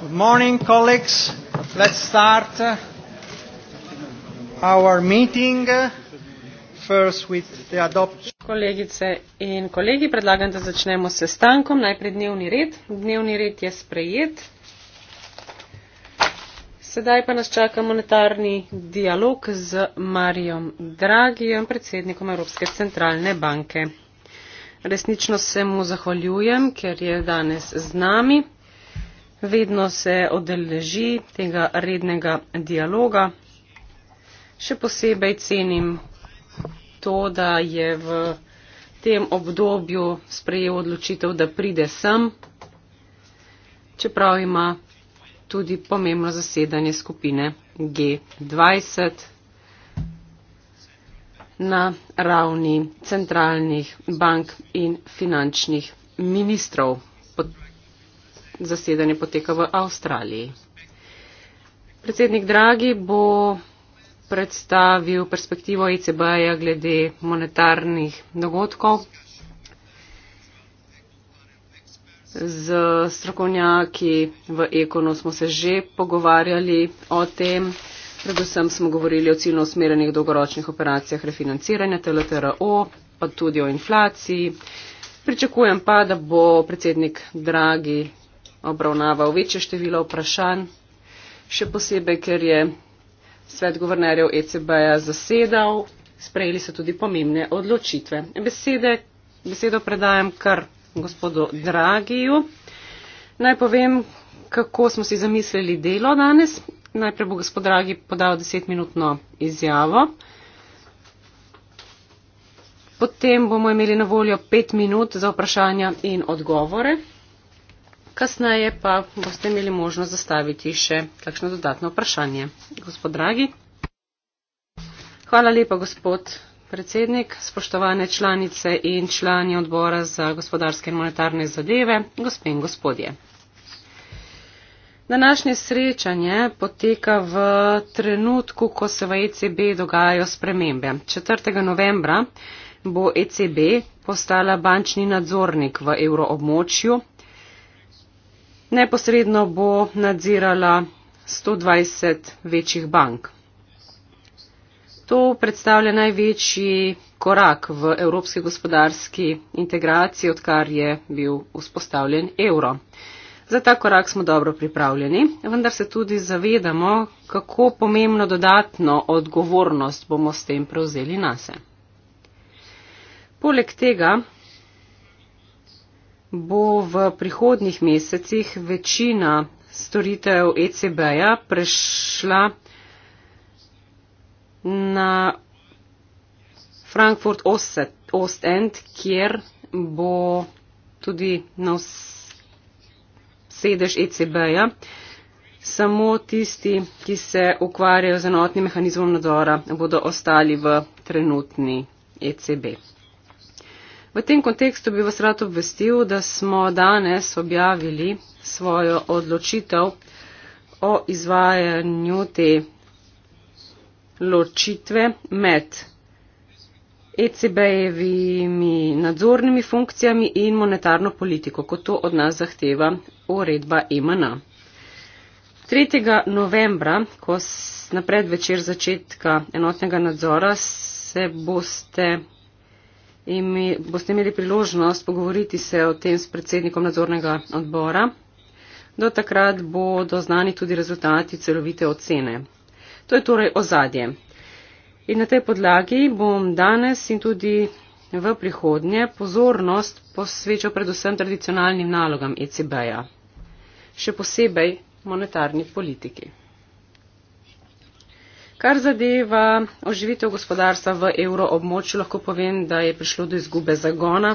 Good morning, colleagues. Let's start our meeting first with the adoption. Kolegice in kolegi, predlagam, da začnemo s sestankom. Najprej dnevni red. Dnevni red je sprejet. Sedaj pa nas čaka monetarni dialog z Marijom Dragijem, predsednikom Evropske centralne banke. Resnično se mu zahvaljujem, ker je danes z nami. Vedno se odeleži tega rednega dialoga. Še posebej cenim to, da je v tem obdobju sprejel odločitev, da pride sem, čeprav ima tudi pomembno zasedanje skupine G20 na ravni centralnih bank in finančnih ministrov. Zasedanje poteka v Avstraliji. Predsednik Dragi bo predstavil perspektivo ECB-ja glede monetarnih dogodkov Z strokovnjaki v Ekonu smo se že pogovarjali o tem. Predvsem smo govorili o ciljno usmerenih dolgoročnih operacijah refinanciranja TLTRO, pa tudi o inflaciji. Pričakujem pa, da bo predsednik Dragi obravnaval večje število vprašanj, še posebej, ker je svet guvernerjev ECB-ja zasedal, sprejeli so tudi pomembne odločitve. Besede, besedo predajam kar gospodu Dragiju. Naj povem, kako smo si zamislili delo danes. Najprej bo gospod Dragi podal desetminutno izjavo. Potem bomo imeli na voljo pet minut za vprašanja in odgovore. Kasneje pa boste imeli možnost zastaviti še kakšno dodatno vprašanje. Gospod Dragi. Hvala lepa, gospod predsednik, spoštovane članice in člani odbora za gospodarske in monetarne zadeve, gospe in gospodje. Današnje srečanje poteka v trenutku, ko se v ECB dogajajo spremembe. 4. novembra bo ECB postala bančni nadzornik v euroobmočju. Neposredno bo nadzirala 120 večjih bank. To predstavlja največji korak v evropski gospodarski integraciji, odkar je bil vzpostavljen evro. Za ta korak smo dobro pripravljeni, vendar se tudi zavedamo, kako pomembno dodatno odgovornost bomo s tem prevzeli nase. Poleg tega bo v prihodnjih mesecih večina storitev ECB-ja prešla na Frankfurt Ost End, kjer bo tudi na sedež ECB-ja. Samo tisti, ki se ukvarjajo z enotnim mehanizmom nadzora, bodo ostali v trenutni ECB. V tem kontekstu bi vas rad obvestil, da smo danes objavili svojo odločitev o izvajanju te ločitve med ECB-jevimi nadzornimi funkcijami in monetarno politiko, kot to od nas zahteva uredba EMN. 3. novembra, ko na predvečer začetka enotnega nadzora, se boste, imi, boste imeli priložnost pogovoriti se o tem s predsednikom nadzornega odbora. Do takrat bodo znani tudi rezultati celovite ocene. To je torej ozadje. In na tej podlagi bom danes in tudi v prihodnje pozornost posvečal predvsem tradicionalnim nalogam ECB-ja, še posebej monetarni politiki. Kar zadeva oživitev gospodarstva v evroobmočju, lahko povem, da je prišlo do izgube zagona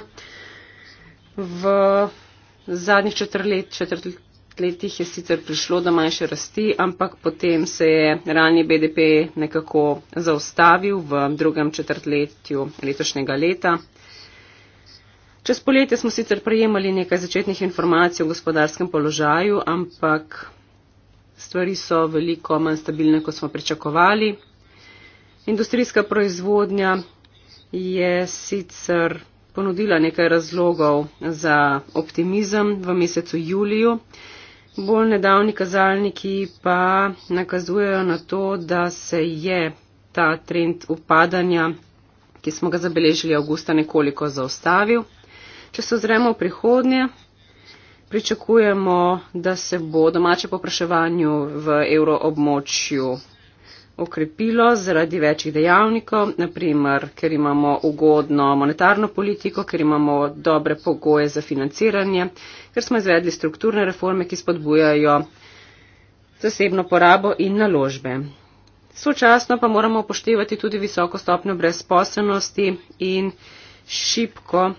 v zadnjih četrtletjih letih je sicer prišlo do manjše rasti, ampak potem se je realni BDP nekako zaustavil v drugem četrtletju letošnjega leta. Čez poletje smo sicer prejemali nekaj začetnih informacij o gospodarskem položaju, ampak stvari so veliko manj stabilne, kot smo pričakovali. Industrijska proizvodnja je sicer ponudila nekaj razlogov za optimizem v mesecu juliju. Bolj nedavni kazalniki pa nakazujejo na to, da se je ta trend upadanja, ki smo ga zabeležili avgusta, nekoliko zaustavil. Če se ozremo v prihodnje, pričakujemo, da se bo domače popraševanju v evroobmočju okrepilo zaradi večjih dejavnikov, naprimer, ker imamo ugodno monetarno politiko, ker imamo dobre pogoje za financiranje, ker smo izvedli strukturne reforme, ki spodbujajo zasebno porabo in naložbe. Sočasno pa moramo upoštevati tudi visoko stopnjo brezposobnosti in šipko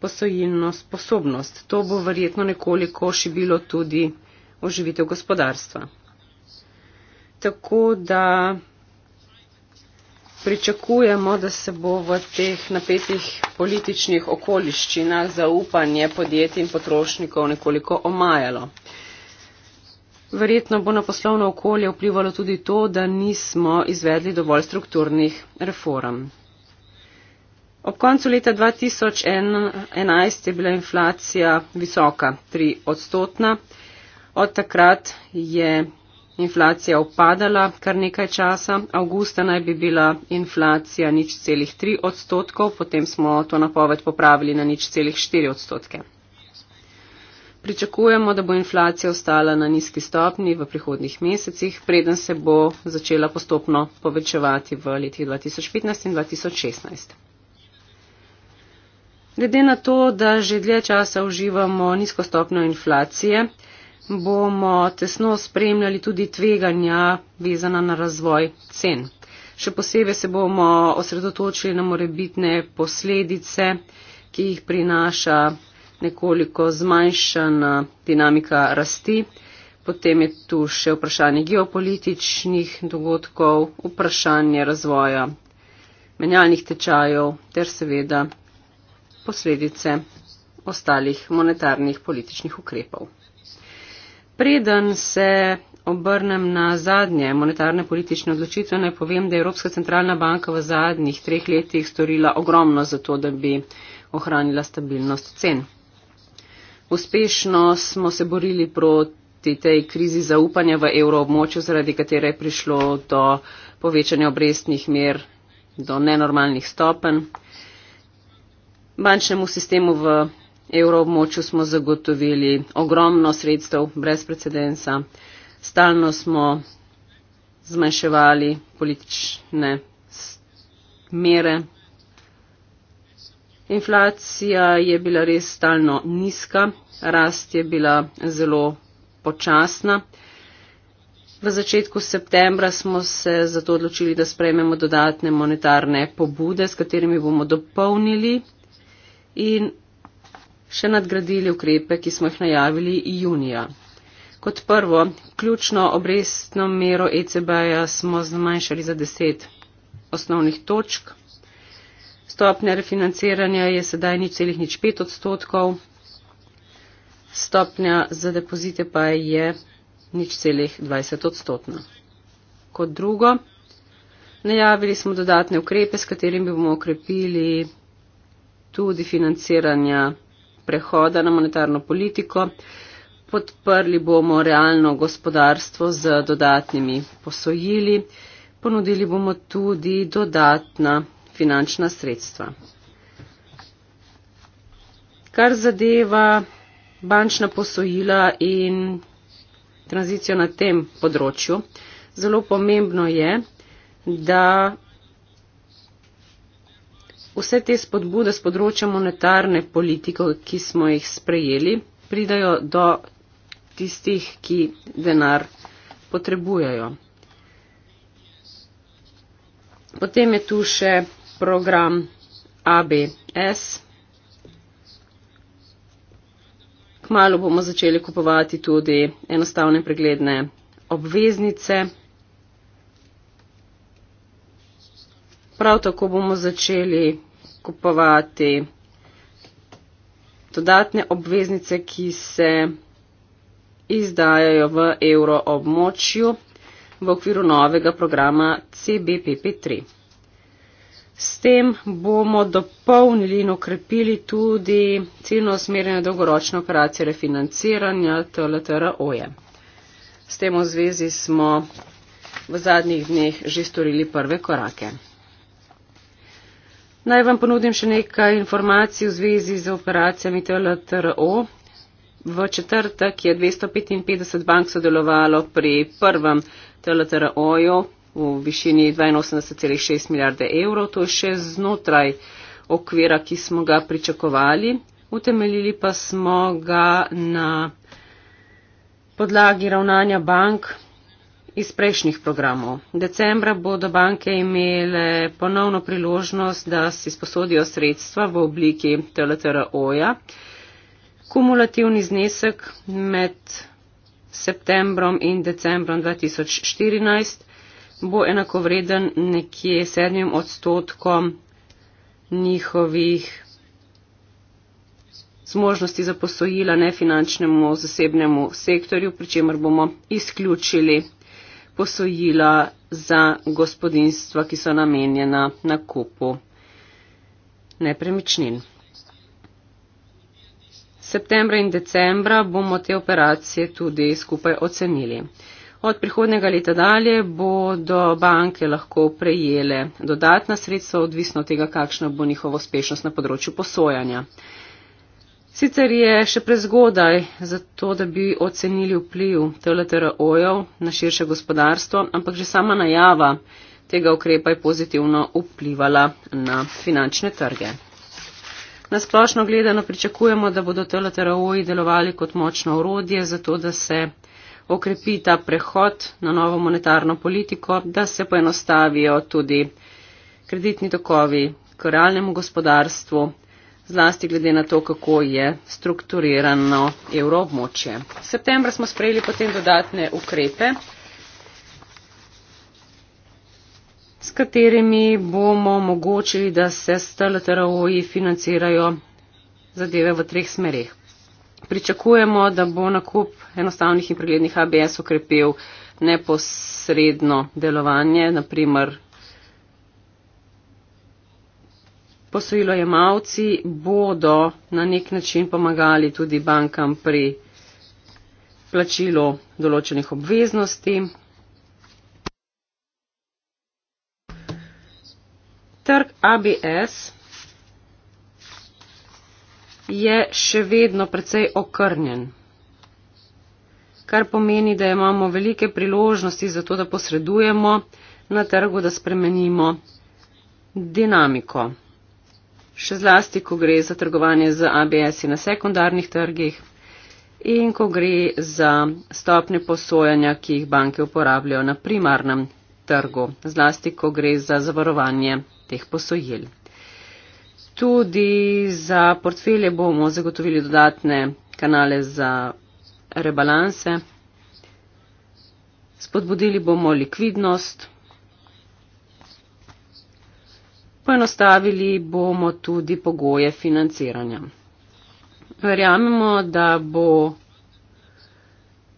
posojilno sposobnost. To bo verjetno nekoliko šibilo tudi oživitev gospodarstva tako, da pričakujemo, da se bo v teh napetih političnih okoliščinah zaupanje podjetij in potrošnikov nekoliko omajalo. Verjetno bo na poslovno okolje vplivalo tudi to, da nismo izvedli dovolj strukturnih reform. Ob koncu leta 2011 je bila inflacija visoka, 3 odstotna. Od takrat je inflacija upadala kar nekaj časa. Augusta naj bi bila inflacija nič celih 3 odstotkov, potem smo to napoved popravili na nič celih 4 odstotke. Pričakujemo, da bo inflacija ostala na nizki stopni v prihodnih mesecih, preden se bo začela postopno povečevati v letih 2015 in 2016. Glede na to, da že dlje časa uživamo nizko stopno inflacije, bomo tesno spremljali tudi tveganja vezana na razvoj cen. Še posebej se bomo osredotočili na morebitne posledice, ki jih prinaša nekoliko zmanjšana dinamika rasti. Potem je tu še vprašanje geopolitičnih dogodkov, vprašanje razvoja menjalnih tečajev ter seveda posledice ostalih monetarnih političnih ukrepov. Preden se obrnem na zadnje monetarne politične odločitve, naj povem, da je Evropska centralna banka v zadnjih treh letih storila ogromno za to, da bi ohranila stabilnost cen. Uspešno smo se borili proti tej krizi zaupanja v evroobmočju, zaradi katere je prišlo do povečanja obrestnih mer do nenormalnih stopen. Bančnemu sistemu v evroobmočju smo zagotovili ogromno sredstev brez precedensa. Stalno smo zmanjševali politične mere. Inflacija je bila res stalno nizka, rast je bila zelo počasna. V začetku septembra smo se zato odločili, da sprejmemo dodatne monetarne pobude, s katerimi bomo dopolnili in še nadgradili ukrepe, ki smo jih najavili junija. Kot prvo, ključno obrestno mero ECB-ja smo zmanjšali za 10 osnovnih točk. Stopnja refinanciranja je sedaj nič celih nič 5 odstotkov, stopnja za depozite pa je nič celih 20 odstotna. Kot drugo, najavili smo dodatne ukrepe, s katerimi bomo okrepili tudi financiranja prehoda na monetarno politiko. Podprli bomo realno gospodarstvo z dodatnimi posojili. Ponudili bomo tudi dodatna finančna sredstva. Kar zadeva bančna posojila in tranzicijo na tem področju, zelo pomembno je, da vse te spodbude z področja monetarne politike, ki smo jih sprejeli, pridajo do tistih, ki denar potrebujejo. Potem je tu še program ABS. Kmalo bomo začeli kupovati tudi enostavne pregledne obveznice. Prav tako bomo začeli kupovati dodatne obveznice, ki se izdajajo v evroobmočju v okviru novega programa CBPP3. S tem bomo dopolnili in okrepili tudi ciljno usmerjene dolgoročne operacije refinanciranja TLTROE. S tem v zvezi smo v zadnjih dneh že storili prve korake. Naj vam ponudim še nekaj informacij v zvezi z operacijami TLTRO. V četrtek je 255 bank sodelovalo pri prvem TLTRO-ju v višini 82,6 milijarde evrov. To je še znotraj okvira, ki smo ga pričakovali. Utemeljili pa smo ga na podlagi ravnanja bank iz prejšnjih programov. Decembra bodo banke imele ponovno priložnost, da si sposodijo sredstva v obliki TLTRO-ja. Kumulativni znesek med septembrom in decembrom 2014 bo enakovreden nekje sedmim odstotkom njihovih zmožnosti za posojila nefinančnemu zasebnemu sektorju, pri čemer bomo izključili posojila za gospodinstva, ki so namenjena na kupu nepremičnin. Septembra in decembra bomo te operacije tudi skupaj ocenili. Od prihodnega leta dalje bodo banke lahko prejele dodatna sredstva, odvisno od tega, kakšna bo njihova uspešnost na področju posojanja. Sicer je še prezgodaj za to, da bi ocenili vpliv TLTR-ojev na širše gospodarstvo, ampak že sama najava tega ukrepa je pozitivno vplivala na finančne trge. Na splošno gledano pričakujemo, da bodo TLTR-oji delovali kot močno urodje za to, da se okrepi ta prehod na novo monetarno politiko, da se poenostavijo tudi kreditni tokovi k realnemu gospodarstvu zlasti glede na to, kako je strukturirano evroobmočje. V septembru smo sprejeli potem dodatne ukrepe, s katerimi bomo omogočili, da se s TLTROji financirajo zadeve v treh smerih. Pričakujemo, da bo nakup enostavnih in preglednih ABS ukrepil neposredno delovanje, naprimer posojilojemalci bodo na nek način pomagali tudi bankam pri plačilu določenih obveznosti. Trg ABS je še vedno precej okrnjen, kar pomeni, da imamo velike priložnosti za to, da posredujemo na trgu, da spremenimo dinamiko še zlasti, ko gre za trgovanje z ABS-i na sekundarnih trgih in ko gre za stopne posojanja, ki jih banke uporabljajo na primarnem trgu, zlasti, ko gre za zavarovanje teh posojil. Tudi za portfelje bomo zagotovili dodatne kanale za rebalanse. Spodbudili bomo likvidnost. poenostavili bomo tudi pogoje financiranja. Verjamemo, da bo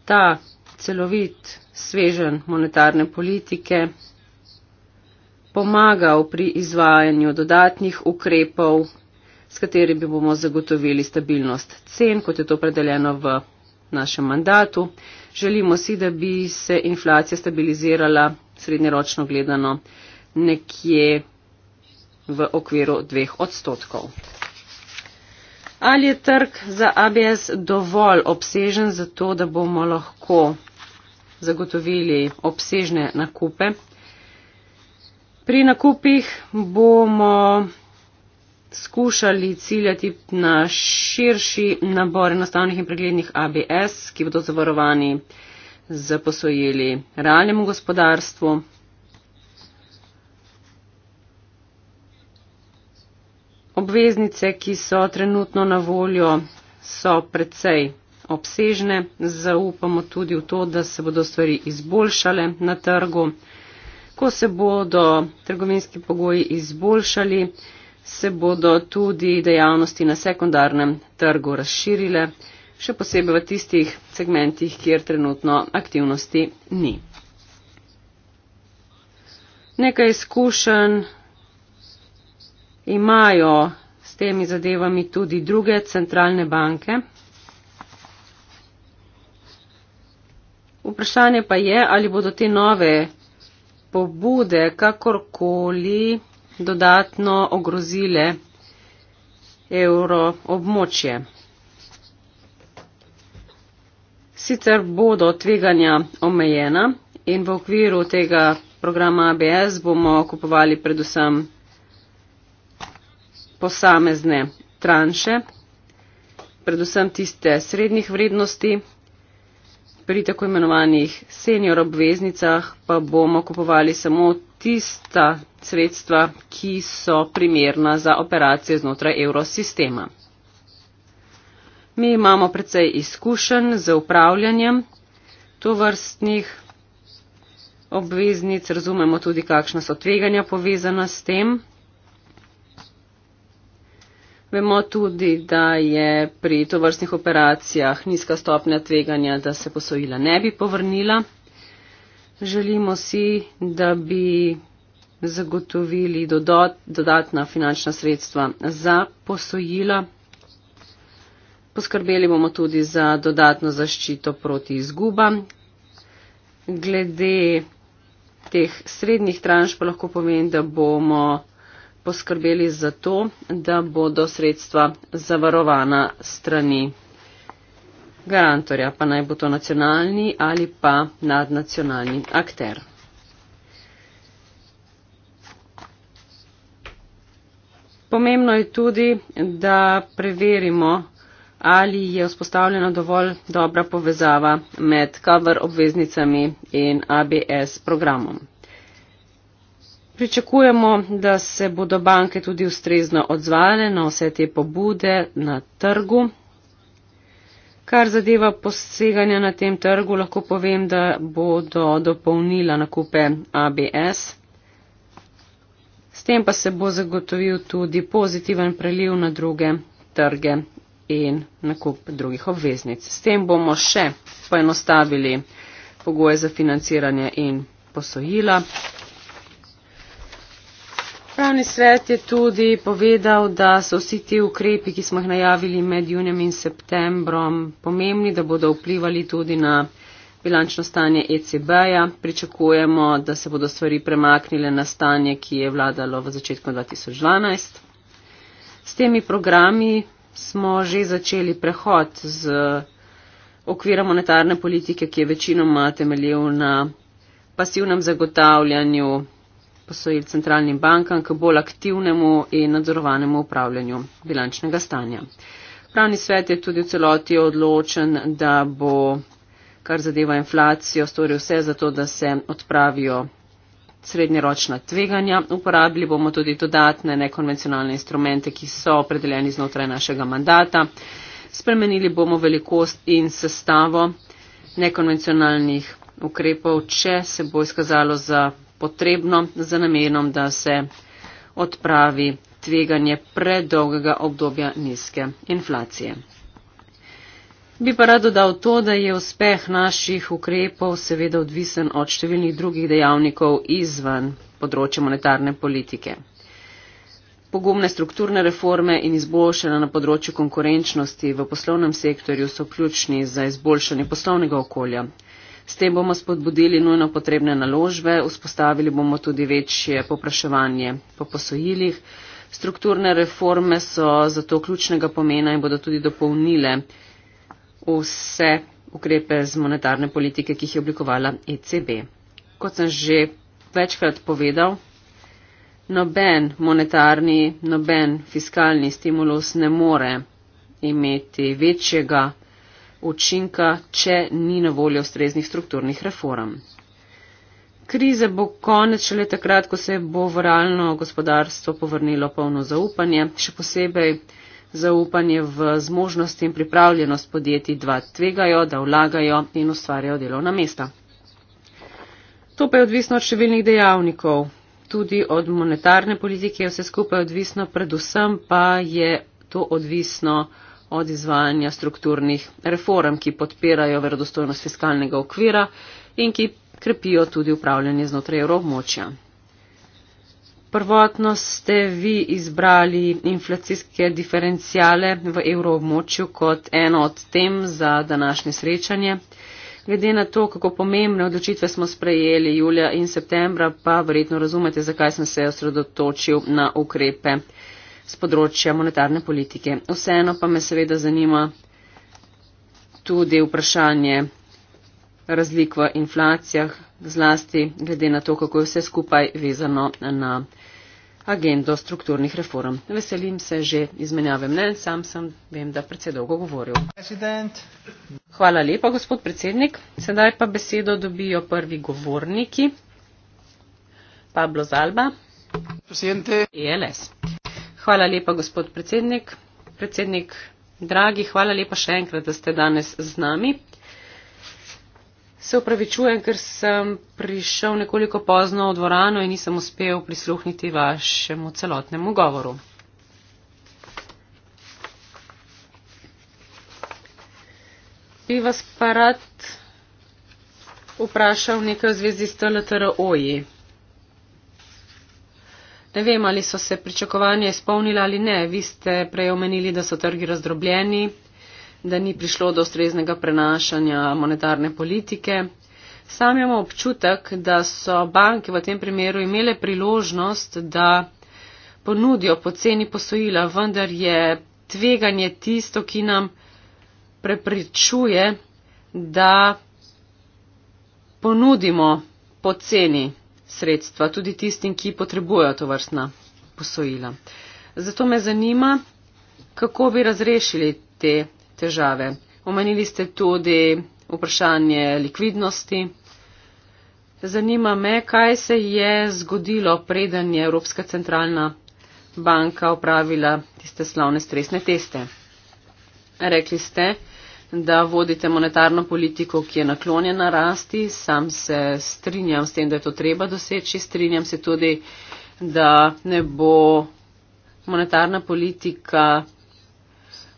ta celovit svežen monetarne politike pomagal pri izvajanju dodatnih ukrepov, s katerimi bomo zagotovili stabilnost cen, kot je to predeljeno v našem mandatu. Želimo si, da bi se inflacija stabilizirala srednjeročno gledano nekje v okviru dveh odstotkov. Ali je trg za ABS dovolj obsežen za to, da bomo lahko zagotovili obsežne nakupe? Pri nakupih bomo skušali ciljati na širši nabor enostavnih in preglednih ABS, ki bodo zavarovani z posojili realnemu gospodarstvu. Obveznice, ki so trenutno na voljo, so precej obsežne. Zaupamo tudi v to, da se bodo stvari izboljšale na trgu. Ko se bodo trgovinski pogoji izboljšali, se bodo tudi dejavnosti na sekundarnem trgu razširile, še posebej v tistih segmentih, kjer trenutno aktivnosti ni. Nekaj izkušenj imajo s temi zadevami tudi druge centralne banke. Vprašanje pa je, ali bodo te nove pobude kakorkoli dodatno ogrozile evro območje. Sicer bodo tveganja omejena in v okviru tega programa ABS bomo kupovali predvsem posamezne tranše, predvsem tiste srednjih vrednosti. Pri tako imenovanih senior obveznicah pa bomo kupovali samo tista sredstva, ki so primerna za operacije znotraj evrosistema. Mi imamo precej izkušen z upravljanjem tovrstnih obveznic, razumemo tudi, kakšna so tveganja povezana s tem. Vemo tudi, da je pri tovrstnih operacijah nizka stopnja tveganja, da se posojila ne bi povrnila. Želimo si, da bi zagotovili dodatna finančna sredstva za posojila. Poskrbeli bomo tudi za dodatno zaščito proti izgubam. Glede teh srednjih tranš pa lahko povem, da bomo poskrbeli za to, da bodo sredstva zavarovana strani garantorja, pa naj bo to nacionalni ali pa nadnacionalni akter. Pomembno je tudi, da preverimo, ali je vzpostavljena dovolj dobra povezava med cover obveznicami in ABS programom pričakujemo da se bodo banke tudi ustrezno odzvale na vse te pobude na trgu. Kar zadeva poseganja na tem trgu, lahko povem, da bodo dopolnila nakupe ABS. S tem pa se bo zagotovil tudi pozitiven preliv na druge trge in nakup drugih obveznic. S tem bomo še poenostavili pogoje za financiranje in posojila. Pravni svet je tudi povedal, da so vsi ti ukrepi, ki smo jih najavili med junijem in septembrom, pomembni, da bodo vplivali tudi na bilančno stanje ECB-ja. Pričakujemo, da se bodo stvari premaknile na stanje, ki je vladalo v začetku 2012. S temi programi smo že začeli prehod z okvira monetarne politike, ki je večinoma temeljil na pasivnem zagotavljanju posojil centralnim bankam k bolj aktivnemu in nadzorovanemu upravljanju bilančnega stanja. Pravni svet je tudi v celoti odločen, da bo, kar zadeva inflacijo, storil vse za to, da se odpravijo srednjeročna tveganja. Uporabili bomo tudi dodatne nekonvencionalne instrumente, ki so opredeljeni znotraj našega mandata. Spremenili bomo velikost in sestavo nekonvencionalnih ukrepov, če se bo izkazalo za potrebno za namenom, da se odpravi tveganje predolgega obdobja nizke inflacije. Bi pa rad dodal to, da je uspeh naših ukrepov seveda odvisen od številnih drugih dejavnikov izven področja monetarne politike. Pogumne strukturne reforme in izboljšanja na področju konkurenčnosti v poslovnem sektorju so ključni za izboljšanje poslovnega okolja, S tem bomo spodbudili nujno potrebne naložbe, vzpostavili bomo tudi večje popraševanje po posojilih. Strukturne reforme so zato ključnega pomena in bodo tudi dopolnile vse ukrepe z monetarne politike, ki jih je oblikovala ECB. Kot sem že večkrat povedal, noben monetarni, noben fiskalni stimulus ne more imeti večjega učinka, če ni na voljo ustreznih strukturnih reform. Krize bo konec šele takrat, ko se bo v realno gospodarstvo povrnilo polno zaupanje, še posebej zaupanje v zmožnosti in pripravljenost podjetij, da tvegajo, da vlagajo in ustvarjajo delovna mesta. To pa je odvisno od številnih dejavnikov, tudi od monetarne politike je vse skupaj odvisno, predvsem pa je to odvisno od od izvajanja strukturnih reform, ki podpirajo verodostojnost fiskalnega okvira in ki krepijo tudi upravljanje znotraj evroobmočja. Prvotno ste vi izbrali inflacijske diferencijale v evroobmočju kot eno od tem za današnje srečanje. Glede na to, kako pomembne odločitve smo sprejeli julija in septembra, pa verjetno razumete, zakaj sem se osredotočil na ukrepe z področja monetarne politike. Vseeno pa me seveda zanima tudi vprašanje razlik v inflacijah, zlasti glede na to, kako je vse skupaj vezano na agendo strukturnih reform. Veselim se že izmenjave mnen, sam sem, vem, da predsed dolgo govoril. President. Hvala lepa, gospod predsednik. Sedaj pa besedo dobijo prvi govorniki. Pablo Zalba. Presidente. ELS. Hvala lepa, gospod predsednik. Predsednik, dragi, hvala lepa še enkrat, da ste danes z nami. Se upravičujem, ker sem prišel nekoliko pozno v dvorano in nisem uspel prisluhniti vašemu celotnemu govoru. Bi vas pa rad vprašal nekaj v zvezi s TLTROJ. E. Ne vem, ali so se pričakovanja izpolnila ali ne. Vi ste prej omenili, da so trgi razdrobljeni, da ni prišlo do ustreznega prenašanja monetarne politike. Sam imamo občutek, da so banke v tem primeru imele priložnost, da ponudijo poceni posojila, vendar je tveganje tisto, ki nam preprečuje, da ponudimo poceni sredstva, tudi tistim, ki potrebujejo to vrstna posojila. Zato me zanima, kako bi razrešili te težave. Omenili ste tudi vprašanje likvidnosti. Zanima me, kaj se je zgodilo, preden je Evropska centralna banka opravila tiste slavne stresne teste. Rekli ste, da vodite monetarno politiko, ki je naklonjena rasti. Sam se strinjam s tem, da je to treba doseči. Strinjam se tudi, da ne bo monetarna politika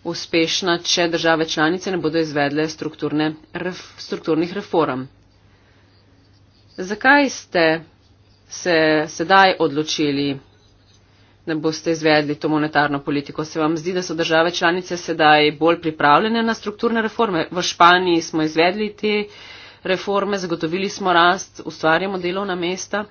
uspešna, če države članice ne bodo izvedle ref, strukturnih reform. Zakaj ste se sedaj odločili ne boste izvedli to monetarno politiko. Se vam zdi, da so države članice sedaj bolj pripravljene na strukturne reforme? V Španiji smo izvedli te reforme, zagotovili smo rast, ustvarjamo delovna mesta.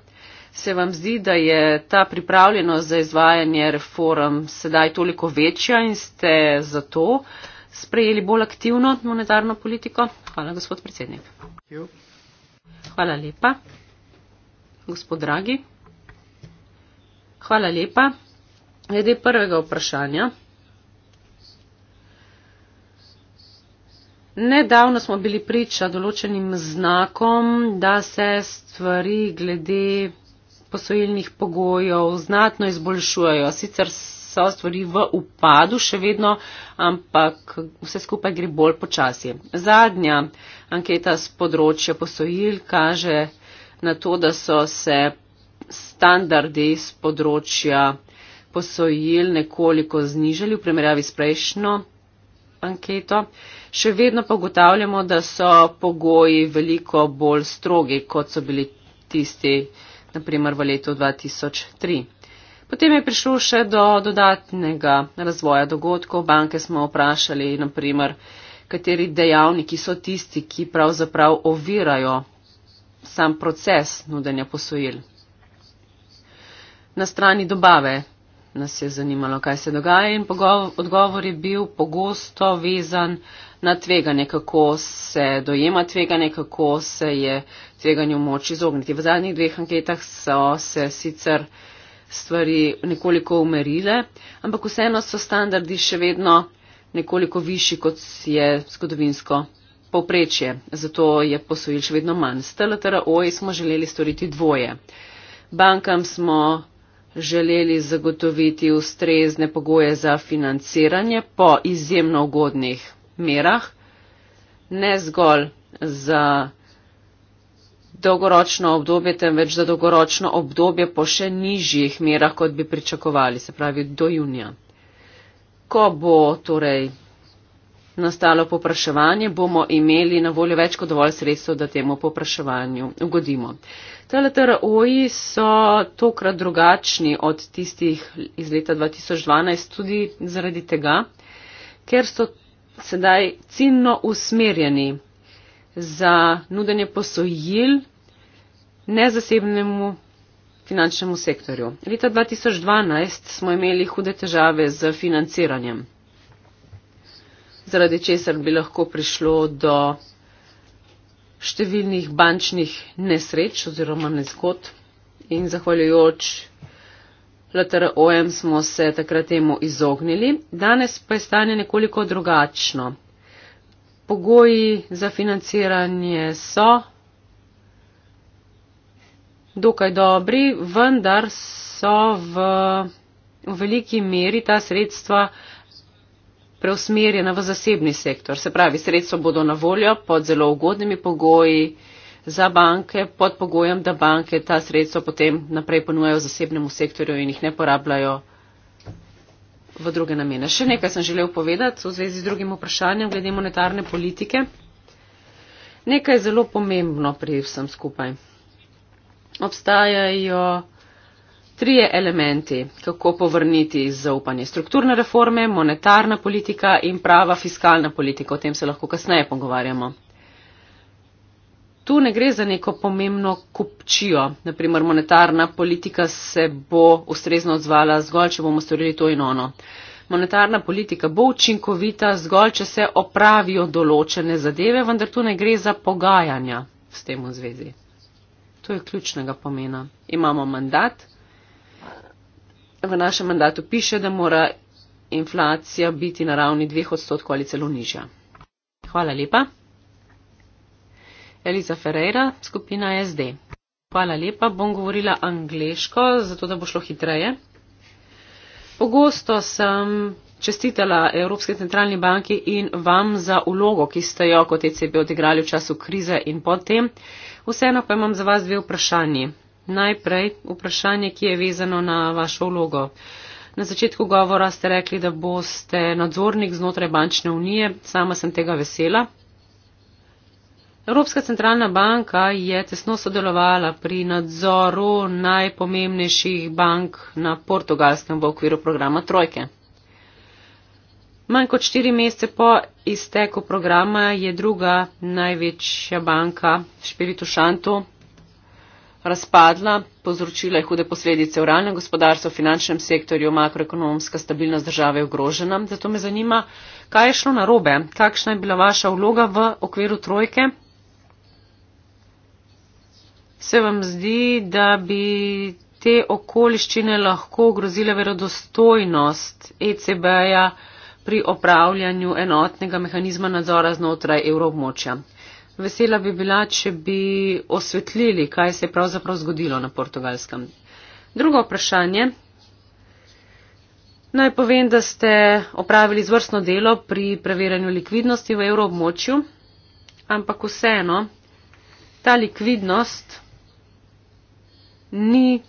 Se vam zdi, da je ta pripravljenost za izvajanje reform sedaj toliko večja in ste zato sprejeli bolj aktivno monetarno politiko? Hvala, gospod predsednik. Hvala lepa. Gospod Dragi. Hvala lepa. Glede prvega vprašanja. Nedavno smo bili priča določenim znakom, da se stvari glede posojilnih pogojev znatno izboljšujejo. Sicer so stvari v upadu še vedno, ampak vse skupaj gre bolj počasi. Zadnja anketa z področja posojil kaže na to, da so se standardi z področja posojil posojil nekoliko znižali v primerjavi s prejšnjo anketo. Še vedno pa ugotavljamo, da so pogoji veliko bolj strogi, kot so bili tisti, naprimer, v letu 2003. Potem je prišlo še do dodatnega razvoja dogodkov. Banke smo vprašali, naprimer, kateri dejavniki so tisti, ki pravzaprav ovirajo sam proces nudenja posojil. Na strani dobave nas je zanimalo, kaj se dogaja in odgovor je bil pogosto vezan na tveganje, kako se dojema tveganje, kako se je tveganju moč izogniti. V zadnjih dveh anketah so se sicer stvari nekoliko umerile, ampak vseeno so standardi še vedno nekoliko višji, kot je zgodovinsko povprečje. Zato je posojil še vedno manj. S TLTROJ smo želeli storiti dvoje. Bankam smo želeli zagotoviti ustrezne pogoje za financiranje po izjemno ugodnih merah, ne zgolj za dolgoročno obdobje, temveč za dolgoročno obdobje po še nižjih merah, kot bi pričakovali, se pravi do junija. Ko bo torej nastalo popraševanje, bomo imeli na voljo več kot dovolj sredstev, da temu popraševanju ugodimo. TLTROji so tokrat drugačni od tistih iz leta 2012 tudi zaradi tega, ker so sedaj ciljno usmerjeni za nudenje posojil nezasebnemu finančnemu sektorju. Leta 2012 smo imeli hude težave z financiranjem, zaradi česar bi lahko prišlo do številnih bančnih nesreč oziroma nezgod in zahvaljujoč LTROM smo se takrat temu izognili. Danes pa je stanje nekoliko drugačno. Pogoji za financiranje so dokaj dobri, vendar so v, v veliki meri ta sredstva preusmerjena v zasebni sektor. Se pravi, sredstva bodo na voljo pod zelo ugodnimi pogoji za banke, pod pogojem, da banke ta sredstva potem naprej ponujajo zasebnemu sektorju in jih ne porabljajo v druge namene. Še nekaj sem želel povedati v zvezi z drugim vprašanjem glede monetarne politike. Nekaj je zelo pomembno pri vsem skupaj. Obstajajo Trije elementi, kako povrniti zaupanje. Strukturne reforme, monetarna politika in prava fiskalna politika. O tem se lahko kasneje pogovarjamo. Tu ne gre za neko pomembno kupčijo. Naprimer, monetarna politika se bo ustrezno odzvala zgolj, če bomo storili to in ono. Monetarna politika bo učinkovita zgolj, če se opravijo določene zadeve, vendar tu ne gre za pogajanja s tem v zvezi. To je ključnega pomena. Imamo mandat, v našem mandatu piše, da mora inflacija biti na ravni dveh odstotkov ali celo nižja. Hvala lepa. Eliza Ferreira, skupina SD. Hvala lepa, bom govorila angliško, zato da bo šlo hitreje. Pogosto sem čestitala Evropske centralni banki in vam za ulogo, ki ste jo kot ECB odigrali v času krize in potem. Vseeno pa imam za vas dve vprašanji. Najprej vprašanje, ki je vezano na vašo vlogo. Na začetku govora ste rekli, da boste nadzornik znotraj bančne unije. Sama sem tega vesela. Evropska centralna banka je tesno sodelovala pri nadzoru najpomembnejših bank na portugalskem v okviru programa Trojke. Manj kot štiri mesece po izteku programa je druga največja banka, Špiritu Šantu, razpadla, povzročila je hude posledice v realnem gospodarstvu, v finančnem sektorju, makroekonomska stabilnost države je ogrožena. Zato me zanima, kaj je šlo narobe, kakšna je bila vaša vloga v okviru trojke. Se vam zdi, da bi te okoliščine lahko grozile verodostojnost ECB-ja pri opravljanju enotnega mehanizma nadzora znotraj evroobmočja? Vesela bi bila, če bi osvetlili, kaj se je pravzaprav zgodilo na portugalskem. Drugo vprašanje. Naj povem, da ste opravili zvrstno delo pri preverjanju likvidnosti v evroobmočju, ampak vseeno ta likvidnost ni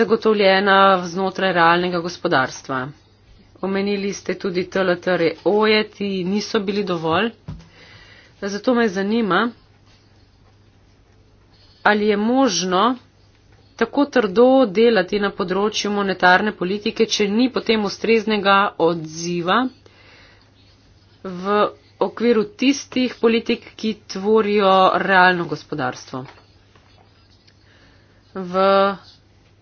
zagotovljena znotraj realnega gospodarstva. Omenili ste tudi TLTR-oje, e ti niso bili dovolj. Zato me zanima, ali je možno tako trdo delati na področju monetarne politike, če ni potem ustreznega odziva v okviru tistih politik, ki tvorijo realno gospodarstvo. V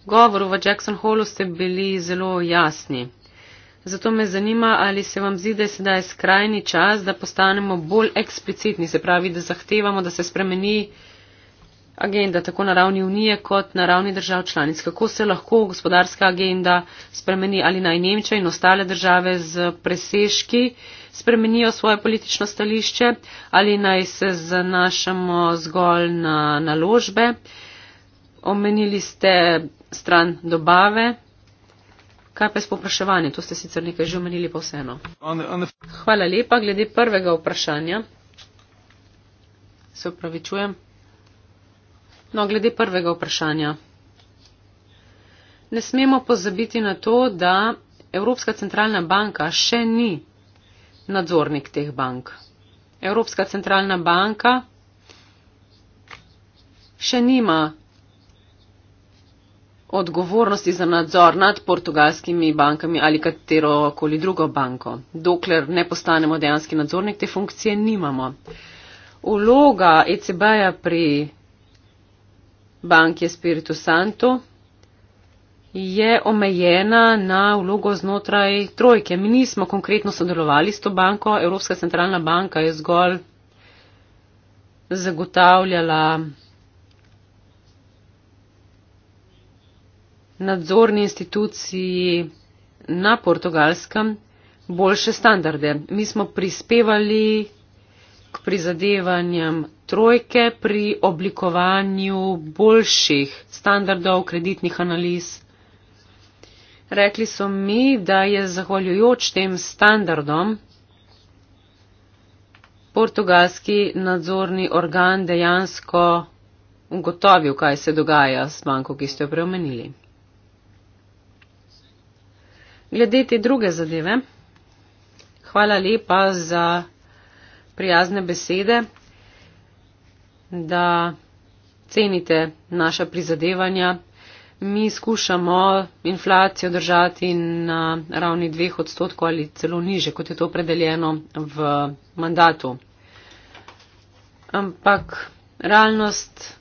govoru v Jackson Hallu ste bili zelo jasni. Zato me zanima, ali se vam zdi, da je sedaj skrajni čas, da postanemo bolj eksplicitni, se pravi, da zahtevamo, da se spremeni agenda tako na ravni Unije kot na ravni držav članic. Kako se lahko gospodarska agenda spremeni ali naj Nemčija in ostale države z presežki spremenijo svoje politično stališče ali naj se zanašamo zgolj na naložbe. Omenili ste stran dobave, Kaj pa je spopraševanje? To ste sicer nekaj že omenili, pa vseeno. Hvala lepa. Glede prvega vprašanja. Se upravičujem. No, glede prvega vprašanja. Ne smemo pozabiti na to, da Evropska centralna banka še ni nadzornik teh bank. Evropska centralna banka še nima odgovornosti za nadzor nad portugalskimi bankami ali katero koli drugo banko. Dokler ne postanemo dejanski nadzornik, te funkcije nimamo. Uloga ECB-ja pri banki Espiritu Santo je omejena na vlogo znotraj trojke. Mi nismo konkretno sodelovali s to banko, Evropska centralna banka je zgolj zagotavljala nadzorni instituciji na portugalskem boljše standarde. Mi smo prispevali k prizadevanjem trojke pri oblikovanju boljših standardov kreditnih analiz. Rekli so mi, da je zahvaljujoč tem standardom portugalski nadzorni organ dejansko ugotovil, kaj se dogaja s banko, ki ste jo preomenili glede te druge zadeve. Hvala lepa za prijazne besede, da cenite naša prizadevanja. Mi skušamo inflacijo držati na ravni dveh odstotkov ali celo niže, kot je to opredeljeno v mandatu. Ampak realnost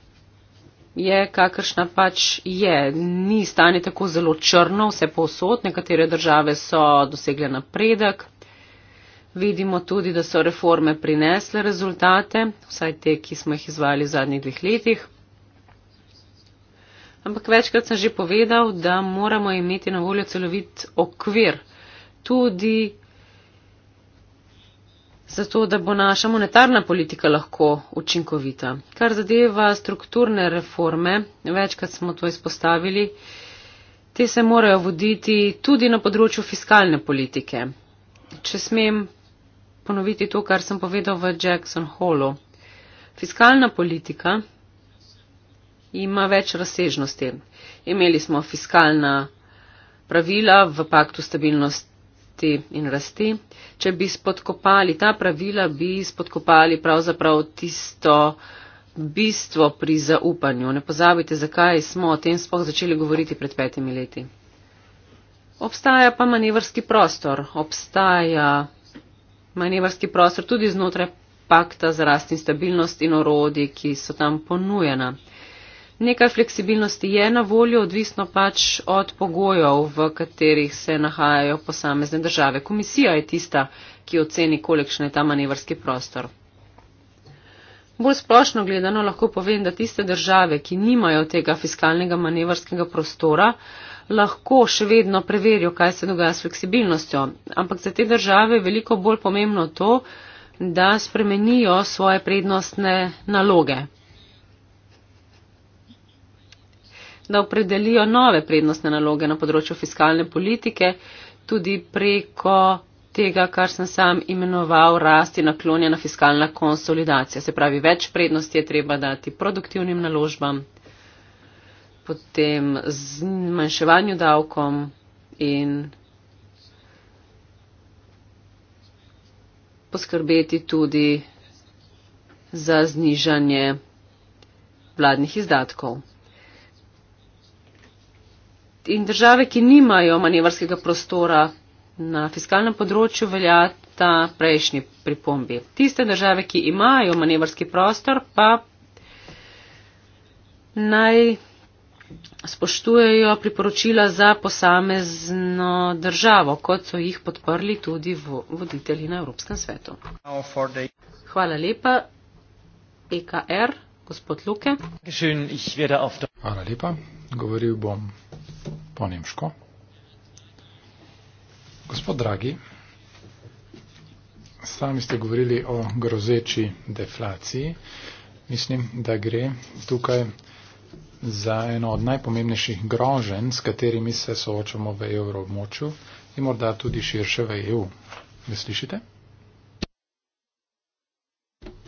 je, kakršna pač je. Ni stanje tako zelo črno, vse posod, nekatere države so dosegle napredek. Vidimo tudi, da so reforme prinesle rezultate, vsaj te, ki smo jih izvajali v zadnjih dveh letih. Ampak večkrat sem že povedal, da moramo imeti na voljo celovit okvir. Tudi zato da bo naša monetarna politika lahko učinkovita. Kar zadeva strukturne reforme, večkrat smo to izpostavili, te se morajo voditi tudi na področju fiskalne politike. Če smem ponoviti to, kar sem povedal v Jackson Hallu. Fiskalna politika ima več razsežnosti. Imeli smo fiskalna pravila v paktu stabilnosti varnosti in rasti. Če bi spodkopali ta pravila, bi spodkopali pravzaprav tisto bistvo pri zaupanju. Ne pozabite, zakaj smo o tem spoh začeli govoriti pred petimi leti. Obstaja pa manevrski prostor, obstaja manevrski prostor tudi znotraj pakta za rast in stabilnost in orodi, ki so tam ponujena. Nekaj fleksibilnosti je na voljo, odvisno pač od pogojev, v katerih se nahajajo posamezne države. Komisija je tista, ki oceni, kolikšen je ta manevrski prostor. Bolj splošno gledano lahko povem, da tiste države, ki nimajo tega fiskalnega manevrskega prostora, lahko še vedno preverijo, kaj se dogaja s fleksibilnostjo. Ampak za te države je veliko bolj pomembno to, da spremenijo svoje prednostne naloge. da opredelijo nove prednostne naloge na področju fiskalne politike, tudi preko tega, kar sem sam imenoval rast in naklonjena fiskalna konsolidacija. Se pravi, več prednosti je treba dati produktivnim naložbam, potem zmanjševanju davkom in poskrbeti tudi za znižanje vladnih izdatkov in države, ki nimajo manevrskega prostora na fiskalnem področju, velja ta prejšnji pripombi. Tiste države, ki imajo manevrski prostor, pa naj spoštujejo priporočila za posamezno državo, kot so jih podprli tudi voditelji na Evropskem svetu. Hvala lepa, EKR, er, gospod Luke. Hvala lepa, govoril bom po nemško. Gospod Dragi, sami ste govorili o grozeči deflaciji. Mislim, da gre tukaj za eno od najpomembnejših groženj, s katerimi se soočamo v evroobmočju in morda tudi širše v EU. Me slišite?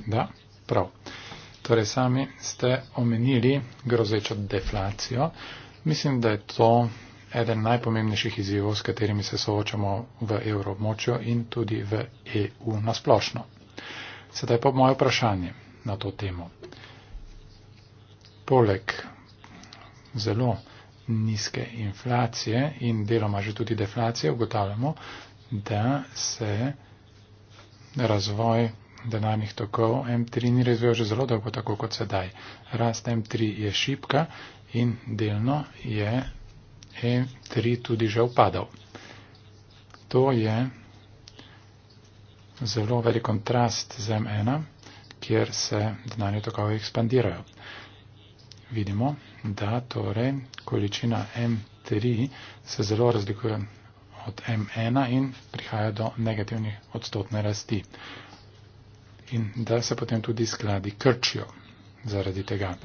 Da, prav. Torej, sami ste omenili grozečo deflacijo. Mislim, da je to eden najpomembnejših izzivov, s katerimi se soočamo v evroobmočju in tudi v EU nasplošno. Sedaj pa moje vprašanje na to temo. Poleg zelo nizke inflacije in deloma že tudi deflacije ugotavljamo, da se razvoj denarnih tokov M3 ni razvijal že zelo dolgo tako kot sedaj. Rast M3 je šipka in delno je E3 tudi že upadal. To je zelo velik kontrast z M1, kjer se denarje tokovi ekspandirajo. Vidimo, da torej količina M3 se zelo razlikuje od M1 in prihaja do negativnih odstotne rasti. In da se potem tudi skladi krčijo zaradi tega.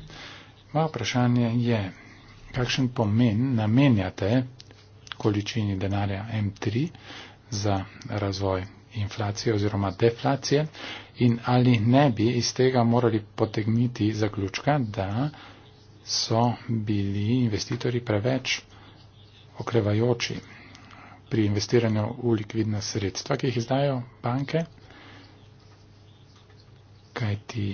Moje vprašanje je, kakšen pomen namenjate količini denarja M3 za razvoj inflacije oziroma deflacije in ali ne bi iz tega morali potegniti zaključka, da so bili investitorji preveč okrevajoči pri investiranju v likvidna sredstva, ki jih izdajo banke, kaj ti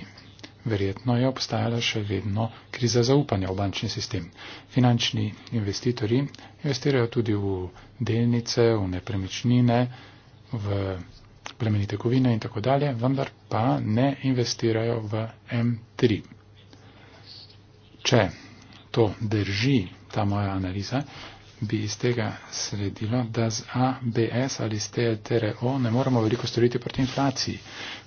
verjetno je obstajala še vedno kriza zaupanja v bančni sistem. Finančni investitorji investirajo tudi v delnice, v nepremičnine, v plemenite kovine in tako dalje, vendar pa ne investirajo v M3. Če to drži ta moja analiza, bi iz tega sledilo, da z ABS ali s TLTRO ne moramo veliko storiti proti inflaciji.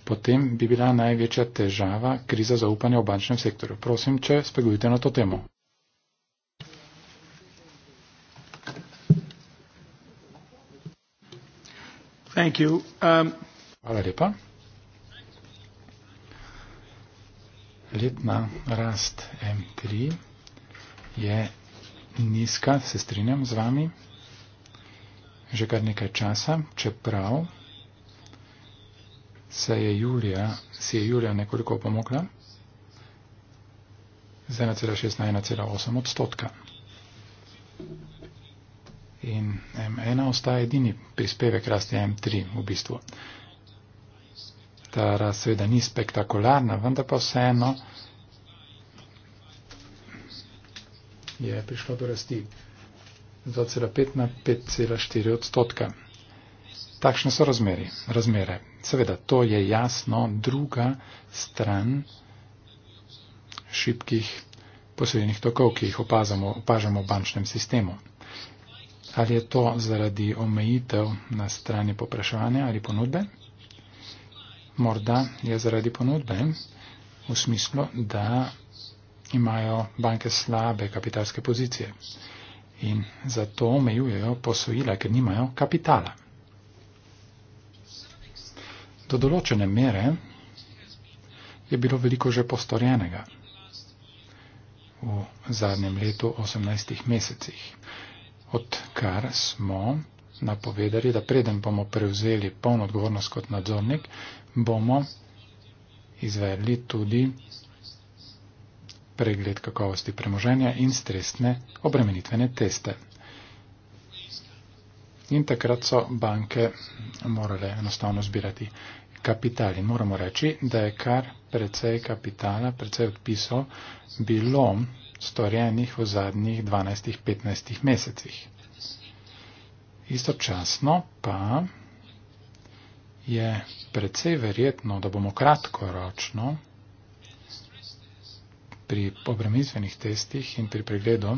Potem bi bila največja težava kriza zaupanja v bančnem sektorju. Prosim, če spregovite na to temo. Thank you. Um, Hvala lepa. Letna rast M3 je nizka, se strinjam z vami, že kar nekaj časa, čeprav se je Julija, si je Julija nekoliko pomogla z 1,6 na 1,8 odstotka. In M1 ostaje edini prispevek rasti M3 v bistvu. Ta rast seveda ni spektakularna, vendar pa vseeno. eno, je prišlo do rasti 2,5 na 5,4 odstotka. Takšne so razmeri, razmere. Seveda, to je jasno druga stran šibkih posojenih tokov, ki jih opazamo, opažamo v bančnem sistemu. Ali je to zaradi omejitev na strani popraševanja ali ponudbe? Morda je zaradi ponudbe v smislu, da imajo banke slabe kapitalske pozicije in zato omejujejo posojila, ker nimajo kapitala. Do določene mere je bilo veliko že postorjenega v zadnjem letu 18 mesecih, odkar smo napovedali, da preden bomo prevzeli polno odgovornost kot nadzornik, bomo izvedli tudi pregled kakovosti premoženja in stresne obremenitvene teste. In takrat so banke morale enostavno zbirati kapital. In moramo reči, da je kar precej kapitala, precej odpisov bilo storjenih v zadnjih 12-15 mesecih. Istočasno pa je precej verjetno, da bomo kratkoročno pri obremenitvenih testih in pri pregledu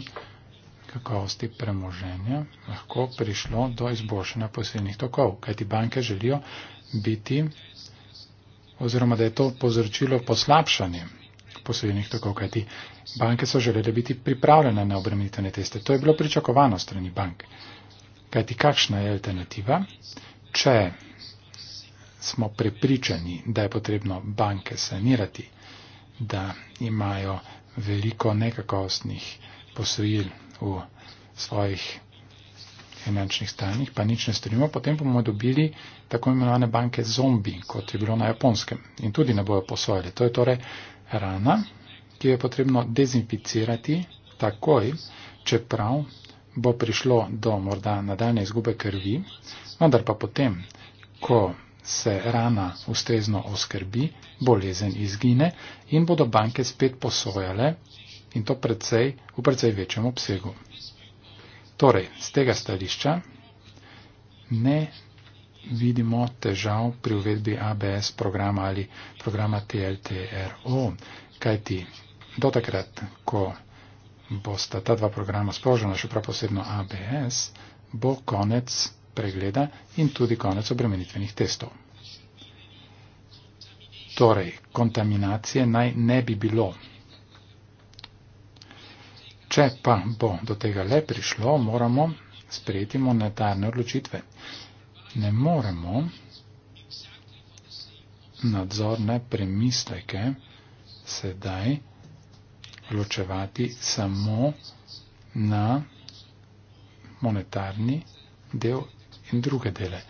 kakovosti premoženja lahko prišlo do izboljšanja posebnih tokov, kajti banke želijo biti oziroma da je to povzročilo poslabšanje posebnih tokov, kajti banke so želele biti pripravljene na obremenitvene teste. To je bilo pričakovano strani bank. Kajti kakšna je alternativa, če smo prepričani, da je potrebno banke sanirati? da imajo veliko nekakostnih posojil v svojih finančnih stanjih, pa nič ne storimo, potem bomo dobili tako imenovane banke zombi, kot je bilo na japonskem in tudi ne bojo posojali. To je torej rana, ki jo je potrebno dezinficirati takoj, čeprav bo prišlo do morda nadaljne izgube krvi, vendar pa potem, ko se rana ustrezno oskrbi, bolezen izgine in bodo banke spet posojale in to predvsej, v precej večjem obsegu. Torej, z tega stališča ne vidimo težav pri uvedbi ABS programa ali programa TLTRO, kajti dotakrat, ko bosta ta dva programa sprožena, še prav posebno ABS, bo konec pregleda in tudi konec obremenitvenih testov. Torej, kontaminacije naj ne bi bilo. Če pa bo do tega le prišlo, moramo sprejeti monetarne odločitve. Ne moremo nadzorne premisleke sedaj ločevati samo na monetarni del in druge dele.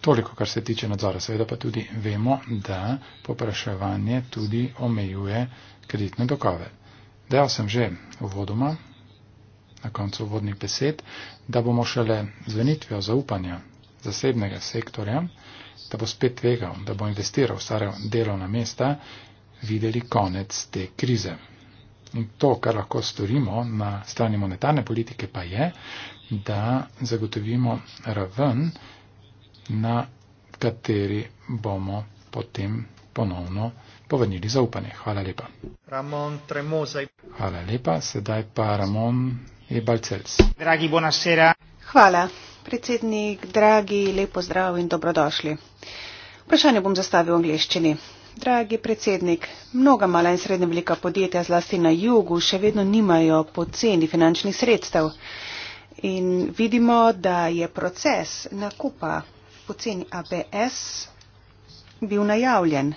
Toliko, kar se tiče nadzora. Seveda pa tudi vemo, da popraševanje tudi omejuje kreditne dokove. Dejal sem že uvodoma, na koncu uvodnih besed, da bomo šele zvenitvijo zaupanja zasebnega sektorja, da bo spet tvegal, da bo investiral v staro delovna mesta, videli konec te krize. In to, kar lahko storimo na strani monetarne politike, pa je, da zagotovimo raven, na kateri bomo potem ponovno povrnili zaupanje. Hvala lepa. Ramon Tremozaj. Hvala lepa, sedaj pa Ramon Ebalcels. Dragi, buonasera. Hvala, predsednik, dragi, lepo zdrav in dobrodošli. Vprašanje bom zastavil v angliščini. Dragi predsednik, mnoga mala in srednje velika podjetja, zlasti na jugu, še vedno nimajo poceni finančnih sredstev in vidimo, da je proces nakupa poceni ABS bil najavljen.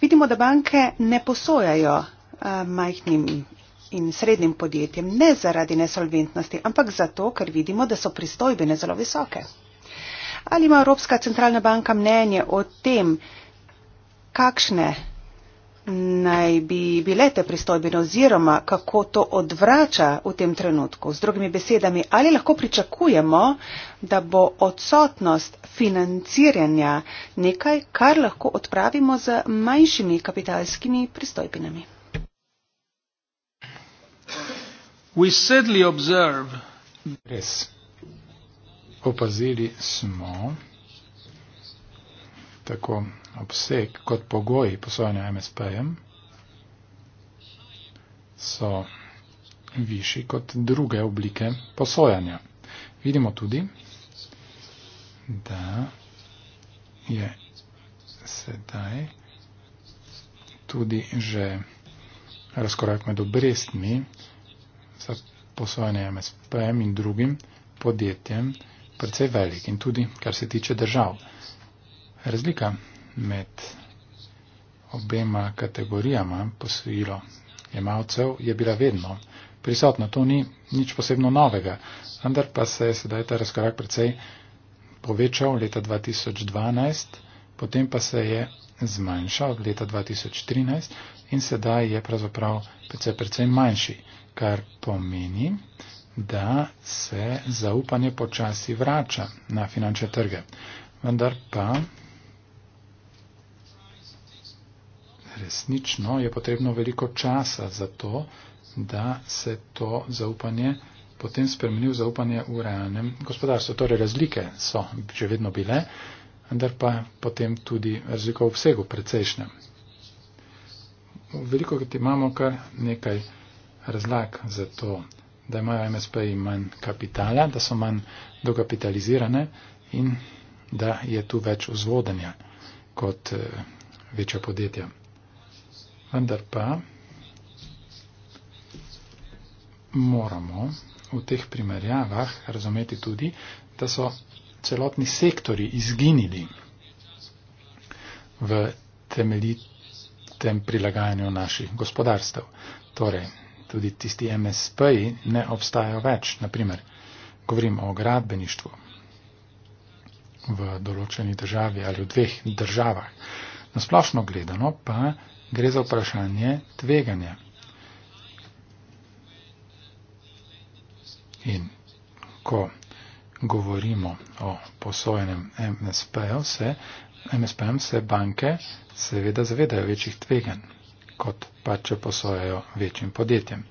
Vidimo, da banke ne posojajo uh, majhnim in srednjim podjetjem, ne zaradi nesolventnosti, ampak zato, ker vidimo, da so pristojbene zelo visoke. Ali ima Evropska centralna banka mnenje o tem, kakšne naj bi bile te pristojbine oziroma kako to odvrača v tem trenutku. Z drugimi besedami, ali lahko pričakujemo, da bo odsotnost financiranja nekaj, kar lahko odpravimo z manjšimi kapitalskimi pristojbinami. Res. Opazili smo tako obseg kot pogoji posojanja MSP-jem so višji kot druge oblike posojanja. Vidimo tudi, da je sedaj tudi že razkorak med obrestmi za posojanje MSP-jem in drugim podjetjem precej velik in tudi, kar se tiče držav. Razlika med obema kategorijama posojilo jemalcev je bila vedno prisotna. To ni nič posebno novega, vendar pa se je sedaj ta razkorak precej povečal leta 2012, potem pa se je zmanjšal leta 2013 in sedaj je pravzaprav precej, precej manjši, kar pomeni, da se zaupanje počasi vrača na finančne trge. Vendar pa resnično je potrebno veliko časa za to, da se to zaupanje potem spremeni v zaupanje v realnem gospodarstvu. Torej razlike so že vedno bile, vendar pa potem tudi razlika v vsegu precejšnjem. Veliko krat imamo kar nekaj razlag za to, da imajo MSP-ji manj kapitala, da so manj dokapitalizirane in da je tu več vzvodenja kot eh, večja podjetja vendar pa moramo v teh primerjavah razumeti tudi, da so celotni sektori izginili v temeljitem prilagajanju naših gospodarstev. Torej, tudi tisti MSP-ji ne obstajajo več. Naprimer, govorim o gradbeništvu v določeni državi ali v dveh državah. Nasplošno gledano pa gre za vprašanje tveganja. In ko govorimo o posojenem MSP-ju, se, MSP se banke seveda zavedajo večjih tveganj, kot pa če posojajo večjim podjetjem.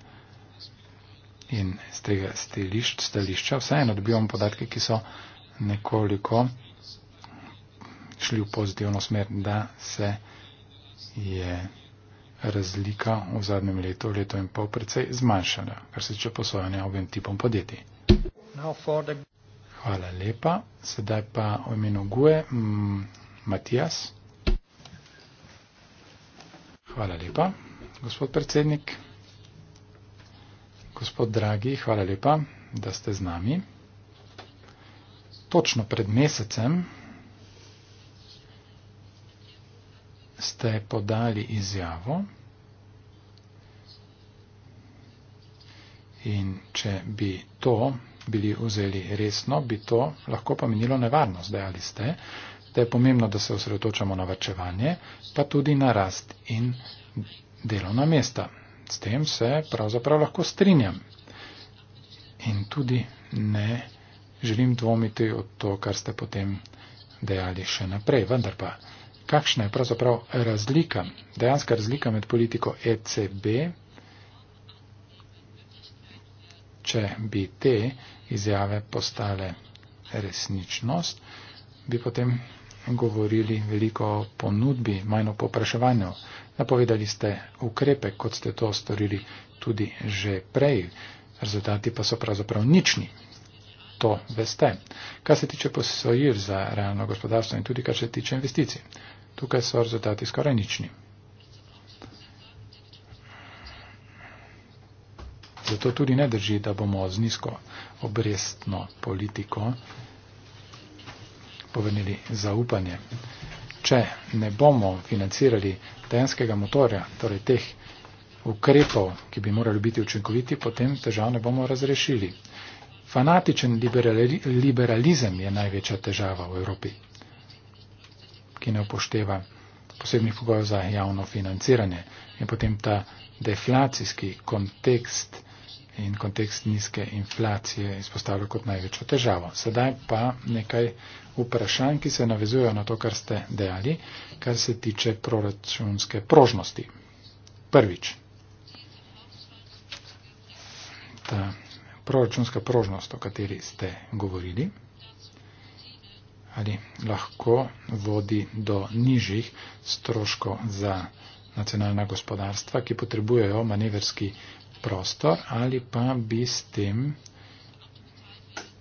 In z tega stališča vseeno dobivamo podatke, ki so nekoliko šli v pozitivno smer, da se je razlika v zadnjem letu, leto in pol precej zmanjšala, kar se tiče posojanja obim tipom podjetij. Hvala lepa. Sedaj pa o imenu Gue, Matijas. Hvala lepa, gospod predsednik. Gospod Dragi, hvala lepa, da ste z nami. Točno pred mesecem ste podali izjavo in če bi to bili vzeli resno, bi to lahko pomenilo nevarnost, dejali ste, da je pomembno, da se osredotočamo na vrčevanje, pa tudi na rast in delovna mesta. S tem se pravzaprav lahko strinjam in tudi ne želim dvomiti od to, kar ste potem dejali še naprej, vendar pa kakšna je pravzaprav razlika, dejanska razlika med politiko ECB, če bi te izjave postale resničnost, bi potem govorili veliko o ponudbi, manj o popraševanju. Napovedali ste ukrepe, kot ste to storili tudi že prej. Rezultati pa so pravzaprav nični. To veste. Kar se tiče posojil za realno gospodarstvo in tudi kar se tiče investicij tukaj so rezultati skoraj nični. Zato tudi ne drži, da bomo z nizko obrestno politiko povrnili zaupanje. Če ne bomo financirali tajanskega motorja, torej teh ukrepov, ki bi morali biti učinkoviti, potem težav ne bomo razrešili. Fanatičen liberali, liberalizem je največja težava v Evropi ki ne upošteva posebnih pogojev za javno financiranje. In potem ta deflacijski kontekst in kontekst nizke inflacije izpostavlja kot največjo težavo. Sedaj pa nekaj vprašanj, ki se navezujejo na to, kar ste dejali, kar se tiče proračunske prožnosti. Prvič. Ta proračunska prožnost, o kateri ste govorili, ali lahko vodi do nižjih stroškov za nacionalna gospodarstva, ki potrebujejo manevrski prostor ali pa bi s tem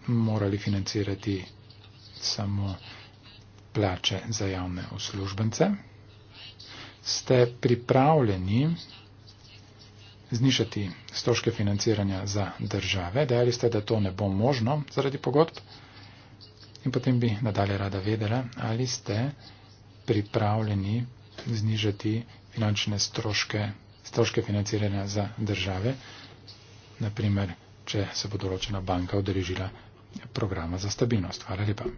morali financirati samo plače za javne uslužbence. Ste pripravljeni znišati stroške financiranja za države? Dejali ste, da to ne bo možno zaradi pogodb? In potem bi nadalje rada vedela, ali ste pripravljeni znižati finančne stroške, stroške financiranja za države, naprimer, če se bo določena banka odrežila programa za stabilnost. Hvala lepa.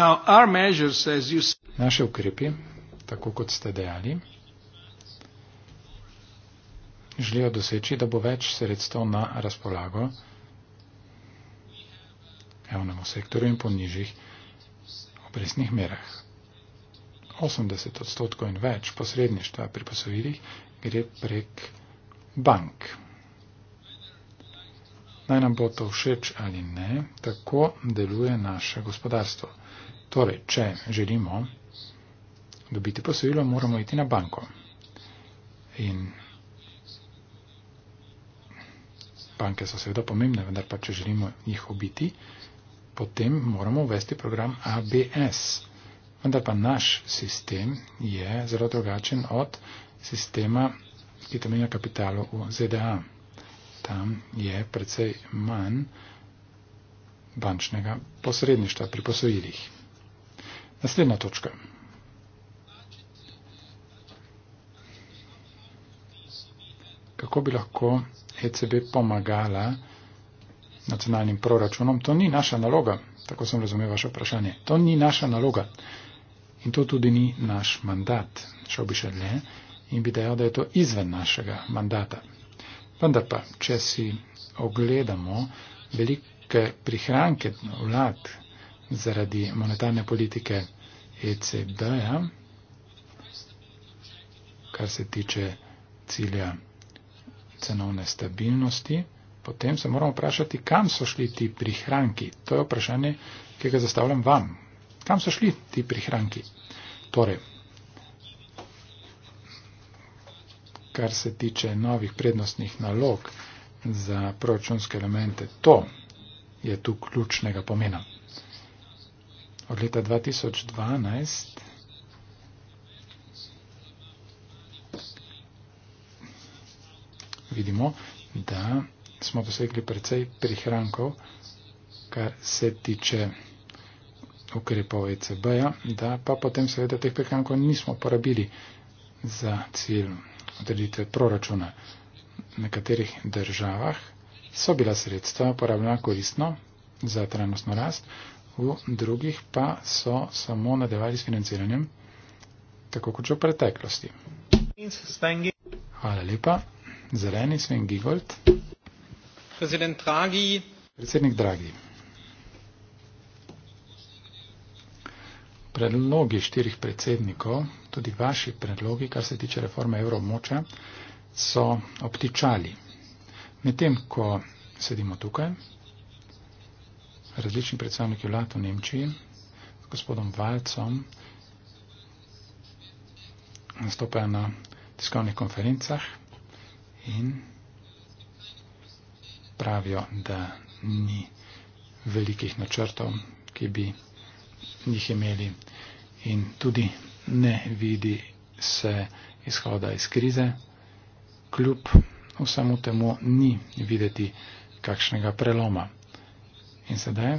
Now, measures, you... Naše ukrepi, tako kot ste dejali, želijo doseči, da bo več sredstev na razpolago javnemu sektorju in po nižjih obresnih merah. 80 odstotkov in več posredništva pri posojilih gre prek bank. Naj nam bo to všeč ali ne, tako deluje naše gospodarstvo. Torej, če želimo dobiti posojilo, moramo iti na banko. In banke so seveda pomembne, vendar pa če želimo jih obiti, potem moramo uvesti program ABS. Vendar pa naš sistem je zelo drugačen od sistema, ki temelja kapitalu v ZDA. Tam je precej manj bančnega posredništva pri posojilih. Naslednja točka. Kako bi lahko ECB pomagala, nacionalnim proračunom. To ni naša naloga, tako sem razumel vaše vprašanje. To ni naša naloga in to tudi ni naš mandat, šel bi še dlje in bi dejal, da je to izven našega mandata. Vendar pa, če si ogledamo velike prihranke vlad zaradi monetarne politike ECB-ja, kar se tiče cilja cenovne stabilnosti, potem se moramo vprašati, kam so šli ti prihranki. To je vprašanje, ki ga zastavljam vam. Kam so šli ti prihranki? Torej, kar se tiče novih prednostnih nalog za proračunske elemente, to je tu ključnega pomena. Od leta 2012 vidimo, da smo dosegli precej prihrankov, kar se tiče ukrepov ECB-ja, da pa potem seveda teh prihrankov nismo porabili za cilj odreditve proračuna. V nekaterih državah so bila sredstva porabljena koristno za trajnostno rast, v drugih pa so samo nadevali s financiranjem, tako kot v preteklosti. Hvala lepa. Zeleni Sven Gigolt. Predsednik Draghi. Predsednik Draghi. Predlogi štirih predsednikov, tudi vaši predlogi, kar se tiče reforme evroobmoča, so obtičali. Medtem, ko sedimo tukaj, različni predstavniki vlad v Nemčiji z gospodom Valcom nastopajo na tiskovnih konferencah in pravijo, da ni velikih načrtov, ki bi jih imeli in tudi ne vidi se izhoda iz krize. Kljub vsemu temu ni videti kakšnega preloma. In sedaj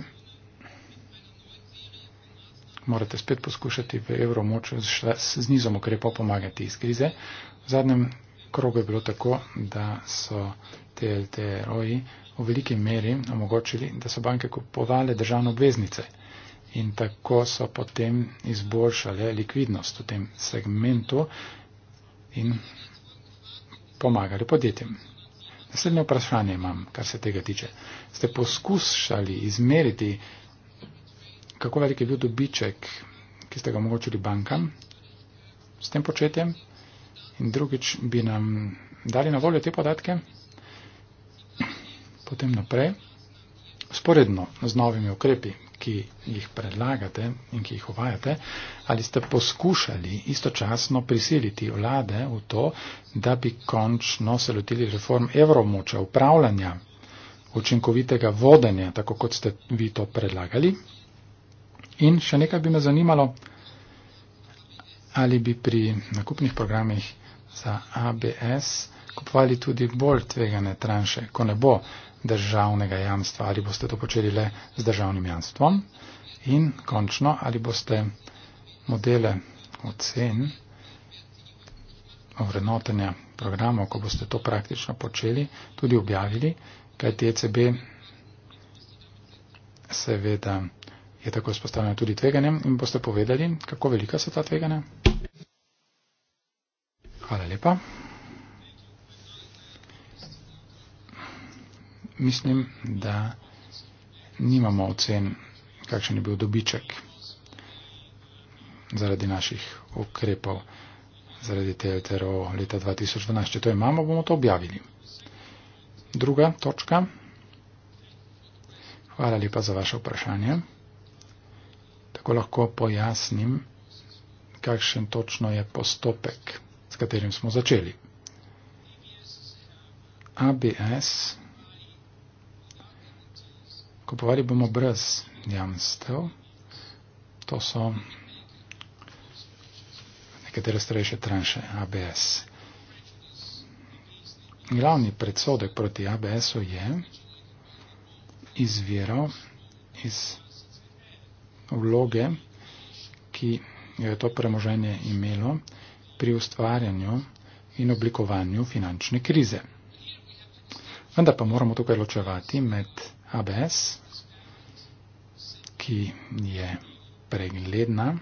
morate spet poskušati v evromoču z, z nizom ukrepov pomagati iz krize. V zadnjem krogu je bilo tako, da so TLTROji v veliki meri omogočili, da so banke kupovale državne obveznice in tako so potem izboljšale likvidnost v tem segmentu in pomagali podjetjem. Naslednje vprašanje imam, kar se tega tiče. Ste poskušali izmeriti, kako velik je bil dobiček, ki ste ga omogočili bankam s tem početjem? drugič bi nam dali na voljo te podatke, potem naprej, sporedno z novimi ukrepi, ki jih predlagate in ki jih uvajate, ali ste poskušali istočasno prisiliti vlade v to, da bi končno se lotili reform evromoča upravljanja, učinkovitega vodenja, tako kot ste vi to predlagali. In še nekaj bi me zanimalo, ali bi pri nakupnih programih za ABS kupovali tudi bolj tvegane tranše, ko ne bo državnega jamstva, ali boste to počeli le z državnim jamstvom in končno, ali boste modele ocen ovrednotenja programov, ko boste to praktično počeli, tudi objavili, kajti ECB seveda je tako spostavljeno tudi tveganjem in boste povedali, kako velika so ta tveganja. Hvala lepa. Mislim, da nimamo ocen, kakšen je bil dobiček zaradi naših ukrepov, zaradi TLTRO leta 2012. Če to imamo, bomo to objavili. Druga točka. Hvala lepa za vaše vprašanje. Tako lahko pojasnim, kakšen točno je postopek katerim smo začeli. ABS, kupovali bomo brez jamstev, to so nekatere starejše tranše ABS. Glavni predsodek proti ABS-u je izviro iz vloge, ki jo je to premoženje imelo pri ustvarjanju in oblikovanju finančne krize. Vendar pa moramo tukaj ločevati med ABS, ki je pregledna,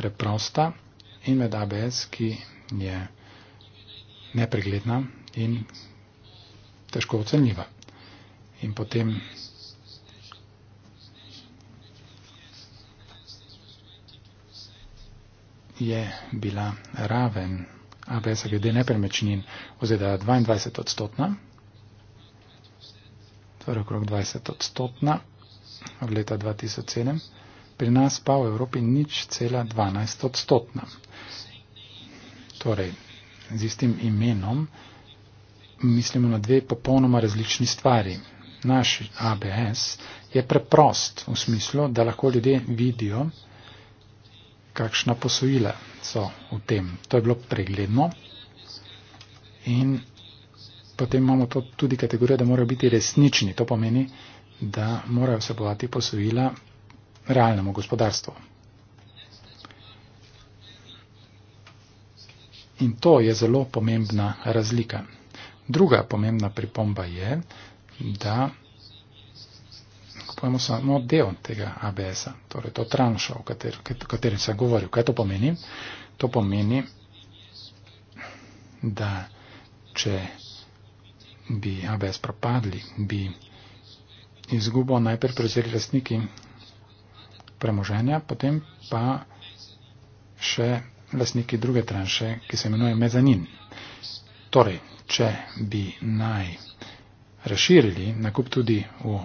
preprosta, in med ABS, ki je nepregledna in težko ocenljiva. In potem je bila raven ABS-a glede nepremečnin vzeda 22 odstotna, torej okrog 20 odstotna od leta 2007, pri nas pa v Evropi nič cela 12 odstotna. Torej, z istim imenom mislimo na dve popolnoma različni stvari. Naš ABS je preprost v smislu, da lahko ljudje vidijo, kakšna posojila so v tem. To je bilo pregledno. In potem imamo to tudi kategorijo, da morajo biti resnični. To pomeni, da morajo vsebovati posojila realnemu gospodarstvu. In to je zelo pomembna razlika. Druga pomembna pripomba je, da pojmo samo del tega ABS-a, torej to tranšo, o katerem sem govoril. Kaj to pomeni? To pomeni, da če bi ABS propadli, bi izgubo najprej prevzeli lastniki premoženja, potem pa še lastniki druge tranše, ki se imenuje mezanin. Torej, če bi naj razširili nakup tudi v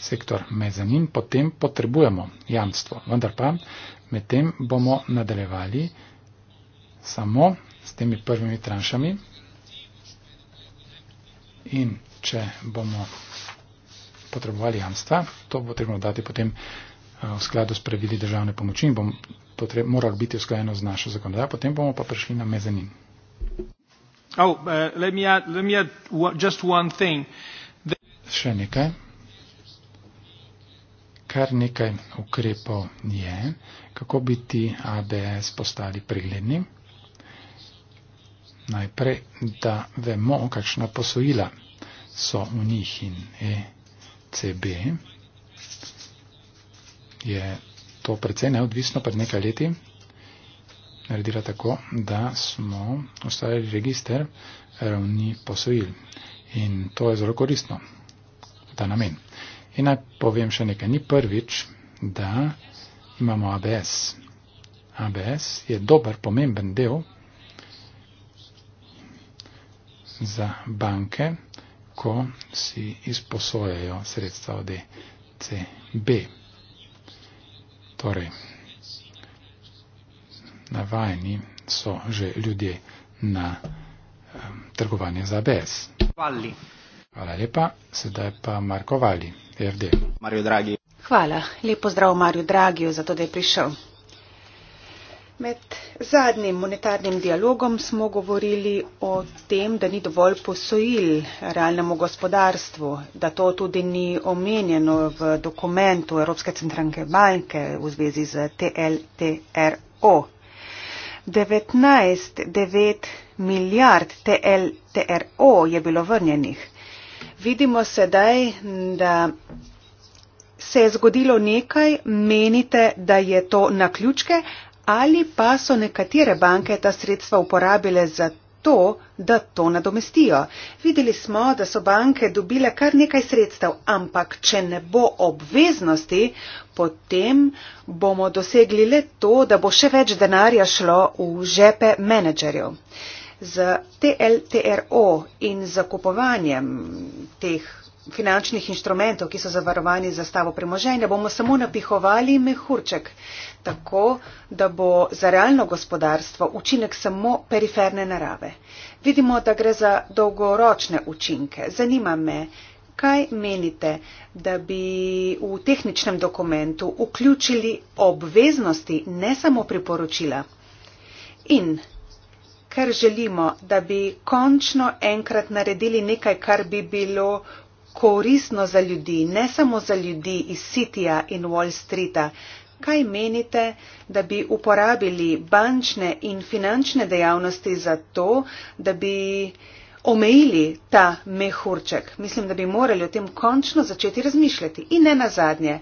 sektor mezanin, potem potrebujemo jamstvo. Vendar pa med tem bomo nadaljevali samo s temi prvimi tranšami. In če bomo potrebovali jamstva, to bo potrebno dati potem eh, v skladu s pravili državne pomoči in bo moralo biti usklajeno z našo zakonodajo, potem bomo pa prišli na mezanin. Oh, uh, let me add, let me add one, just one thing. The... Še nekaj kar nekaj ukrepov je, kako bi ti ABS postali pregledni. Najprej, da vemo, kakšna posojila so v njih in ECB. Je to precej neodvisno pred nekaj leti. Naredila tako, da smo ustvarjali register ravni posojil. In to je zelo koristno. Ta namen. In naj povem še nekaj, ni prvič, da imamo ABS. ABS je dober, pomemben del za banke, ko si izposojajo sredstva od ECB. Torej, navajeni so že ljudje na um, trgovanje za ABS. Hvala. Hvala lepa, sedaj pa Marko Vali, FD. Marijo Dragi. Hvala, lepo zdrav Marijo Dragi, za to, da je prišel. Med zadnjim monetarnim dialogom smo govorili o tem, da ni dovolj posojil realnemu gospodarstvu, da to tudi ni omenjeno v dokumentu Evropske centralne banke v zvezi z TLTRO. 19,9 milijard TLTRO je bilo vrnjenih vidimo sedaj, da se je zgodilo nekaj, menite, da je to na ključke ali pa so nekatere banke ta sredstva uporabile za to, da to nadomestijo. Videli smo, da so banke dobile kar nekaj sredstev, ampak če ne bo obveznosti, potem bomo dosegli le to, da bo še več denarja šlo v žepe menedžerjev z TLTRO in zakupovanjem teh finančnih inštrumentov, ki so zavarovani za stavo premoženja, bomo samo napihovali mehurček, tako da bo za realno gospodarstvo učinek samo periferne narave. Vidimo, da gre za dolgoročne učinke. Zanima me, kaj menite, da bi v tehničnem dokumentu vključili obveznosti, ne samo priporočila? In ker želimo, da bi končno enkrat naredili nekaj, kar bi bilo koristno za ljudi, ne samo za ljudi iz Citya in Wall Streeta. Kaj menite, da bi uporabili bančne in finančne dejavnosti za to, da bi omejili ta mehurček. Mislim, da bi morali o tem končno začeti razmišljati. In ne nazadnje,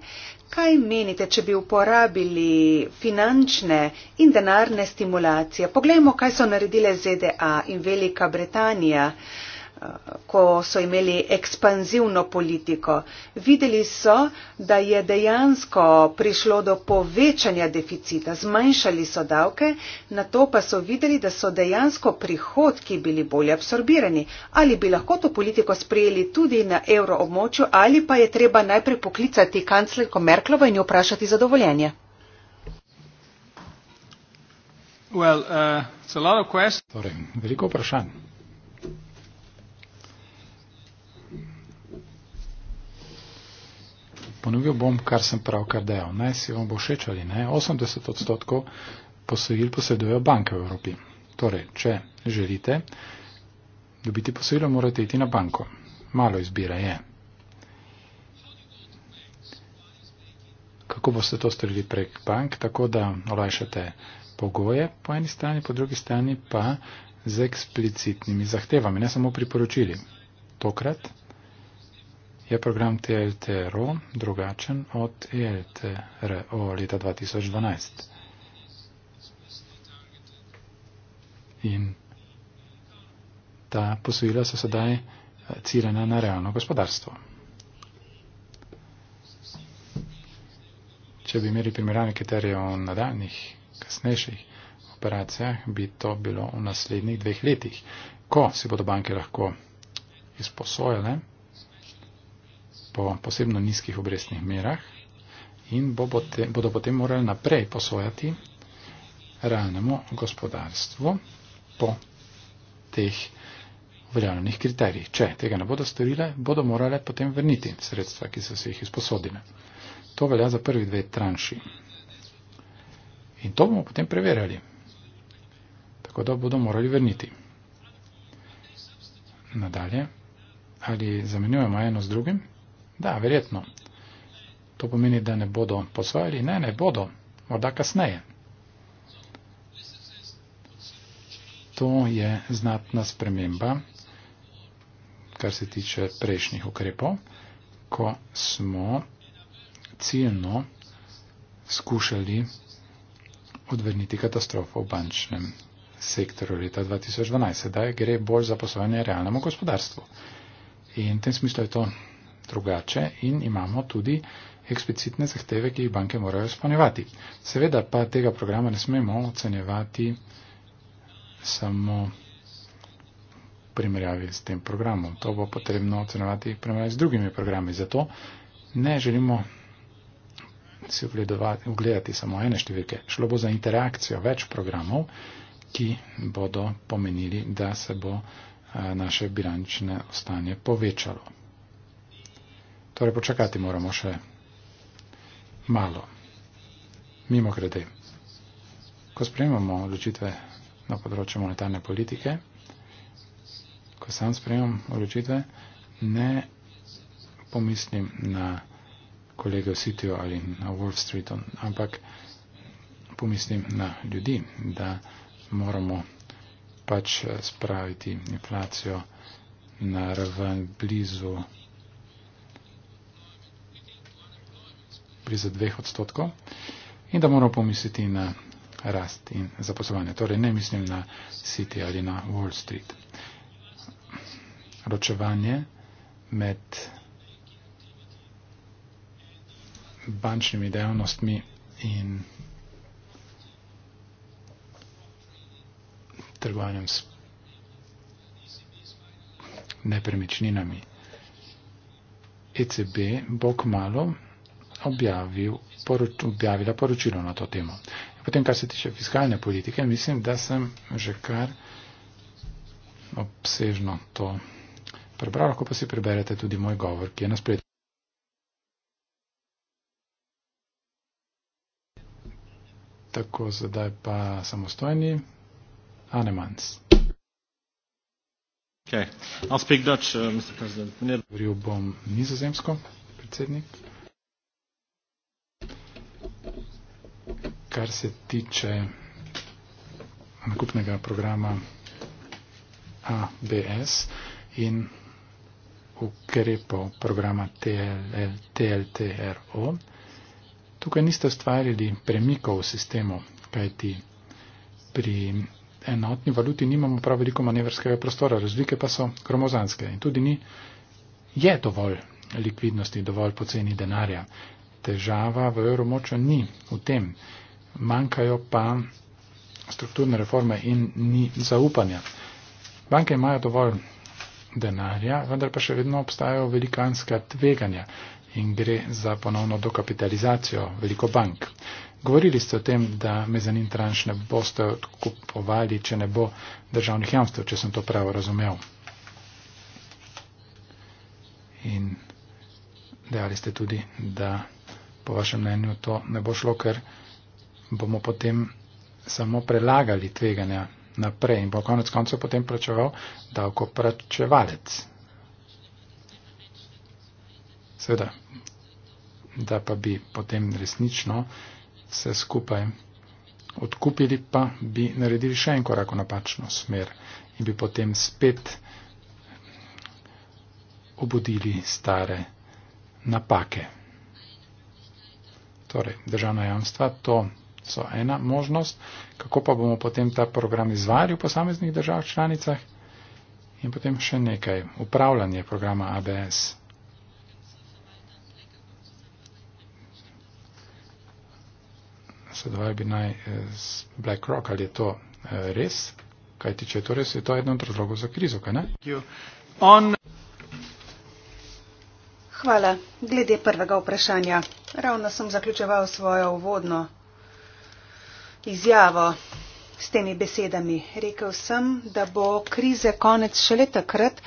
kaj menite, če bi uporabili finančne in denarne stimulacije? Poglejmo, kaj so naredile ZDA in Velika Britanija. Uh, ko so imeli ekspanzivno politiko. Videli so, da je dejansko prišlo do povečanja deficita, zmanjšali so davke, na to pa so videli, da so dejansko prihodki bili bolje absorbirani. Ali bi lahko to politiko sprejeli tudi na evroobmočju, ali pa je treba najprej poklicati kanclerko Merklovo in jo vprašati za dovoljenje. Well, uh, torej, veliko vprašanj. ponovil bom, kar sem prav kar dejal. Naj si vam bo všeč ali ne, 80 odstotkov posojil posedujejo banke v Evropi. Torej, če želite dobiti posojilo, morate iti na banko. Malo izbira je. Kako boste to storili prek bank, tako da olajšate pogoje po eni strani, po drugi strani pa z eksplicitnimi zahtevami, ne samo priporočili. Tokrat je program TLTRO drugačen od ELTRO leta 2012. In ta posojila so sedaj eh, ciljena na realno gospodarstvo. Če bi imeli primerjalne kriterije o nadaljnih, kasnejših operacijah, bi to bilo v naslednjih dveh letih, ko si bodo banke lahko izposojale po posebno nizkih obrestnih merah in bo bote, bodo potem morali naprej posojati realnemu gospodarstvu po teh uveljavljenih kriterijih. Če tega ne bodo storile, bodo morale potem vrniti sredstva, ki so se jih izposodile. To velja za prvi dve tranši. In to bomo potem preverjali. Tako da bodo morali vrniti. Nadalje, ali zamenjujemo eno z drugim? Da, verjetno. To pomeni, da ne bodo posvojili. Ne, ne bodo. Morda kasneje. To je znatna sprememba, kar se tiče prejšnjih ukrepov, ko smo ciljno skušali odvrniti katastrofo v bančnem sektorju leta 2012. Sedaj gre bolj za poslovanje realnemu gospodarstvu. In v tem smislu je to drugače in imamo tudi eksplicitne zahteve, ki jih banke morajo izpolnjevati. Seveda pa tega programa ne smemo ocenjevati samo primerjavi s tem programom. To bo potrebno ocenjevati primerjavi z drugimi programi. Zato ne želimo si ogledati samo ene številke. Šlo bo za interakcijo več programov, ki bodo pomenili, da se bo eh, naše bilančne stanje povečalo. Torej, počakati moramo še malo. Mimo grede, ko sprejemamo odločitve na področju monetarne politike, ko sam sprejemam odločitve, ne pomislim na kolege v Cityju ali na Wall Streetu, ampak pomislim na ljudi, da moramo pač spraviti inflacijo na raven blizu 2%. blizu dveh odstotkov in da moramo pomisliti na rast in zaposlovanje. Torej ne mislim na City ali na Wall Street. Ročevanje med bančnimi dejavnostmi in trgovanjem s nepremičninami. ECB bo kmalo objavil poruč, objavila poročilo na to temo. Potem, kar se tiče fiskalne politike, mislim, da sem že kar obsežno to prebral, lahko pa si preberete tudi moj govor, ki je na spletu. Tako, zdaj pa samostojni. Anemans. Okay. I'll speak Dutch, uh, Mr. President. Govoril bom nizozemsko, predsednik. kar se tiče nakupnega programa ABS in ukrepov programa TLL, TLTRO. Tukaj niste ustvarili premikov v sistemu, kajti pri enotni valuti nimamo prav veliko manevrskega prostora, razlike pa so kromozanske in tudi ni, je dovolj likvidnosti, dovolj poceni denarja. Težava v evromočju ni v tem manjkajo pa strukturne reforme in ni zaupanja. Banke imajo dovolj denarja, vendar pa še vedno obstajajo velikanska tveganja in gre za ponovno dokapitalizacijo veliko bank. Govorili ste o tem, da mezanin tranš ne boste odkupovali, če ne bo državnih jamstv, če sem to prav razumel. In dejali ste tudi, da po vašem mnenju to ne bo šlo, ker bomo potem samo prelagali tveganja naprej in bo konec koncev potem plačeval davkoplačevalec. Seveda, da pa bi potem resnično se skupaj odkupili, pa bi naredili še en korak v napačno smer in bi potem spet obudili stare napake. Torej, državna jamstva, to so ena možnost, kako pa bomo potem ta program izvajali v posameznih državah članicah in potem še nekaj, upravljanje programa ABS. Sedaj bi naj z eh, BlackRock, ali je to eh, res, kaj tiče to res, je to eden od razlogov za krizo, kaj ne? Hvala. Glede prvega vprašanja. Ravno sem zaključeval svojo uvodno izjavo s temi besedami. Rekel sem, da bo krize konec šele takrat,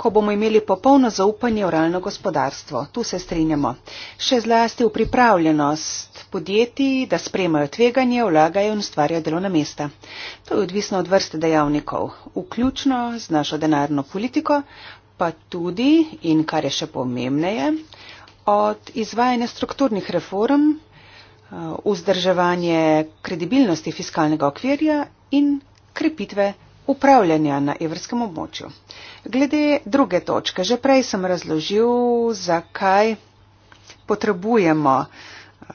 ko bomo imeli popolno zaupanje v realno gospodarstvo. Tu se strinjamo. Še zlasti v pripravljenost podjetij, da spremajo tveganje, vlagajo in stvarjajo delovna mesta. To je odvisno od vrste dejavnikov, vključno z našo denarno politiko, pa tudi, in kar je še pomembneje, od izvajanja strukturnih reform, Uh, vzdrževanje kredibilnosti fiskalnega okvirja in krepitve upravljanja na evrskem območju. Glede druge točke, že prej sem razložil, zakaj potrebujemo uh,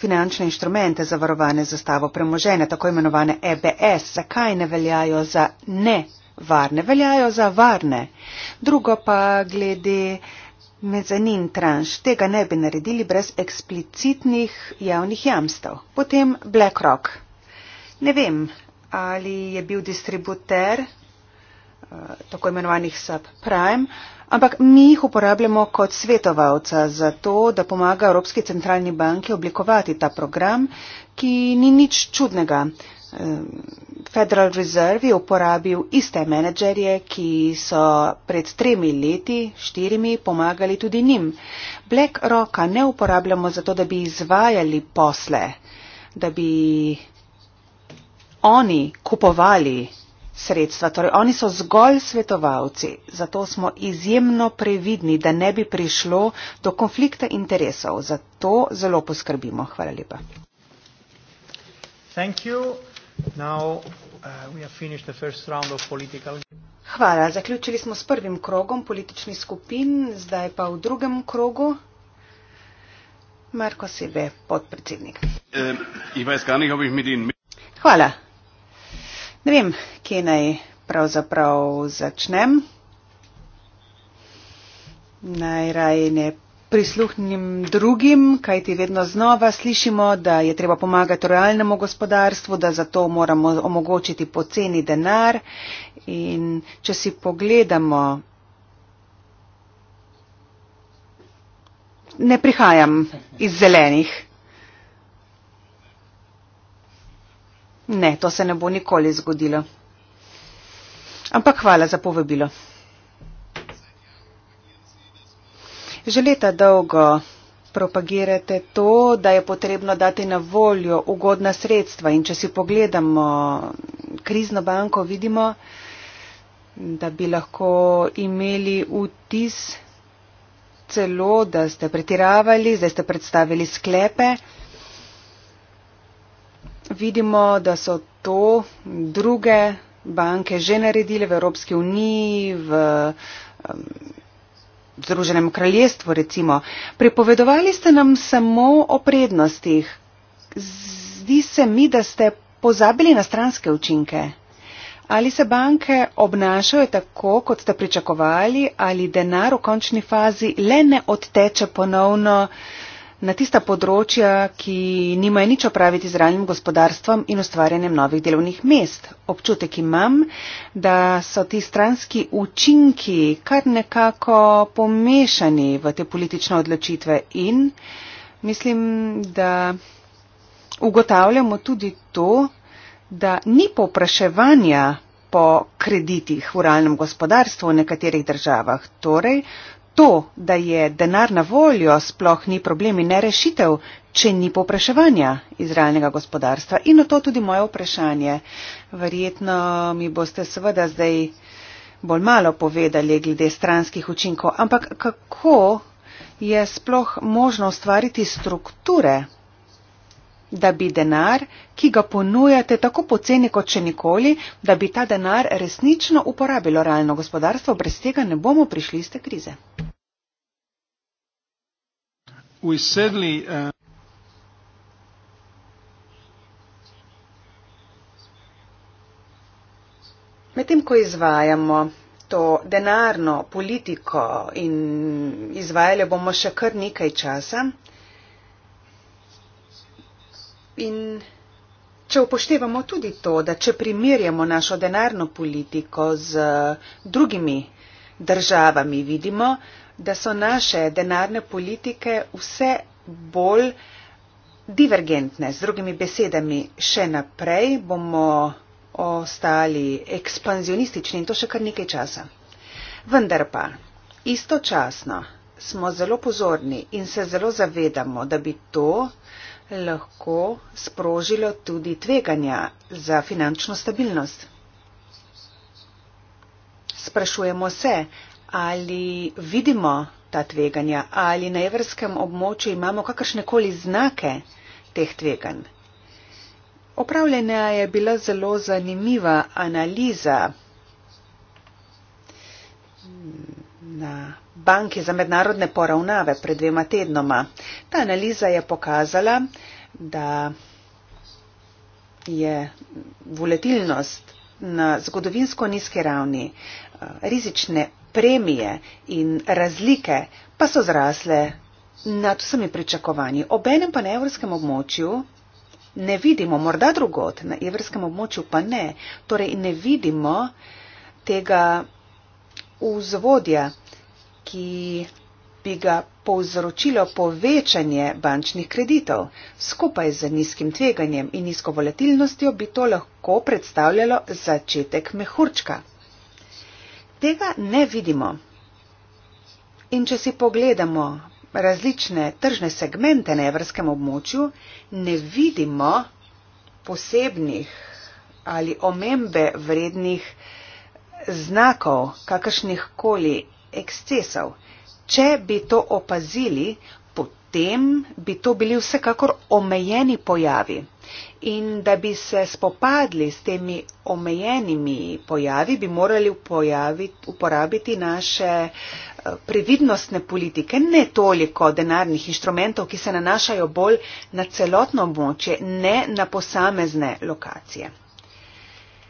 finančne inštrumente zavarovane za stavo premoženja, tako imenovane EBS, zakaj ne veljajo za nevarne, veljajo za varne. Drugo pa glede uh, mezanin tranš. Tega ne bi naredili brez eksplicitnih javnih jamstev. Potem BlackRock. Ne vem, ali je bil distributer eh, tako imenovanih subprime, ampak mi jih uporabljamo kot svetovalca za to, da pomaga Evropski centralni banki oblikovati ta program, ki ni nič čudnega. Eh, Federal Reserve je uporabil iste menedžerje, ki so pred tremi leti, štirimi, pomagali tudi njim. BlackRocka ne uporabljamo zato, da bi izvajali posle, da bi oni kupovali sredstva. Torej, oni so zgolj svetovalci, zato smo izjemno previdni, da ne bi prišlo do konflikta interesov. Zato zelo poskrbimo. Hvala lepa. Thank you. Uh, Hvala. Zaključili smo s prvim krogom političnih skupin, zdaj pa v drugem krogu. Marko Sebe, podpredsednik. Eh, Hvala. Ne vem, kje naj pravzaprav začnem. Najraje ne prisluhnim drugim, kajti vedno znova slišimo, da je treba pomagati realnemu gospodarstvu, da zato moramo omogočiti poceni denar. In če si pogledamo, ne prihajam iz zelenih. Ne, to se ne bo nikoli zgodilo. Ampak hvala za povabilo. Že leta dolgo propagirate to, da je potrebno dati na voljo ugodna sredstva in če si pogledamo krizno banko, vidimo, da bi lahko imeli vtis celo, da ste pretiravali, zdaj ste predstavili sklepe. Vidimo, da so to druge banke že naredile v Evropski uniji, v um, Združenem kraljestvu recimo. Prepovedovali ste nam samo o prednostih. Zdi se mi, da ste pozabili na stranske učinke. Ali se banke obnašajo tako, kot ste pričakovali, ali denar v končni fazi le ne odteče ponovno? na tista področja, ki nimajo nič opraviti z realnim gospodarstvom in ustvarjanjem novih delovnih mest. Občutek imam, da so ti stranski učinki kar nekako pomešani v te politične odločitve in mislim, da ugotavljamo tudi to, da ni popraševanja po kreditih v realnem gospodarstvu v nekaterih državah. Torej, To, da je denar na voljo, sploh ni problem in ne rešitev, če ni popraševanja izraelnega gospodarstva. In na to tudi moje vprašanje. Verjetno mi boste seveda zdaj bolj malo povedali glede stranskih učinkov, ampak kako je sploh možno ustvariti strukture da bi denar, ki ga ponujate tako poceni kot še nikoli, da bi ta denar resnično uporabilo realno gospodarstvo, brez tega ne bomo prišli iz te krize. Uh, Medtem, ko izvajamo to denarno politiko in izvajali bomo še kar nekaj časa, In če upoštevamo tudi to, da če primerjamo našo denarno politiko z eh, drugimi državami, vidimo, da so naše denarne politike vse bolj divergentne. Z drugimi besedami, še naprej bomo ostali ekspanzionistični in to še kar nekaj časa. Vendar pa, istočasno smo zelo pozorni in se zelo zavedamo, da bi to lahko sprožilo tudi tveganja za finančno stabilnost. Sprašujemo se, ali vidimo ta tveganja, ali na evrskem območju imamo kakršnekoli znake teh tveganj. Opravljena je bila zelo zanimiva analiza na Banki za mednarodne poravnave pred dvema tednoma. Ta analiza je pokazala, da je volatilnost na zgodovinsko nizki ravni, eh, rizične premije in razlike pa so zrasle nad vsemi pričakovanji. Obenem pa na evropskem območju ne vidimo, morda drugot, na evropskem območju pa ne, torej ne vidimo tega vzvodja ki bi ga povzročilo povečanje bančnih kreditov. Skupaj z nizkim tveganjem in nizko volatilnostjo bi to lahko predstavljalo začetek mehurčka. Tega ne vidimo. In če si pogledamo različne tržne segmente na evrskem območju, ne vidimo posebnih ali omembe vrednih znakov kakršnih koli ekscesov. Če bi to opazili, potem bi to bili vsekakor omejeni pojavi. In da bi se spopadli s temi omejenimi pojavi, bi morali uporabiti naše eh, previdnostne politike, ne toliko denarnih inštrumentov, ki se nanašajo bolj na celotno območje, ne na posamezne lokacije.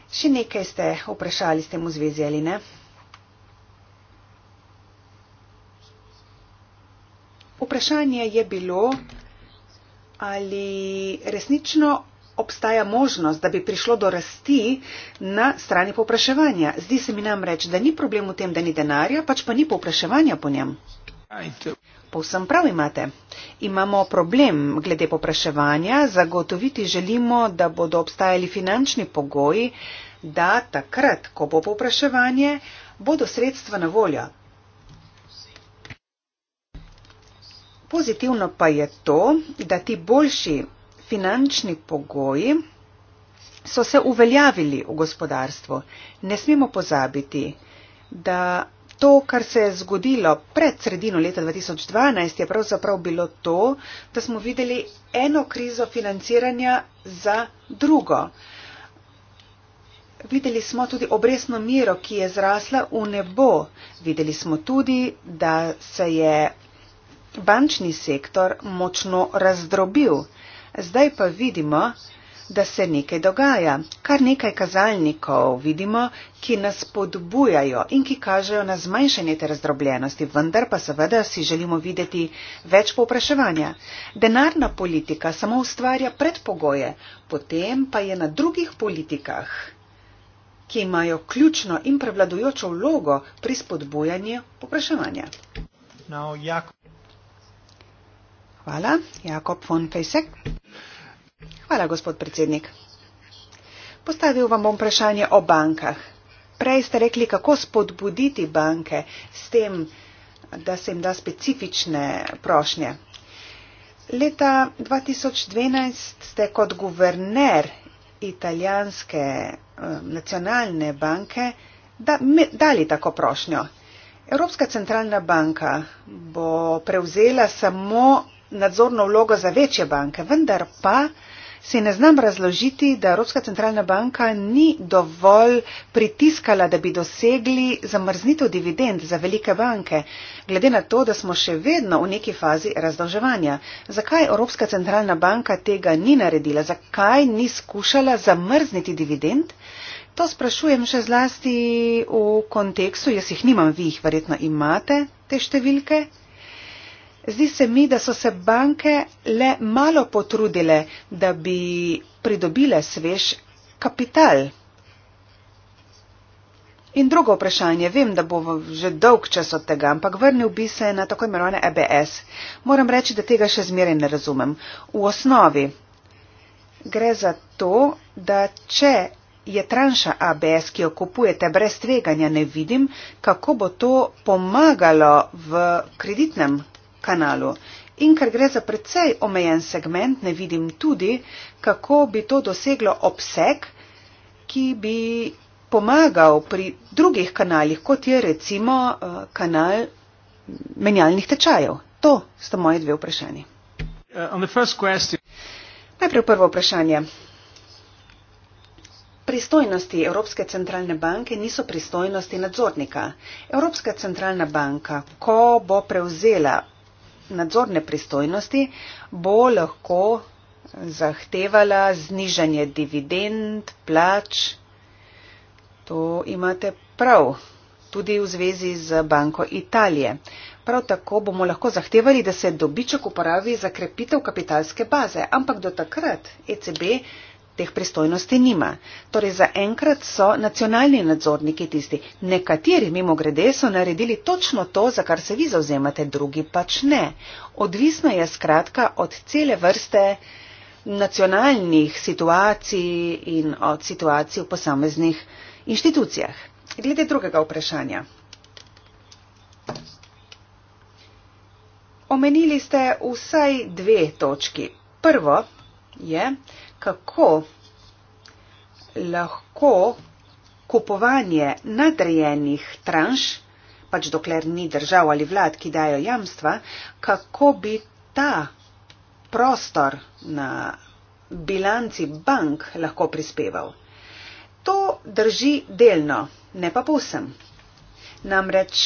Še nekaj ste vprašali s tem v zvezi ali ne? Vprašanje je bilo, ali resnično obstaja možnost, da bi prišlo do rasti na strani popraševanja. Zdi se mi namreč, da ni problem v tem, da ni denarja, pač pa ni popraševanja po njem. Povsem prav imate. Imamo problem glede popraševanja, zagotoviti želimo, da bodo obstajali finančni pogoji, da takrat, ko bo popraševanje, bodo sredstva na voljo. Pozitivno pa je to, da ti boljši finančni pogoji so se uveljavili v gospodarstvu. Ne smemo pozabiti, da to, kar se je zgodilo pred sredino leta 2012, je pravzaprav bilo to, da smo videli eno krizo financiranja za drugo. Videli smo tudi obresno miro, ki je zrasla v nebo. Videli smo tudi, da se je bančni sektor močno razdrobil. Zdaj pa vidimo, da se nekaj dogaja. Kar nekaj kazalnikov vidimo, ki nas podbujajo in ki kažejo na zmanjšanje te razdrobljenosti, vendar pa seveda si želimo videti več povpraševanja. Denarna politika samo ustvarja predpogoje, potem pa je na drugih politikah, ki imajo ključno in prevladujočo vlogo pri spodbujanju povpraševanja. No, jako... Hvala. Jakob von Fejsek. Hvala, gospod predsednik. Postavil vam bom vprašanje o bankah. Prej ste rekli, kako spodbuditi banke s tem, da se jim da specifične prošnje. Leta 2012 ste kot guverner italijanske eh, nacionalne banke da, me, dali tako prošnjo. Evropska centralna banka bo prevzela samo nadzorno vlogo za večje banke, vendar pa si ne znam razložiti, da Evropska centralna banka ni dovolj pritiskala, da bi dosegli zamrznitev dividend za velike banke, glede na to, da smo še vedno v neki fazi razdolževanja. Zakaj Evropska centralna banka tega ni naredila? Zakaj ni skušala zamrzniti dividend? To sprašujem še zlasti v kontekstu, jaz jih nimam, vi jih verjetno imate, te številke. Zdi se mi, da so se banke le malo potrudile, da bi pridobile svež kapital. In drugo vprašanje, vem, da bo že dolg čas od tega, ampak vrnil bi se na tako imenovane EBS. Moram reči, da tega še zmeraj ne razumem. V osnovi gre za to, da če je tranša ABS, ki jo kupujete brez tveganja, ne vidim, kako bo to pomagalo v kreditnem kanalu. In ker gre za precej omejen segment, ne vidim tudi, kako bi to doseglo obseg, ki bi pomagal pri drugih kanalih, kot je recimo eh, kanal menjalnih tečajev. To sta moje dve vprašanje. Uh, Najprej prvo vprašanje. Pristojnosti Evropske centralne banke niso pristojnosti nadzornika. Evropska centralna banka, ko bo prevzela nadzorne pristojnosti, bo lahko zahtevala znižanje dividend, plač. To imate prav tudi v zvezi z Banko Italije. Prav tako bomo lahko zahtevali, da se dobiček uporabi za krepitev kapitalske baze, ampak do takrat ECB teh pristojnosti nima. Torej, zaenkrat so nacionalni nadzorniki tisti. Nekateri, mimo grede, so naredili točno to, za kar se vi zauzemate, drugi pač ne. Odvisno je skratka od cele vrste nacionalnih situacij in od situacij v posameznih inštitucijah. Glede drugega vprašanja. Omenili ste vsaj dve točki. Prvo je, kako lahko kupovanje nadrejenih tranš, pač dokler ni držav ali vlad, ki dajo jamstva, kako bi ta prostor na bilanci bank lahko prispeval. To drži delno, ne pa povsem. Namreč,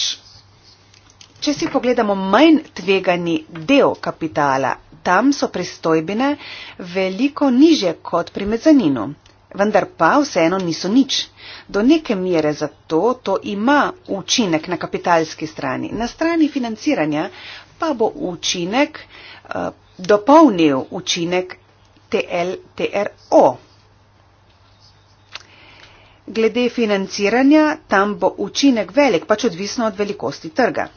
če si pogledamo manj tvegani del kapitala, tam so pristojbine veliko niže kot pri mezaninu. Vendar pa vseeno niso nič. Do neke mere zato to ima učinek na kapitalski strani. Na strani financiranja pa bo učinek uh, dopolnil učinek TLTRO. Glede financiranja, tam bo učinek velik, pač odvisno od velikosti trga.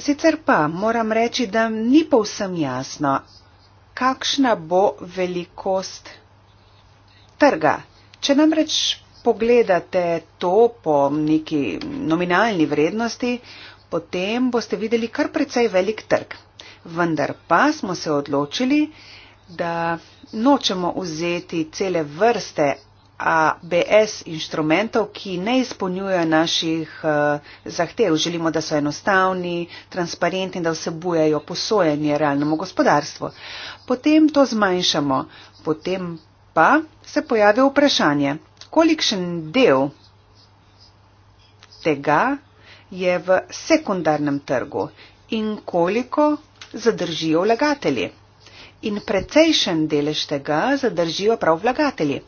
Sicer pa moram reči, da ni povsem jasno, kakšna bo velikost trga. Če namreč pogledate to po neki nominalni vrednosti, potem boste videli kar precej velik trg. Vendar pa smo se odločili, da nočemo vzeti cele vrste ABS inštrumentov, ki ne izpolnjujejo naših uh, zahtev. Želimo, da so enostavni, transparentni in da vsebujejo posojanje realnemu gospodarstvu. Potem to zmanjšamo, potem pa se pojavi vprašanje, kolikšen del tega je v sekundarnem trgu in koliko zadržijo vlagatelji. In precejšen delež tega zadržijo prav vlagatelji.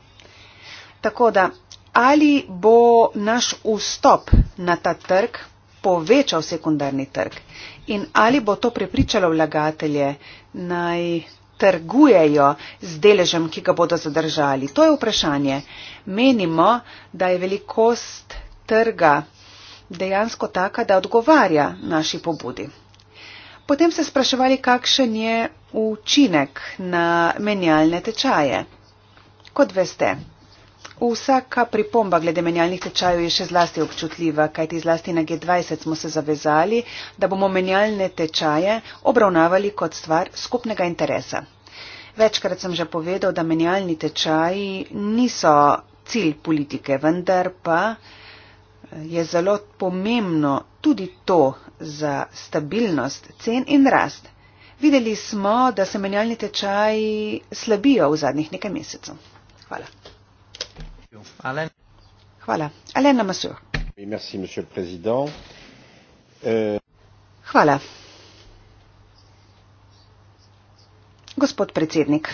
Tako da, ali bo naš vstop na ta trg povečal sekundarni trg in ali bo to prepričalo vlagatelje naj trgujejo z deležem, ki ga bodo zadržali. To je vprašanje. Menimo, da je velikost trga dejansko taka, da odgovarja naši pobudi. Potem se spraševali, kakšen je učinek na menjalne tečaje. Kot veste, Vsaka pripomba glede menjalnih tečajev je še zlasti občutljiva, kajti zlasti na G20 smo se zavezali, da bomo menjalne tečaje obravnavali kot stvar skupnega interesa. Večkrat sem že povedal, da menjalni tečaji niso cilj politike, vendar pa eh, je zelo pomembno tudi to za stabilnost cen in rast. Videli smo, da se menjalni tečaji slabijo v zadnjih nekaj mesecev. Hvala. Euh, Hvala. Gospod predsednik.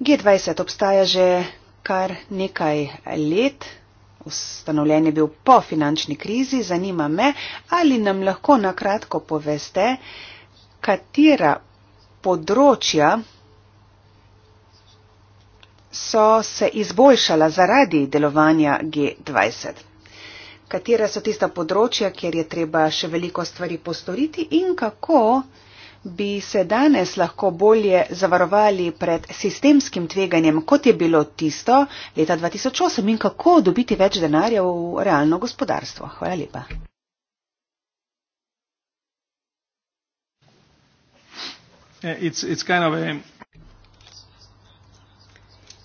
G20 obstaja že kar nekaj let. Ustanovljen je bil po finančni krizi. Zanima me, ali nam lahko na kratko poveste, katera področja so se izboljšala zaradi delovanja G20. Katera so tista področja, kjer je treba še veliko stvari postoriti in kako bi se danes lahko bolje zavarovali pred sistemskim tveganjem, kot je bilo tisto leta 2008 in kako dobiti več denarja v realno gospodarstvo. Hvala lepa. Eh, it's, it's kind of a...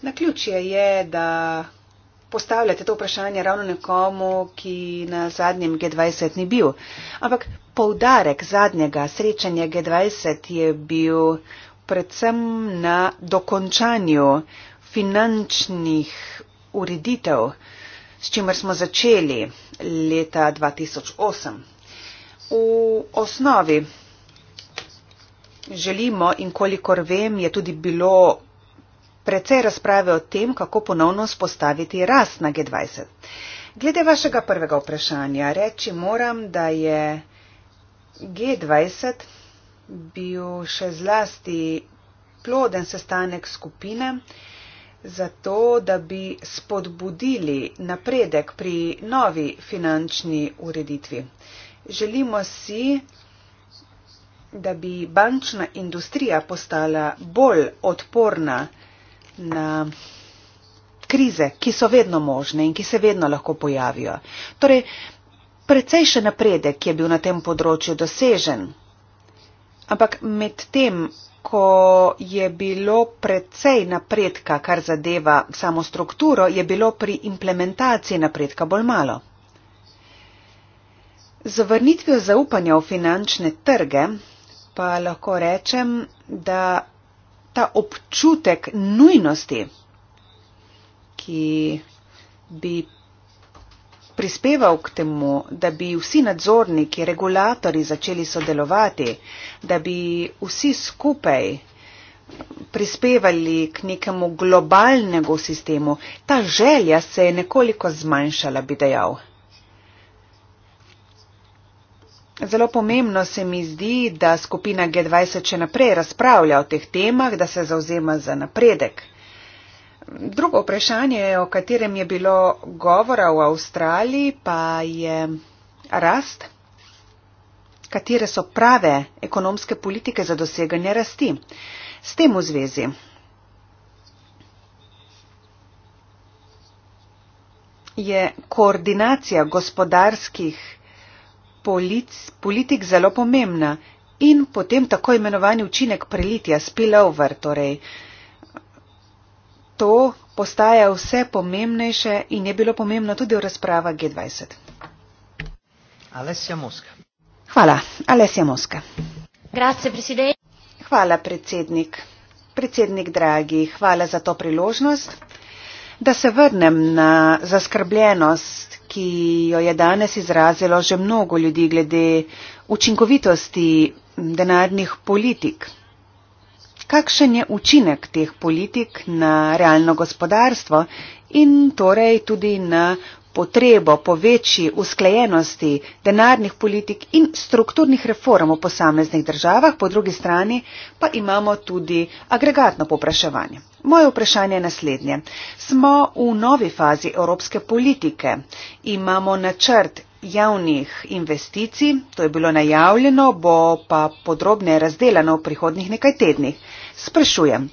Na ključje je, da postavljate to vprašanje ravno nekomu, ki na zadnjem G20 ni bil. Ampak poudarek zadnjega srečanja G20 je bil predvsem na dokončanju finančnih ureditev, s čimer smo začeli leta 2008. V osnovi želimo in kolikor vem, je tudi bilo precej razprave o tem, kako ponovno spostaviti rast na G20. Glede vašega prvega vprašanja, reči moram, da je G20 bil še zlasti ploden sestanek skupine, zato da bi spodbudili napredek pri novi finančni ureditvi. Želimo si, da bi bančna industrija postala bolj odporna na krize, ki so vedno možne in ki se vedno lahko pojavijo. Torej, precejšen napredek je bil na tem področju dosežen, ampak med tem, ko je bilo precej napredka, kar zadeva samo strukturo, je bilo pri implementaciji napredka bolj malo. Z vrnitvijo zaupanja v finančne trge pa lahko rečem, da ta občutek nujnosti, ki bi prispeval k temu, da bi vsi nadzorniki, regulatori začeli sodelovati, da bi vsi skupaj prispevali k nekemu globalnemu sistemu, ta želja se je nekoliko zmanjšala, bi dejal. Zelo pomembno se mi zdi, da skupina G20 še naprej razpravlja o teh temah, da se zauzema za napredek. Drugo vprašanje, o katerem je bilo govora v Avstraliji, pa je rast. Katere so prave ekonomske politike za doseganje rasti? S tem v zvezi. Je koordinacija gospodarskih polic, politik zelo pomembna in potem tako imenovani učinek prelitja, spillover torej. To postaja vse pomembnejše in je bilo pomembno tudi v razprava G20. Alessia Mosca. Hvala, Alessia Mosca. Grazie, hvala, predsednik. Predsednik dragi, hvala za to priložnost, da se vrnem na zaskrbljenost, ki jo je danes izrazilo že mnogo ljudi glede učinkovitosti denarnih politik. Kakšen je učinek teh politik na realno gospodarstvo in torej tudi na potrebo po večji usklajenosti denarnih politik in strukturnih reform v posameznih državah, po drugi strani pa imamo tudi agregatno popraševanje. Moje vprašanje je naslednje. Smo v novi fazi evropske politike, imamo načrt javnih investicij, to je bilo najavljeno, bo pa podrobne razdelano v prihodnih nekaj tednih. Sprašujem,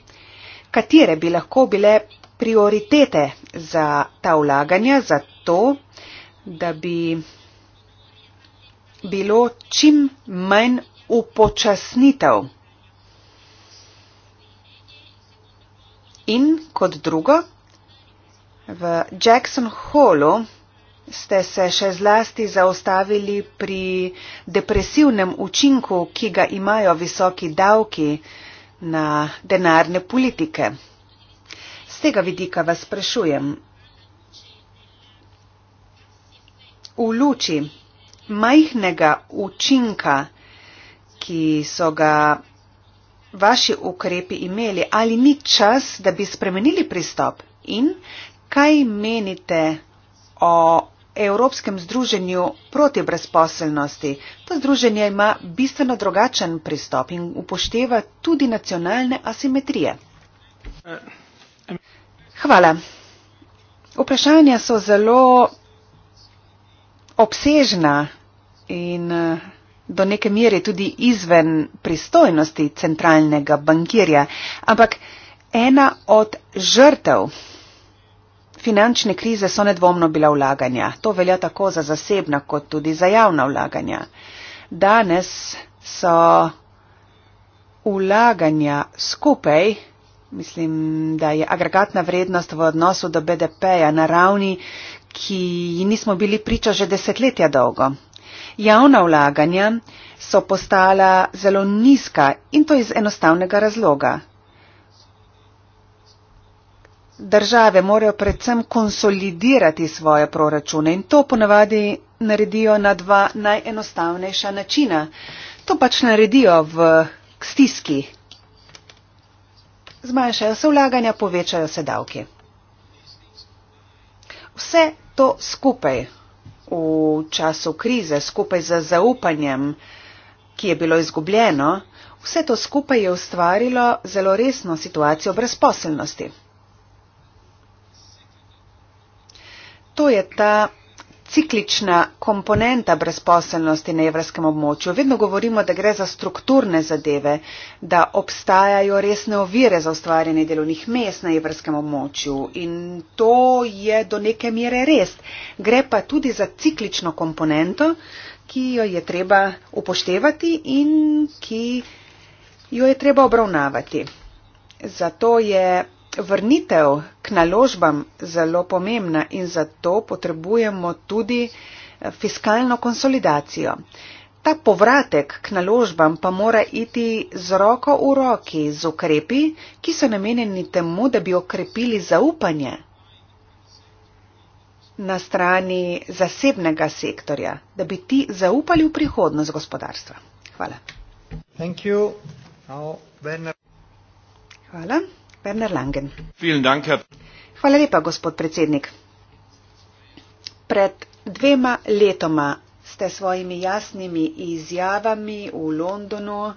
katere bi lahko bile prioritete za ta vlaganja, za to, da bi bilo čim manj upočasnitev. In kot drugo, v Jackson Hallu ste se še zlasti zaustavili pri depresivnem učinku, ki ga imajo visoki davki na denarne politike. Z tega vidika vas sprašujem, v luči majhnega učinka, ki so ga vaši ukrepi imeli, ali ni čas, da bi spremenili pristop in kaj menite o Evropskem združenju proti brezposelnosti. To združenje ima bistveno drugačen pristop in upošteva tudi nacionalne asimetrije. Uh. Hvala. Vprašanja so zelo obsežna in eh, do neke mere tudi izven pristojnosti centralnega bankirja, ampak ena od žrtev finančne krize so nedvomno bila vlaganja. To velja tako za zasebna kot tudi za javna vlaganja. Danes so vlaganja skupaj Mislim, da je agregatna vrednost v odnosu do BDP-ja na ravni, ki nismo bili priča že desetletja dolgo. Javna vlaganja so postala zelo nizka in to iz enostavnega razloga. Države morajo predvsem konsolidirati svoje proračune in to ponavadi naredijo na dva najenostavnejša načina. To pač naredijo v stiski, zmanjšajo se vlaganja, povečajo se davki. Vse to skupaj v času krize, skupaj z zaupanjem, ki je bilo izgubljeno, vse to skupaj je ustvarilo zelo resno situacijo brezposelnosti. To je ta ciklična komponenta brezposelnosti na evropskem območju. Vedno govorimo, da gre za strukturne zadeve, da obstajajo resne ovire za ustvarjanje delovnih mest na evropskem območju in to je do neke mere res. Gre pa tudi za ciklično komponento, ki jo je treba upoštevati in ki jo je treba obravnavati. Zato je vrnitev k naložbam zelo pomembna in zato potrebujemo tudi eh, fiskalno konsolidacijo. Ta povratek k naložbam pa mora iti z roko v roki z ukrepi, ki so namenjeni temu, da bi okrepili zaupanje na strani zasebnega sektorja, da bi ti zaupali v prihodnost gospodarstva. Hvala. Hvala. Werner Langen. Dank, Herr... Hvala lepa, gospod predsednik. Pred dvema letoma ste svojimi jasnimi izjavami v Londonu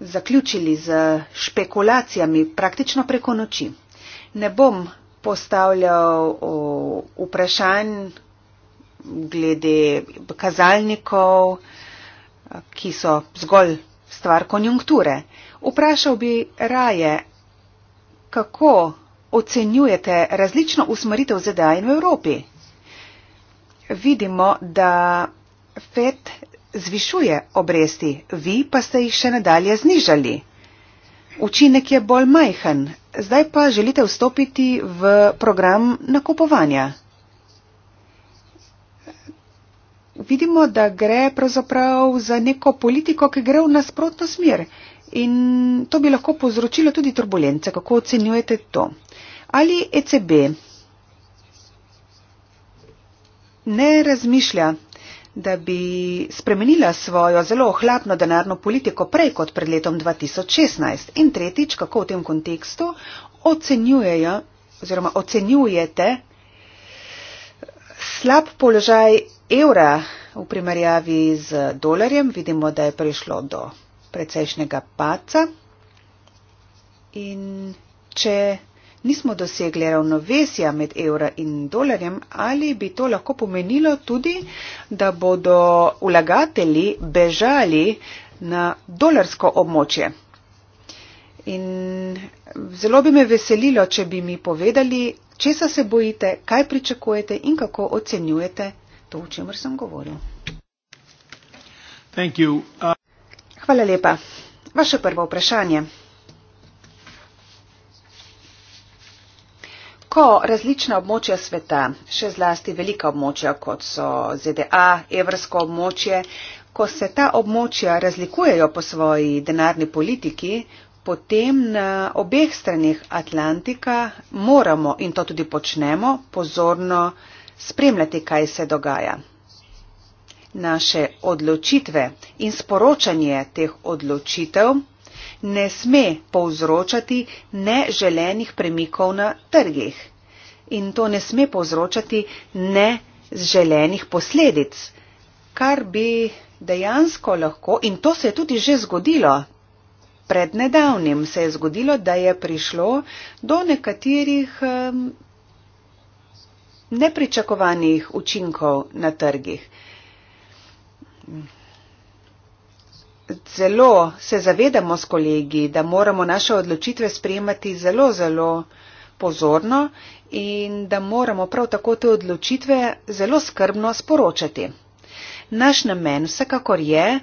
zaključili z špekulacijami praktično preko noči. Ne bom postavljal vprašanj glede kazalnikov, ki so zgolj stvar konjunkture. Vprašal bi raje, kako ocenjujete različno usmeritev ZDA in v Evropi? Vidimo, da FED zvišuje obresti, vi pa ste jih še nadalje znižali. Učinek je bolj majhen, zdaj pa želite vstopiti v program nakupovanja. Vidimo, da gre pravzaprav za neko politiko, ki gre v nasprotno smer in to bi lahko povzročilo tudi turbulence. Kako ocenjujete to? Ali ECB ne razmišlja, da bi spremenila svojo zelo ohlapno denarno politiko prej kot pred letom 2016? In tretjič, kako v tem kontekstu ocenjujejo oziroma ocenjujete slab položaj evra v primerjavi z dolarjem? Vidimo, da je prišlo do precejšnjega paca. In če nismo dosegli ravnovesja med evra in dolarjem, ali bi to lahko pomenilo tudi, da bodo vlagatelji bežali na dolarsko območje. In zelo bi me veselilo, če bi mi povedali, česa se bojite, kaj pričakujete in kako ocenjujete to, o čemer sem govoril. Hvala lepa. Vaše prvo vprašanje. Ko različna območja sveta, še zlasti velika območja, kot so ZDA, evrsko območje, ko se ta območja razlikujejo po svoji denarni politiki, potem na obeh stranih Atlantika moramo, in to tudi počnemo, pozorno spremljati, kaj se dogaja naše odločitve in sporočanje teh odločitev ne sme povzročati neželenih premikov na trgih in to ne sme povzročati neželenih posledic, kar bi dejansko lahko in to se je tudi že zgodilo. Pred nedavnim se je zgodilo, da je prišlo do nekaterih nepričakovanih učinkov na trgih. Zelo se zavedamo s kolegi, da moramo naše odločitve sprejemati zelo, zelo pozorno in da moramo prav tako te odločitve zelo skrbno sporočati. Naš namen vsekakor je,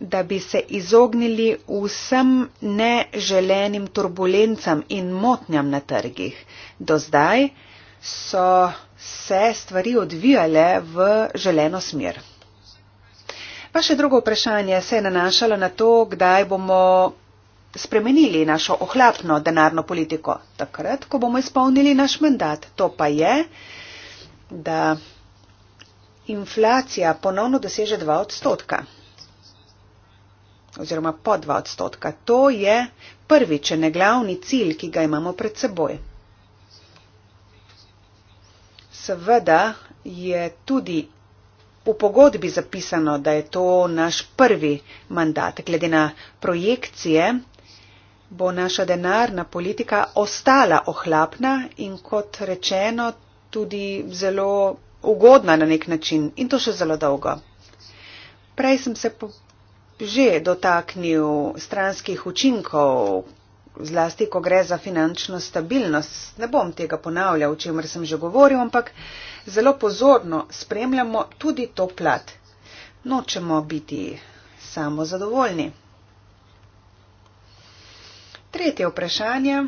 da bi se izognili vsem neželenim turbulencam in motnjam na trgih. Do zdaj so se stvari odvijale v želeno smer. Pa še drugo vprašanje se je nanašalo na to, kdaj bomo spremenili našo ohlapno denarno politiko. Takrat, ko bomo izpolnili naš mandat. To pa je, da inflacija ponovno doseže 2 odstotka oziroma po 2 odstotka. To je prvi, če ne glavni cilj, ki ga imamo pred seboj. Seveda je tudi v pogodbi zapisano, da je to naš prvi mandat. Glede na projekcije bo naša denarna politika ostala ohlapna in kot rečeno tudi zelo ugodna na nek način in to še zelo dolgo. Prej sem se že dotaknil stranskih učinkov, zlasti, ko gre za finančno stabilnost. Ne bom tega ponavljal, o čemer sem že govoril, ampak zelo pozorno spremljamo tudi to plat. Nočemo biti samozadovoljni. Tretje vprašanje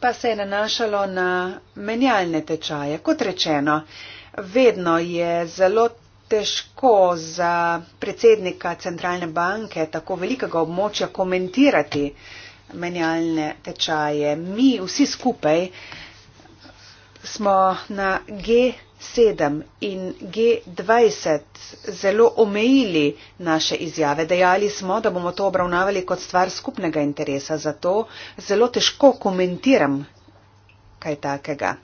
pa se je nanašalo na menjalne tečaje. Kot rečeno, vedno je zelo težko za predsednika centralne banke tako velikega območja komentirati uh, menjalne tečaje. Mi vsi skupaj smo na G7 in G20 zelo omejili naše izjave. Dejali smo, da bomo to obravnavali kot stvar skupnega interesa, zato zelo težko komentiram kaj takega.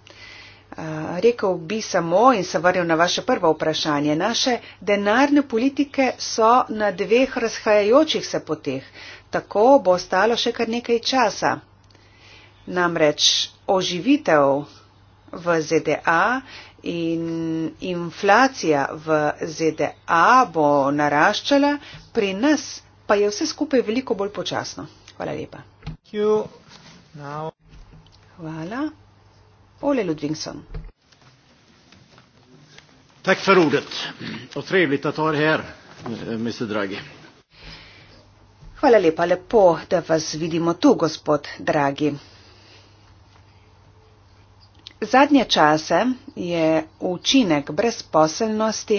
Uh, rekel bi samo in se vrnil na vaše prvo vprašanje. Naše denarne politike so na dveh razhajajočih se poteh tako bo ostalo še kar nekaj časa. Namreč oživitev v ZDA in inflacija v ZDA bo naraščala, pri nas pa je vse skupaj veliko bolj počasno. Hvala lepa. Hvala. Ole Ludvigsson. Tak for ordet. Og trivelig at du er her, eh, Mr. Draghi. Hvala lepa, lepo, da vas vidimo tu, gospod dragi. Zadnje čase je učinek brezposelnosti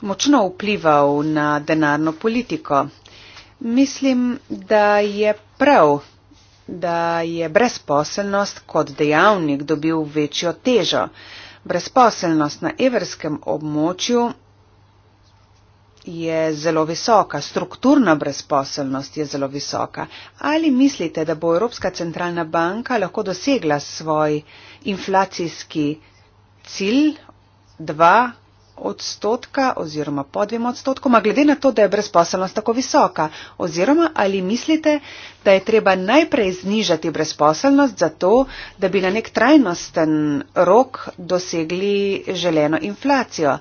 močno vplival na denarno politiko. Mislim, da je prav, da je brezposelnost kot dejavnik dobil večjo težo. Brezposelnost na evrskem območju je zelo visoka, strukturna brezposelnost je zelo visoka. Ali mislite, da bo Evropska centralna banka lahko dosegla svoj inflacijski cilj 2 odstotka oziroma po dvema odstotkoma, glede na to, da je brezposelnost tako visoka? Oziroma ali mislite, da je treba najprej znižati brezposelnost za to, da bi na nek trajnosten rok dosegli želeno inflacijo?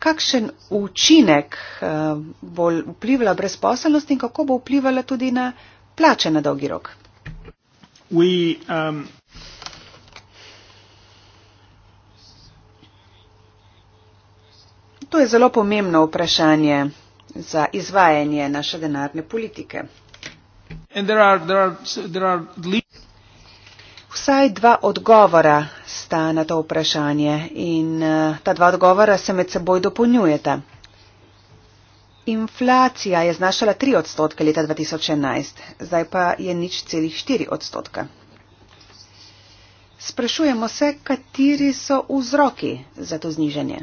kakšen učinek eh, bo vplivala brezposelnost in kako bo vplivala tudi na plače na dolgi rok. We, um... To je zelo pomembno vprašanje za izvajanje naše denarne politike. There are, there are, there are Vsaj dva odgovora sta na to vprašanje in eh, ta dva odgovora se med seboj dopolnjujeta. Inflacija je znašala 3 odstotke leta 2011, zdaj pa je nič celih 4 odstotka. Sprašujemo se, kateri so vzroki za to zniženje.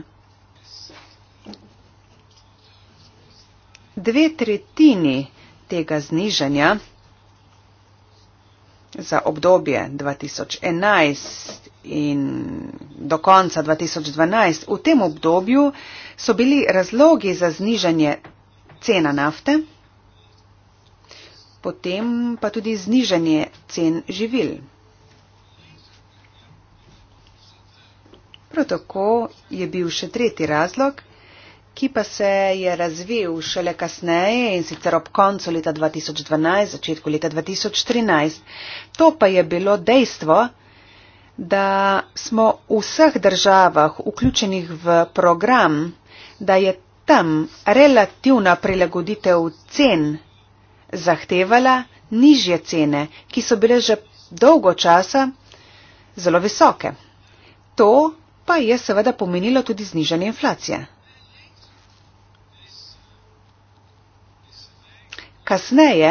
Dve tretjini tega znižanja za obdobje 2011 in do konca 2012. V tem obdobju so bili razlogi za znižanje cena nafte, potem pa tudi znižanje cen živil. Prav tako je bil še tretji razlog, ki pa se je razvil šele kasneje in sicer ob koncu leta 2012, začetku leta 2013. To pa je bilo dejstvo, da smo v vseh državah vključenih v program, da je tam relativna prilagoditev cen zahtevala nižje cene, ki so bile že dolgo časa zelo visoke. To pa je seveda pomenilo tudi znižanje inflacije. kasneje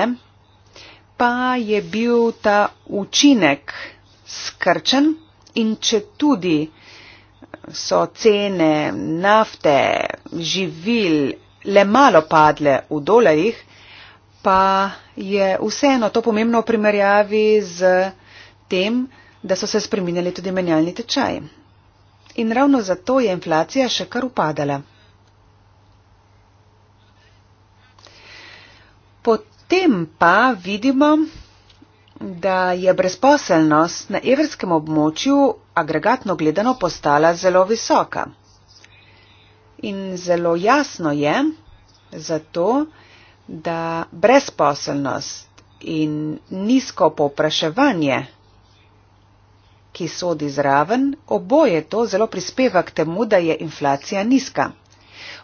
pa je bil ta učinek skrčen in če tudi so cene nafte, živil le malo padle v dolarjih, pa je vseeno to pomembno v primerjavi z tem, da so se spremenili tudi menjalni tečaji. In ravno zato je inflacija še kar upadala. Potem pa vidimo, da je brezposelnost na evrskem območju agregatno gledano postala zelo visoka. In zelo jasno je zato, da brezposelnost in nizko popraševanje, ki sodi zraven, oboje to zelo prispeva k temu, da je inflacija nizka.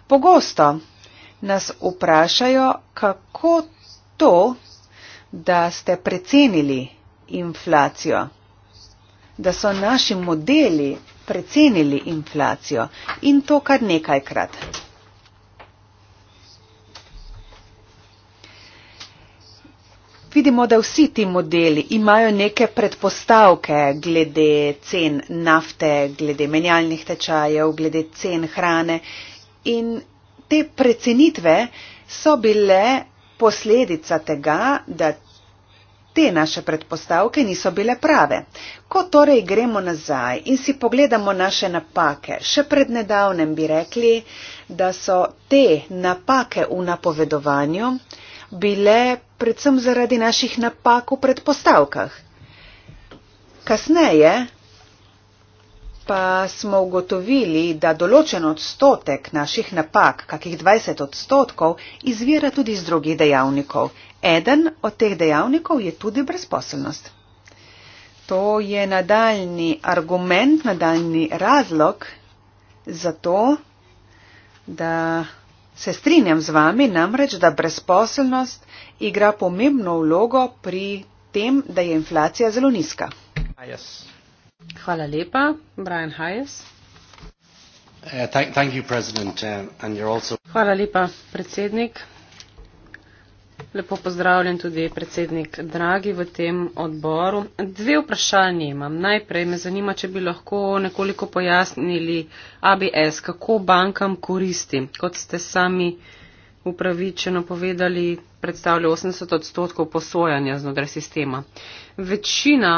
Pogosto nas vprašajo, kako to, da ste precenili inflacijo, da so naši modeli precenili inflacijo in to kar nekajkrat. Vidimo, da vsi ti modeli imajo neke predpostavke glede cen nafte, glede menjalnih tečajev, glede cen hrane in te precenitve so bile posledica tega, da te naše predpostavke niso bile prave. Ko torej gremo nazaj in si pogledamo naše napake, še pred nedavnem bi rekli, da so te napake v napovedovanju bile predvsem zaradi naših napak v predpostavkah. Kasneje pa smo ugotovili, da določen odstotek naših napak, kakih 20 odstotkov, izvira tudi iz drugih dejavnikov. Eden od teh dejavnikov je tudi brezposelnost. To je nadaljni argument, nadaljni razlog za to, da se strinjam z vami namreč, da brezposelnost igra pomembno vlogo pri tem, da je inflacija zelo nizka. Ah, yes. Hvala lepa. Brian Hayes. Uh, thank you, uh, and you're also... Hvala lepa, predsednik. Lepo pozdravljen tudi predsednik Dragi v tem odboru. Dve vprašanje imam. Najprej me zanima, če bi lahko nekoliko pojasnili ABS, kako bankam koristi. Kot ste sami upravičeno povedali, predstavlja 80 odstotkov posojanja znotraj sistema. Večina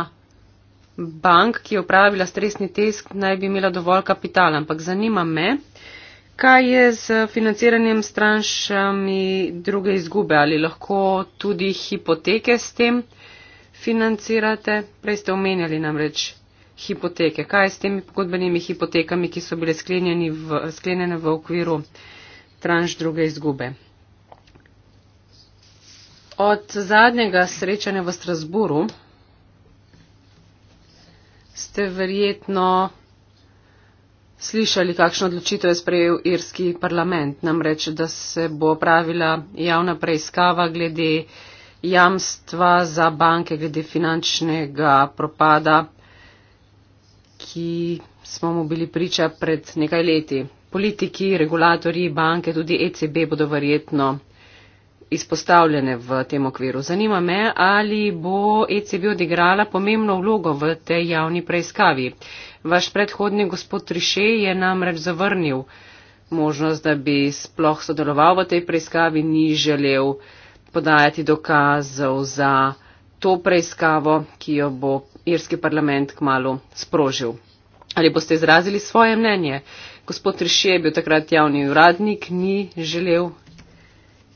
bank, ki je upravila stresni tisk, naj bi imela dovolj kapitala. Ampak zanima me, kaj je z financiranjem stranšami druge izgube? Ali lahko tudi hipoteke s tem financirate? Prej ste omenjali namreč hipoteke. Kaj je s temi pogodbenimi hipotekami, ki so bile v, sklenjene v okviru tranš druge izgube? Od zadnjega srečanja v Strasburu ste verjetno slišali, kakšno odločitev je sprejel irski parlament, namreč, da se bo pravila javna preiskava glede jamstva za banke, glede finančnega propada, ki smo mu bili priča pred nekaj leti. Politiki, regulatorji, banke, tudi ECB bodo verjetno izpostavljene v tem okviru. Zanima me, ali bo ECB odigrala pomembno vlogo v tej javni preiskavi. Vaš predhodni gospod Trišej je namreč zavrnil možnost, da bi sploh sodeloval v tej preiskavi, ni želel podajati dokazov za to preiskavo, ki jo bo irski parlament kmalo sprožil. Ali boste izrazili svoje mnenje? Gospod Trišej je bil takrat javni uradnik, ni želel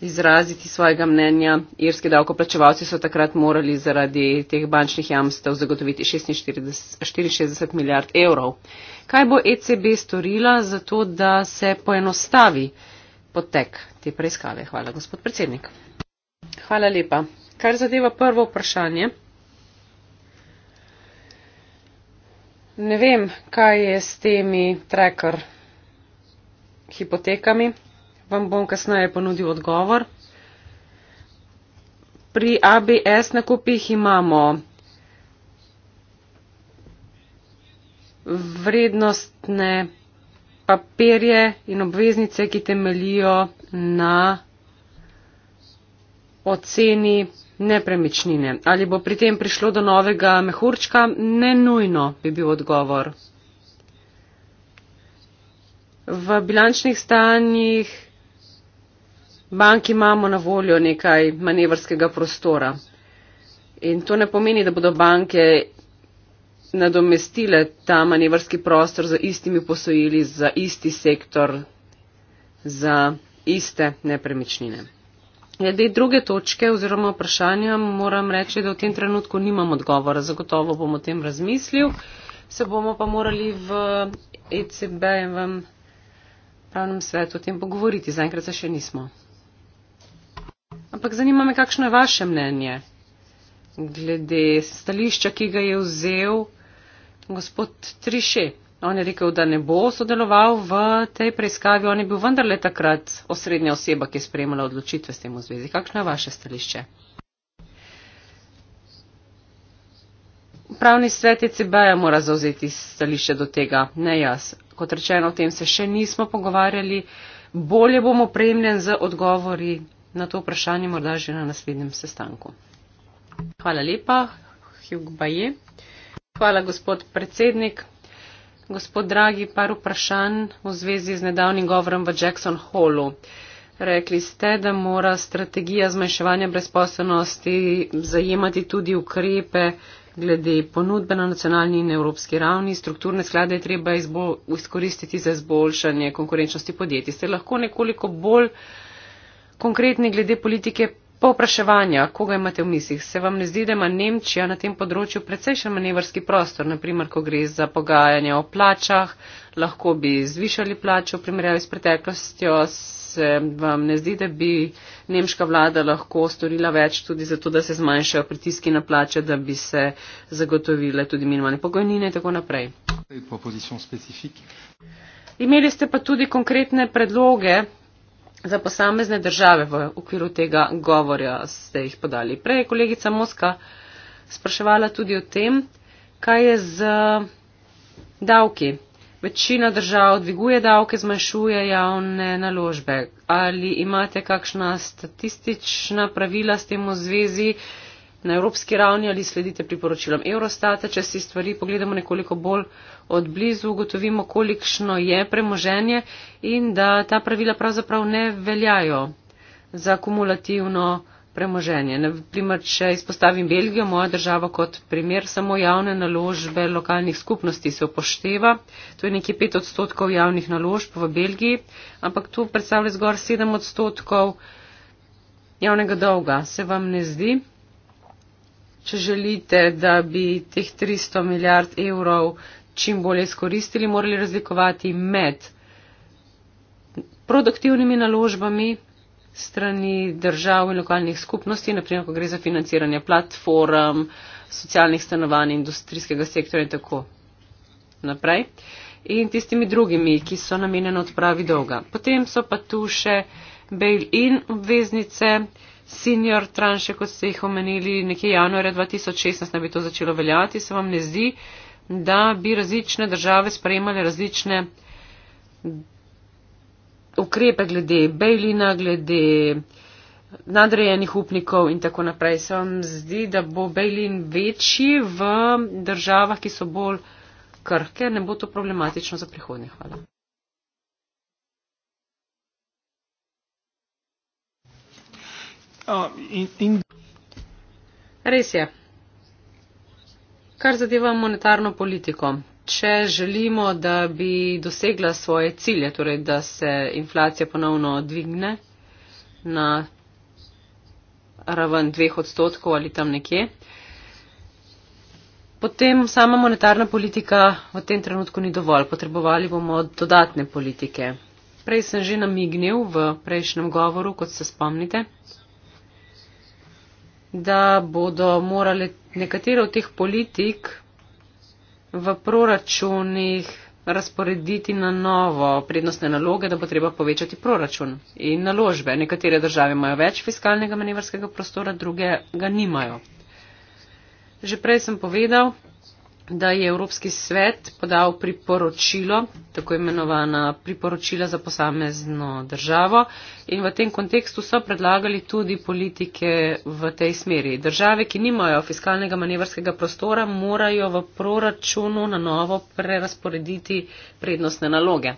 izraziti svojega mnenja. Irski davkoplačevalci so takrat morali zaradi teh bančnih jamstev zagotoviti 64 milijard evrov. Kaj bo ECB storila za to, da se poenostavi potek te preiskave? Hvala, gospod predsednik. Hvala lepa. Kar zadeva prvo vprašanje. Ne vem, kaj je s temi tracker hipotekami vam bom kasneje ponudil odgovor. Pri ABS nakupih imamo vrednostne papirje in obveznice, ki temelijo na oceni nepremičnine. Ali bo pri tem prišlo do novega mehurčka? Ne nujno bi bil odgovor. V bilančnih stanjih banki imamo na voljo nekaj manevrskega prostora. In to ne pomeni, da bodo banke nadomestile ta manevrski prostor za istimi posojili, za isti sektor, za iste nepremičnine. Glede druge točke oziroma vprašanja moram reči, da v tem trenutku nimam odgovora. Zagotovo bom o tem razmislil. Se bomo pa morali v ECB in v pravnem svetu o tem pogovoriti. Zaenkrat se še nismo. Ampak zanima me, kakšno je vaše mnenje glede stališča, ki ga je vzel gospod Triše. On je rekel, da ne bo sodeloval v tej preiskavi, on je bil vendarle takrat osrednja oseba, ki je sprejemala odločitve s tem v zvezi. Kakšno je vaše stališče? Pravni svet ECB-ja mora zauzeti stališče do tega, ne jaz. Kot rečeno, o tem se še nismo pogovarjali. Bolje bomo opremljen z odgovori na to vprašanje morda že na naslednjem sestanku. Hvala lepa, Hjug Baje. Hvala, gospod predsednik. Gospod Dragi, par vprašanj v zvezi z nedavnim govorom v Jackson Hallu. Rekli ste, da mora strategija zmanjševanja brezposobnosti zajemati tudi ukrepe glede ponudbe na nacionalni in evropski ravni. Strukturne sklade je treba izkoristiti za izboljšanje konkurenčnosti podjetij. Ste lahko nekoliko bolj konkretni glede politike povpraševanja, koga imate v mislih? Se vam ne zdi, da ima Nemčija na tem področju precejšen manevrski prostor, naprimer, ko gre za pogajanja o plačah, lahko bi zvišali plače v primerjavi s preteklostjo, se vam ne zdi, da bi nemška vlada lahko storila več tudi zato, da se zmanjšajo pritiski na plače, da bi se zagotovile tudi minimalne pogojnine in tako naprej. Imeli ste pa tudi konkretne predloge za posamezne države v okviru tega govorja ste jih podali. Prej je kolegica Moska spraševala tudi o tem, kaj je z davki. Večina držav dviguje davke, zmanjšuje javne naložbe. Ali imate kakšna statistična pravila s tem v zvezi na evropski ravni ali sledite priporočilom Eurostata, če si stvari pogledamo nekoliko bolj od blizu ugotovimo, kolikšno je premoženje in da ta pravila pravzaprav ne veljajo za kumulativno premoženje. Naprimer, če izpostavim Belgijo, moja država kot primer, samo javne naložbe lokalnih skupnosti se upošteva. To je nekje 5 odstotkov javnih naložb v Belgiji, ampak tu predstavlja zgolj 7 odstotkov javnega dolga. Se vam ne zdi? Če želite, da bi teh 300 milijard evrov čim bolje izkoristili, morali razlikovati med produktivnimi naložbami strani držav in lokalnih skupnosti, naprimer, ko gre za financiranje platform, socialnih stanovanj, industrijskega sektorja in tako naprej, in tistimi drugimi, ki so namenjene odpravi dolga. Potem so pa tu še bail-in obveznice, senior tranše, kot ste jih omenili, nekje januarja 2016 naj bi to začelo veljati, se vam ne zdi, da bi različne države sprejemale različne ukrepe glede Bejlina, glede nadrejenih upnikov in tako naprej. Se vam zdi, da bo Bejlin večji v državah, ki so bolj krhke, ne bo to problematično za prihodnje. Hvala. Uh, in, in... Res je. Kar zadeva monetarno politiko. Če želimo, da bi dosegla svoje cilje, torej da se inflacija ponovno dvigne na raven dveh odstotkov ali tam nekje, potem sama monetarna politika v tem trenutku ni dovolj. Potrebovali bomo dodatne politike. Prej sem že namignil v prejšnjem govoru, kot se spomnite, da bodo morali nekatere od teh politik v proračunih razporediti na novo prednostne naloge, da bo treba povečati proračun in naložbe. Nekatere države imajo več fiskalnega manevrskega prostora, druge ga nimajo. Že prej sem povedal, da je Evropski svet podal priporočilo, tako imenovana priporočila za posamezno državo in v tem kontekstu so predlagali tudi politike v tej smeri. Države, ki nimajo fiskalnega manevrskega prostora, morajo v proračunu na novo prerasporediti prednostne naloge.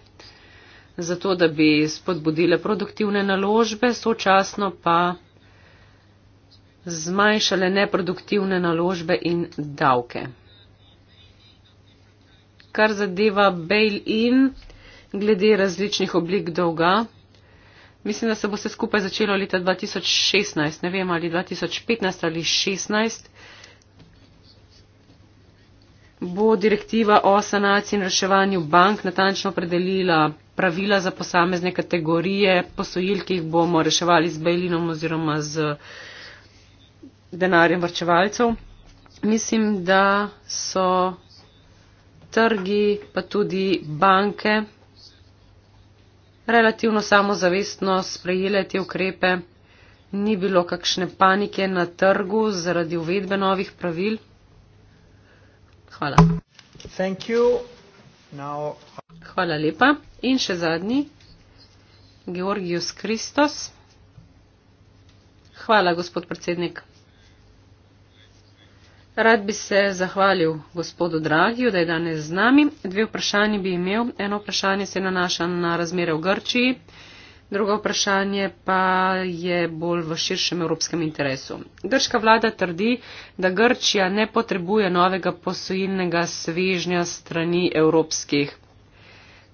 Zato, da bi spodbudile produktivne naložbe, sočasno pa zmanjšale neproduktivne naložbe in davke kar zadeva bail-in glede različnih oblik dolga. Mislim, da se bo vse skupaj začelo leta 2016, ne vem ali 2015 ali 2016. Bo direktiva o sanaciji in reševanju bank natančno opredelila pravila za posamezne kategorije posojil, ki jih bomo reševali z bailinom oziroma z denarjem vrčevalcev. Mislim, da so trgi, pa tudi banke relativno samozavestno sprejele te ukrepe. Ni bilo kakšne panike na trgu zaradi uvedbe novih pravil. Hvala. Thank you. Now... Hvala lepa. In še zadnji. Georgius Kristos. Hvala, gospod predsednik. Rad bi se zahvalil gospodu Dragiju, da je danes z nami. Dve vprašanje bi imel. Eno vprašanje se nanaša na razmere v Grčiji, drugo vprašanje pa je bolj v širšem evropskem interesu. Grška vlada trdi, da Grčija ne potrebuje novega posojilnega svežnja strani evropskih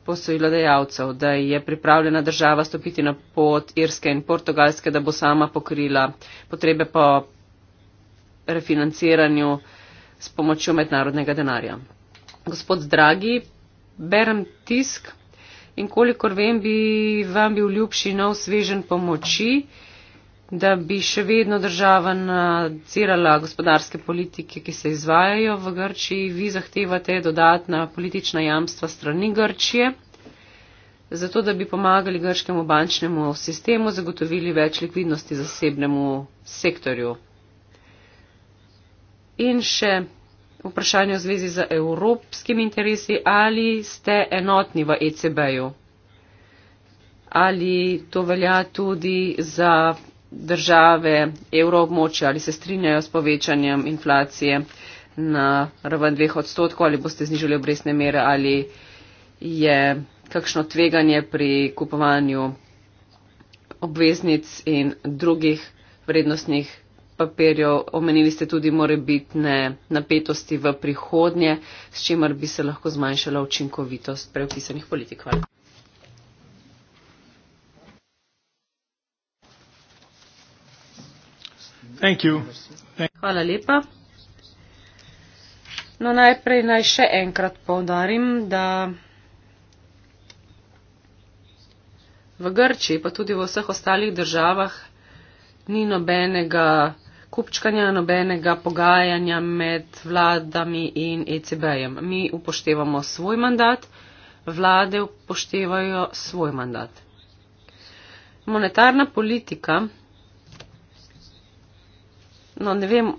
posojilodajalcev, da je pripravljena država stopiti na pot Irske in Portugalske, da bo sama pokrila potrebe po refinanciranju s pomočjo mednarodnega denarja. Gospod Dragi, berem tisk in kolikor vem, bi vam bil ljubši nov svežen pomoči, da bi še vedno država nadzirala gospodarske politike, ki se izvajajo v Grčiji. Vi zahtevate dodatna politična jamstva strani Grčije, zato da bi pomagali grškemu bančnemu sistemu, zagotovili več likvidnosti zasebnemu sektorju. In še vprašanje v zvezi z evropskimi interesi, ali ste enotni v ECB-ju? Ali to velja tudi za države evroobmočja, ali se strinjajo s povečanjem inflacije na raven dveh odstotkov, ali boste znižali obresne mere, ali je kakšno tveganje pri kupovanju obveznic in drugih vrednostnih papirjev, omenili ste tudi morebitne napetosti v prihodnje, s čimer bi se lahko zmanjšala učinkovitost preopisanih politik. Hvala. Hvala lepa. No, najprej naj še enkrat povdarim, da v Grčiji, pa tudi v vseh ostalih državah, ni nobenega kupčkanja, nobenega pogajanja med vladami in ECB-jem. Mi upoštevamo svoj mandat, vlade upoštevajo svoj mandat. Monetarna politika, no ne vem,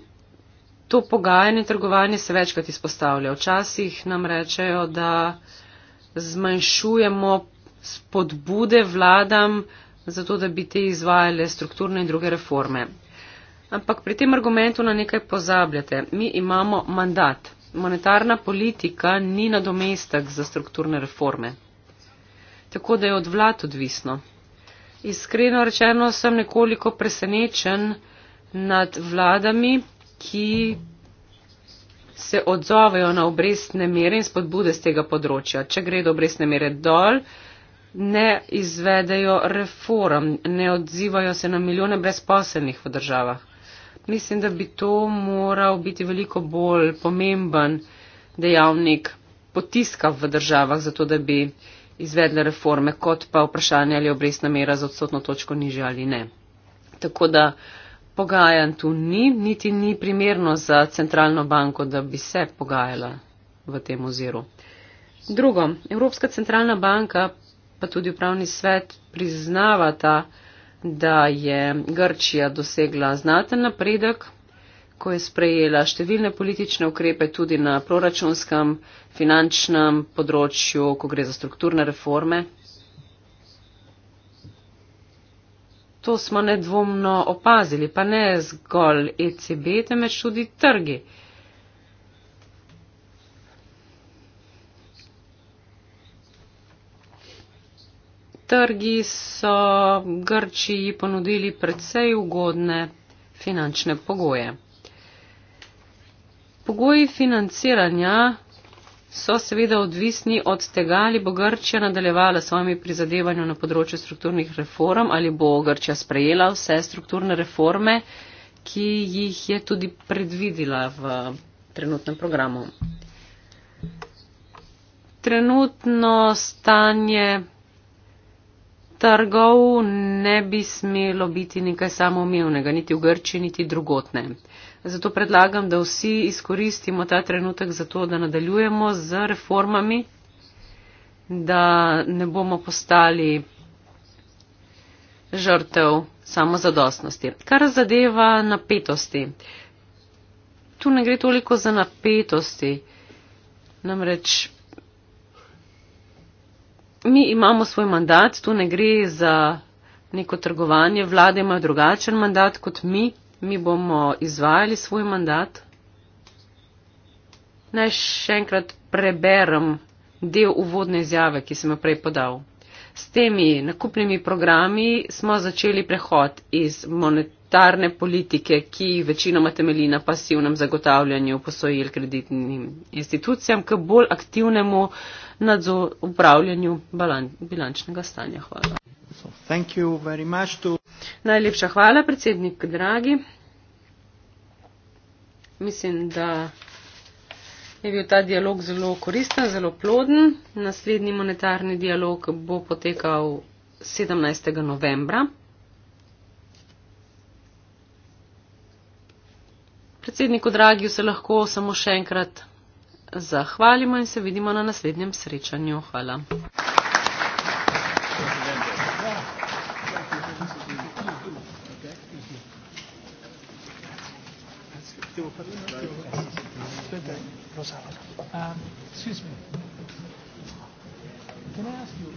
to pogajanje, trgovanje se večkrat izpostavlja. Včasih nam rečejo, da zmanjšujemo spodbude vladam, zato da bi te izvajale strukturne in druge reforme. Ampak pri tem argumentu na nekaj pozabljate. Mi imamo mandat. Monetarna politika ni nadomestek za strukturne reforme. Tako da je od vlad odvisno. Iskreno rečeno sem nekoliko presenečen nad vladami, ki se odzovejo na obrestne mere in spodbude z tega področja. Če gredo obrestne mere dol, ne izvedejo reform, ne odzivajo se na milijone brezposelnih v državah mislim, da bi to moral biti veliko bolj pomemben dejavnik potiska v državah, zato da bi izvedle reforme, kot pa vprašanje, ali je obresna mera za odsotno točko nižja ali ne. Tako da pogajanj tu ni, niti ni primerno za centralno banko, da bi se pogajala v tem oziru. Drugo, Evropska centralna banka pa tudi upravni svet priznava ta, da da je Grčija dosegla znaten napredek, ko je sprejela številne politične ukrepe tudi na proračunskem, finančnem področju, ko gre za strukturne reforme. To smo nedvomno opazili, pa ne zgolj ECB, temveč tudi trgi. trgi so Grčiji ponudili predvsej ugodne finančne pogoje. Pogoji financiranja so seveda odvisni od tega, ali bo Grčija nadaljevala svojimi prizadevanju na področju strukturnih reform, ali bo Grčija sprejela vse strukturne reforme, ki jih je tudi predvidila v trenutnem programu. Trenutno stanje trgov ne bi smelo biti nekaj samoumevnega, niti v Grči, niti drugotne. Zato predlagam, da vsi izkoristimo ta trenutek za to, da nadaljujemo z reformami, da ne bomo postali žrtev samozadostnosti. Kar zadeva napetosti. Tu ne gre toliko za napetosti. Namreč mi imamo svoj mandat, tu ne gre za neko trgovanje, vlade imajo drugačen mandat kot mi, mi bomo izvajali svoj mandat. Naj še enkrat preberem del uvodne izjave, ki sem jo prej podal. S temi nakupnimi programi smo začeli prehod iz monetarnega monetarne politike, ki večinoma temelji na pasivnem zagotavljanju posojil kreditnim institucijam, k bolj aktivnemu nadzoru upravljanju balan, bilančnega stanja. Hvala. Najlepša hvala, predsednik Dragi. Mislim, da je bil ta dialog zelo koristen, zelo ploden. Naslednji monetarni dialog bo potekal 17. novembra. Predsedniku Dragiju se lahko samo še enkrat zahvalimo in se vidimo na naslednjem srečanju. Hvala. Um, excuse me. Can I ask you?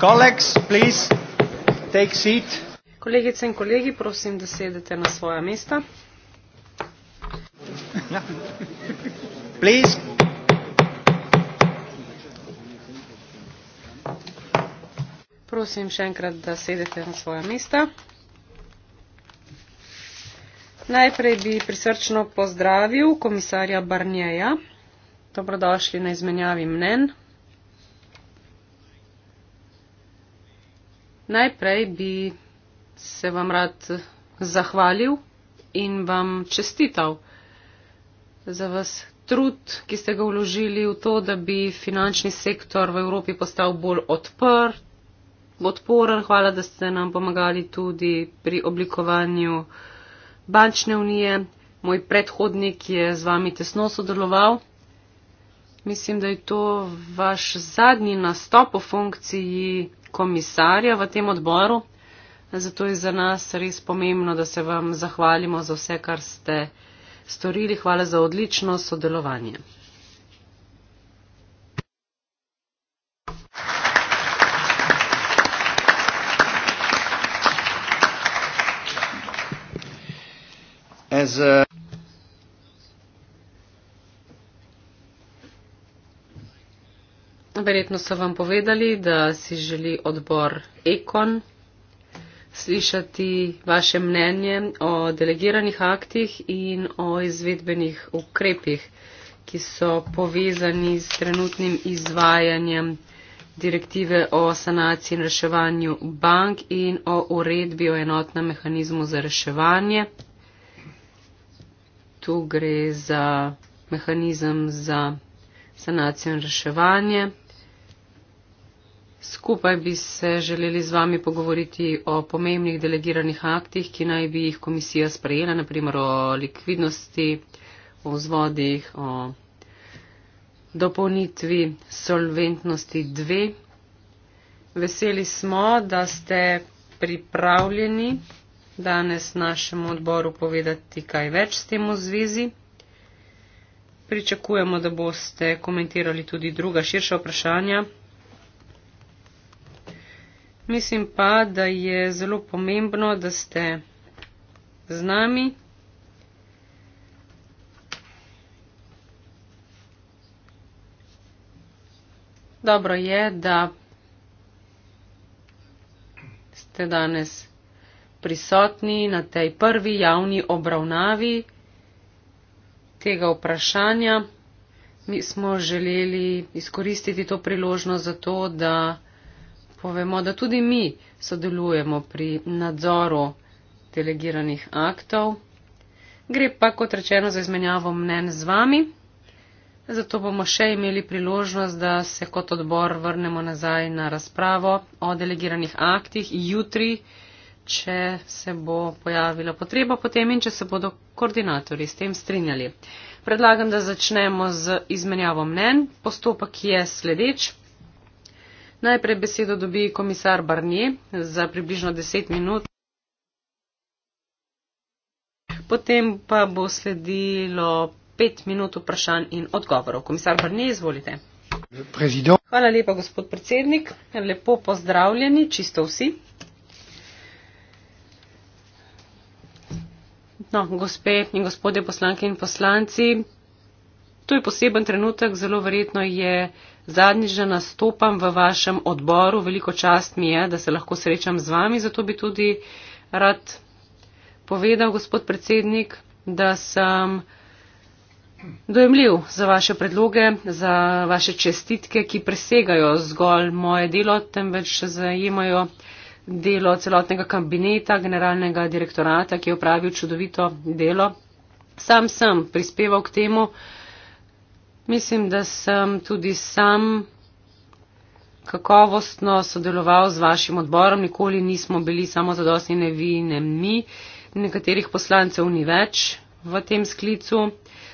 Kolegice in kolegi, prosim, da sedete na svoja mesta. Please. Prosim še enkrat, da sedete na svoja mesta. Najprej bi prisrčno pozdravil komisarja Barnjeja. Dobrodošli na izmenjavi mnen. Najprej bi se vam rad zahvalil in vam čestital za vas trud, ki ste ga vložili v to, da bi finančni sektor v Evropi postal bolj odprt, odporen. Hvala, da ste nam pomagali tudi pri oblikovanju bančne unije. Moj predhodnik je z vami tesno sodeloval. Mislim, da je to vaš zadnji nastop v funkciji komisarja v tem odboru. Zato je za nas res pomembno, da se vam zahvalimo za vse, kar ste storili. Hvala za odlično sodelovanje. As a verjetno so vam povedali, da si želi odbor Ekon slišati vaše mnenje o delegiranih aktih in o izvedbenih ukrepih, ki so povezani s trenutnim izvajanjem direktive o sanaciji in reševanju bank in o uredbi o enotnem mehanizmu za reševanje. Tu gre za mehanizem za sanacijo in reševanje. Skupaj bi se želeli z vami pogovoriti o pomembnih delegiranih aktih, ki naj bi jih komisija sprejela, naprimer o likvidnosti, o vzvodih, o dopolnitvi solventnosti 2. Veseli smo, da ste pripravljeni danes našemu odboru povedati kaj več s tem v zvezi. Pričakujemo, da boste komentirali tudi druga širša vprašanja, Mislim pa, da je zelo pomembno, da ste z nami. Dobro je, da ste danes prisotni na tej prvi javni obravnavi tega vprašanja. Mi smo želeli izkoristiti to priložnost zato, da povemo, da tudi mi sodelujemo pri nadzoru delegiranih aktov. Gre pa, kot rečeno, za izmenjavo mnen z vami. Zato bomo še imeli priložnost, da se kot odbor vrnemo nazaj na razpravo o delegiranih aktih jutri, če se bo pojavila potreba potem in če se bodo koordinatori s tem strinjali. Predlagam, da začnemo z izmenjavo mnen. Postopek je sledeč. Najprej besedo dobi komisar Barnier za približno 10 minut. Potem pa bo sledilo 5 minut vprašanj in odgovorov. Komisar Barnier, izvolite. President. Hvala lepa, gospod predsednik. Lepo pozdravljeni, čisto vsi. No, gospe in gospode poslanke in poslanci, to je poseben trenutek, zelo verjetno je Zadnjič, da nastopam v vašem odboru, veliko čast mi je, da se lahko srečam z vami, zato bi tudi rad povedal, gospod predsednik, da sem dojemljiv za vaše predloge, za vaše čestitke, ki presegajo zgolj moje delo, temveč zajemajo delo celotnega kabineta, generalnega direktorata, ki je upravil čudovito delo. Sam sem prispeval k temu, Mislim, da sem tudi sam kakovostno sodeloval z vašim odborom. Nikoli nismo bili samo zadostni ne vi, ne mi. Nekaterih poslancev ni več v tem sklicu.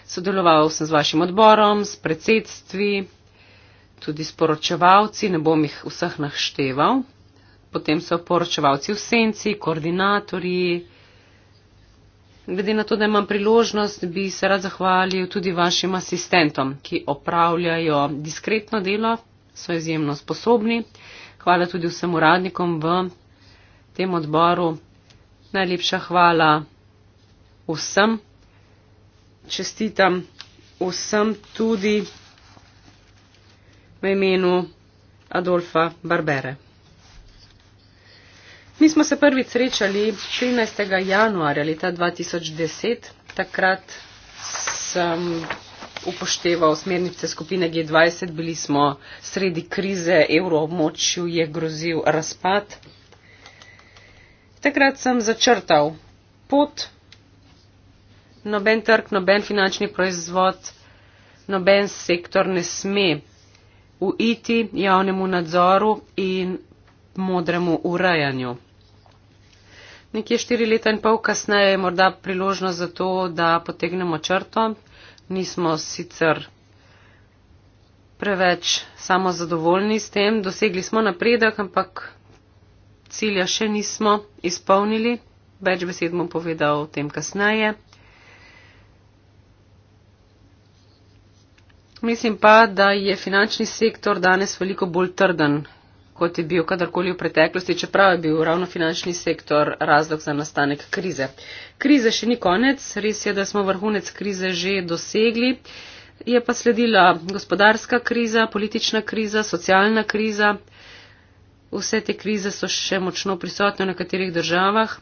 Sodeloval sem z vašim odborom, s predsedstvi, tudi s poročevalci, ne bom jih vseh našteval. Potem so poročevalci v senci, koordinatorji, Glede na to, da imam priložnost, bi se rad zahvalil tudi vašim asistentom, ki opravljajo diskretno delo, so izjemno sposobni. Hvala tudi vsem uradnikom v tem odboru. Najlepša hvala vsem. Čestitam vsem tudi v imenu Adolfa Barbere. Mi smo se prvič srečali 13. januarja leta 2010. Takrat sem upošteval smernice skupine G20, bili smo sredi krize, evroobmočju je grozil razpad. Takrat sem začrtal pot, noben trg, noben finančni proizvod, noben sektor ne sme uiti javnemu nadzoru in modremu urajanju. Nekje štiri leta in pol kasneje je morda priložnost za to, da potegnemo črto. Nismo sicer preveč samozadovoljni s tem, dosegli smo napredek, ampak cilja še nismo izpolnili. Več besed bom povedal o tem kasneje. Mislim pa, da je finančni sektor danes veliko bolj trden, kot je bil kadarkoli v preteklosti, čeprav je bil ravno finančni sektor razlog za nastanek krize. Krize še ni konec, res je, da smo vrhunec krize že dosegli, je pa sledila gospodarska kriza, politična kriza, socialna kriza. Vse te krize so še močno prisotne v nekaterih državah.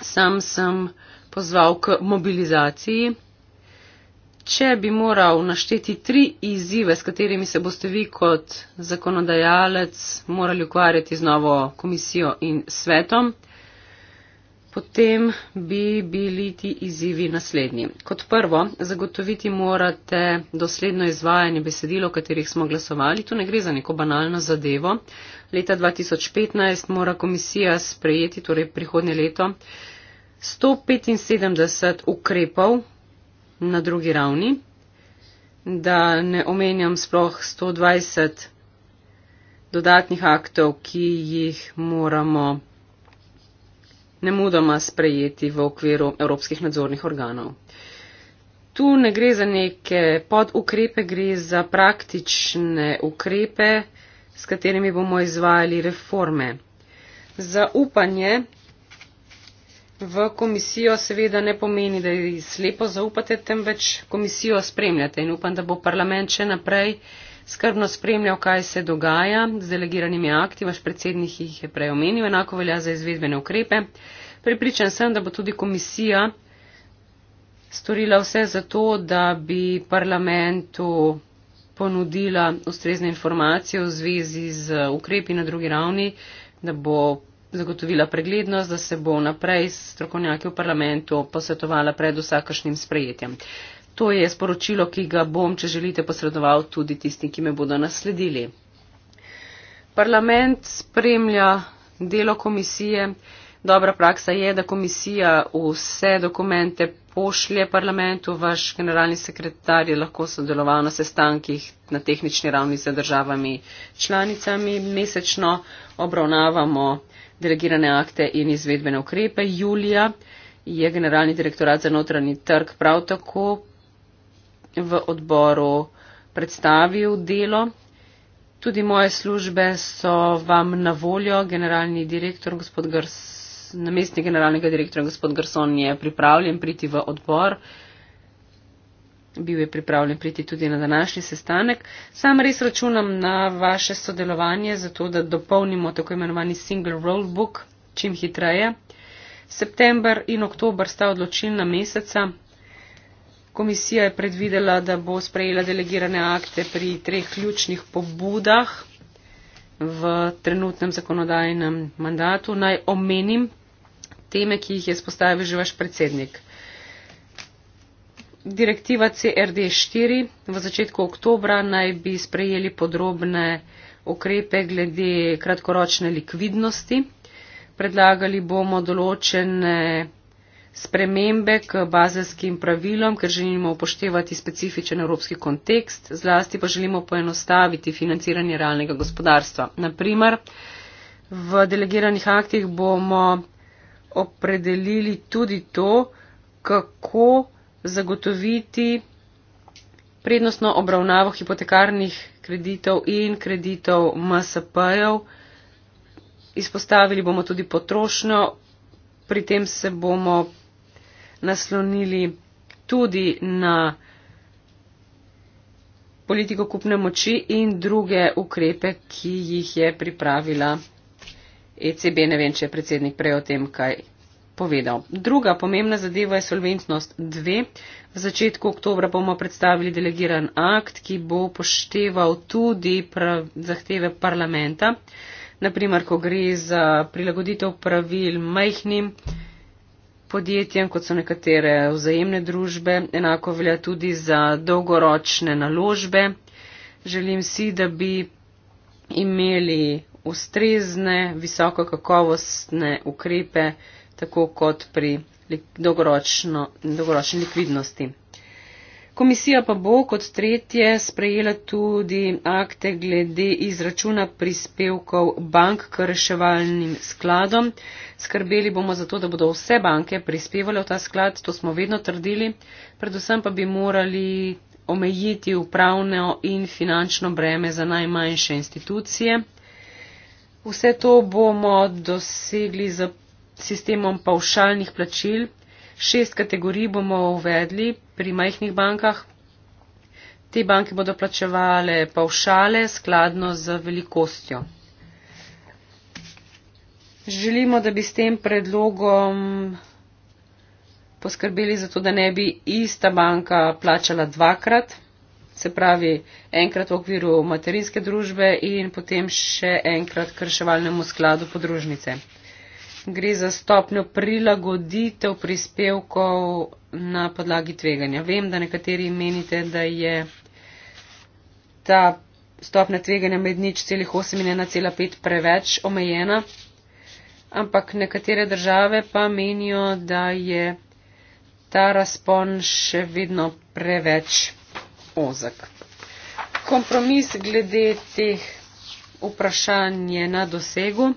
Sam sem pozval k mobilizaciji če bi moral našteti tri izzive, s katerimi se boste vi kot zakonodajalec morali ukvarjati z novo komisijo in svetom, potem bi bili ti izzivi naslednji. Kot prvo, zagotoviti morate dosledno izvajanje besedil, o katerih smo glasovali. Tu ne gre za neko banalno zadevo. Leta 2015 mora komisija sprejeti, torej prihodnje leto, 175 ukrepov, na drugi ravni, da ne omenjam sploh 120 dodatnih aktov, ki jih moramo nemudoma sprejeti v okviru evropskih nadzornih organov. Tu ne gre za neke podukrepe, gre za praktične ukrepe, s katerimi bomo izvajali reforme. Zaupanje v komisijo seveda ne pomeni, da ji slepo zaupate, temveč komisijo spremljate in upam, da bo parlament še naprej skrbno spremljal, kaj se dogaja z delegiranimi akti, vaš predsednik jih je prej omenil, enako velja za izvedbene ukrepe. Pripričan sem, da bo tudi komisija storila vse za to, da bi parlamentu ponudila ustrezne informacije v zvezi z ukrepi na drugi ravni, da bo zagotovila preglednost, da se bo naprej s strokovnjaki v parlamentu posvetovala pred vsakašnim sprejetjem. To je sporočilo, ki ga bom, če želite, posredoval tudi tistim, ki me bodo nasledili. Parlament spremlja delo komisije. Dobra praksa je, da komisija vse dokumente pošlje parlamentu. Vaš generalni sekretar je lahko sodeloval na sestankih na tehnični ravni z državami članicami. Mesečno obravnavamo delegirane akte in izvedbene ukrepe. Julija je generalni direktorat za notranji trg prav tako v odboru predstavil delo. Tudi moje službe so vam na voljo, generalni direktor, gospod Grs, namestni generalnega direktora gospod Grson je pripravljen priti v odbor bil je pripravljen priti tudi na današnji sestanek. Sam res računam na vaše sodelovanje, zato da dopolnimo tako imenovani single rollbook čim hitreje. September in oktober sta odločilna meseca. Komisija je predvidela, da bo sprejela delegirane akte pri treh ključnih pobudah v trenutnem zakonodajnem mandatu. Naj omenim teme, ki jih je spostavil že vaš predsednik. Uh, direktiva CRD4 v začetku oktobra naj bi sprejeli podrobne ukrepe glede kratkoročne likvidnosti. Predlagali bomo določene spremembe k bazelskim pravilom, ker želimo upoštevati specifičen evropski kontekst, zlasti pa želimo poenostaviti financiranje realnega gospodarstva. Naprimer, v delegiranih aktih bomo opredelili tudi to, kako zagotoviti prednostno obravnavo hipotekarnih kreditov in kreditov MSP-jev. Izpostavili bomo tudi potrošnjo, pri tem se bomo naslonili tudi na politiko kupne moči in druge ukrepe, ki jih je pripravila ECB. Ne vem, če je predsednik prej o tem kaj povedal. Druga pomembna zadeva je solventnost 2. V začetku oktobra bomo predstavili delegiran akt, ki bo pošteval tudi zahteve parlamenta, naprimer, ko gre za prilagoditev pravil majhnim podjetjem, kot so nekatere vzajemne družbe, enako velja tudi za dolgoročne naložbe. Želim si, da bi imeli ustrezne, visokokakovostne ukrepe, tako kot pri dolgoročni likvidnosti. Komisija pa bo kot tretje sprejela tudi akte glede izračuna prispevkov bank k reševalnim skladom. Skrbeli bomo za to, da bodo vse banke prispevale v ta sklad, to smo vedno trdili, predvsem pa bi morali omejiti upravno in finančno breme za najmanjše institucije. Vse to bomo dosegli za sistemom pavšalnih plačil. Šest kategorij bomo uvedli pri majhnih bankah. Te banke bodo plačevale pavšale skladno z velikostjo. Želimo, da bi s tem predlogom poskrbeli za to, da ne bi ista banka plačala dvakrat, se pravi enkrat v okviru materinske družbe in potem še enkrat krševalnemu skladu podružnice gre za stopnjo prilagoditev prispevkov na podlagi tveganja. Vem, da nekateri menite, da je ta stopnja tveganja med nič celih 8 in 1,5 preveč omejena, ampak nekatere države pa menijo, da je ta razpon še vedno preveč ozek. Kompromis glede teh vprašanj je na dosegu.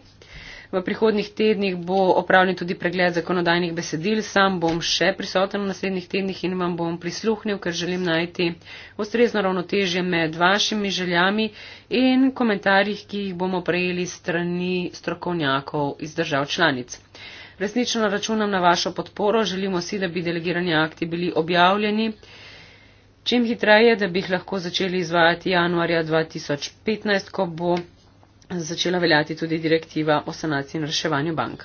V prihodnih tednih bo opravljen tudi pregled zakonodajnih besedil. Sam bom še prisoten v naslednjih tednih in vam bom prisluhnil, ker želim najti ustrezno ravnotežje med vašimi željami in komentarjih, ki jih bomo prejeli strani strokovnjakov iz držav članic. Resnično računam na vašo podporo. Želimo si, da bi delegirani akti bili objavljeni. Čim hitreje, da bi jih lahko začeli izvajati januarja 2015, ko bo začela veljati tudi direktiva o sanaciji in reševanju bank.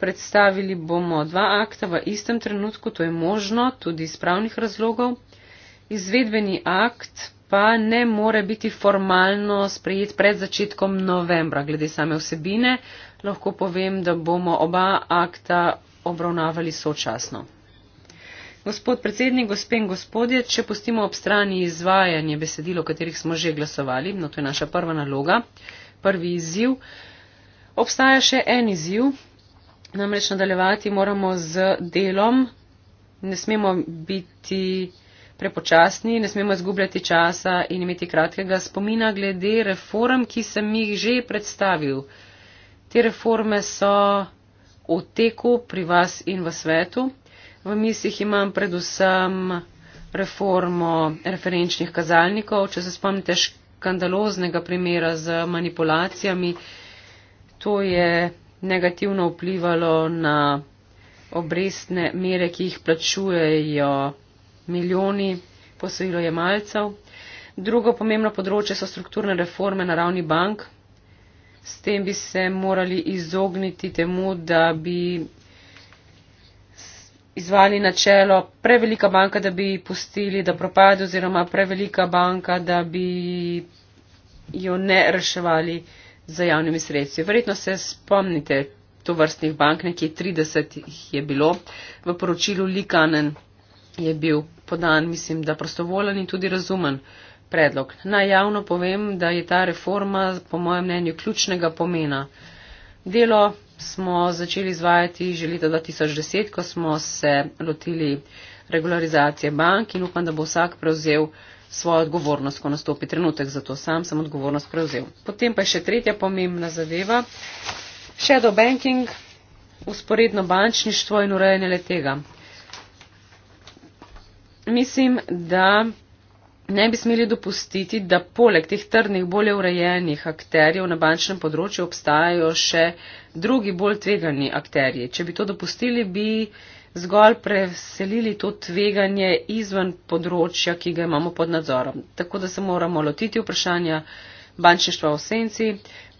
Predstavili bomo dva akta v istem trenutku, to je možno, tudi iz pravnih razlogov. Izvedbeni akt pa ne more biti formalno sprejet pred začetkom novembra. Glede same vsebine lahko povem, da bomo oba akta obravnavali sočasno. Gospod predsednik, gospe in gospodje, če pustimo ob strani izvajanje besedilo, o katerih smo že glasovali, no to je naša prva naloga, prvi izziv. Obstaja še en izziv, namreč nadaljevati moramo z delom, ne smemo biti prepočasni, ne smemo izgubljati časa in imeti kratkega spomina glede reform, ki sem jih že predstavil. Te reforme so v teku pri vas in v svetu. V mislih imam predvsem reformo referenčnih kazalnikov. Če se spomnite, skandaloznega primera z manipulacijami. To je negativno vplivalo na obrestne mere, ki jih plačujejo milijoni posojilojemalcev. Drugo pomembno področje so strukturne reforme na ravni bank. S tem bi se morali izogniti temu, da bi izvali načelo prevelika banka, da bi pustili, da propade oziroma prevelika banka, da bi jo ne reševali za javnimi sredstvi. Verjetno se spomnite to vrstnih bank, nekje 30 jih je bilo. V poročilu Likanen je bil podan, mislim, da prostovolen in tudi razumen predlog. Najjavno povem, da je ta reforma po mojem mnenju ključnega pomena. Delo smo začeli izvajati že leta 2010, ko smo se lotili regularizacije bank in upam, da bo vsak prevzel svojo odgovornost, ko nastopi trenutek, zato sam sem odgovornost prevzel. Potem pa je še tretja pomembna zadeva, shadow banking, usporedno bančništvo in urejanje letega. Mislim, da ne bi smeli dopustiti, da poleg teh trdnih, bolje urejenih akterjev na bančnem področju obstajajo še drugi bolj tvegani akterji. Če bi to dopustili, bi zgolj preselili to tveganje izven področja, ki ga imamo pod nadzorom. Tako da se moramo lotiti vprašanja bančništva v senci,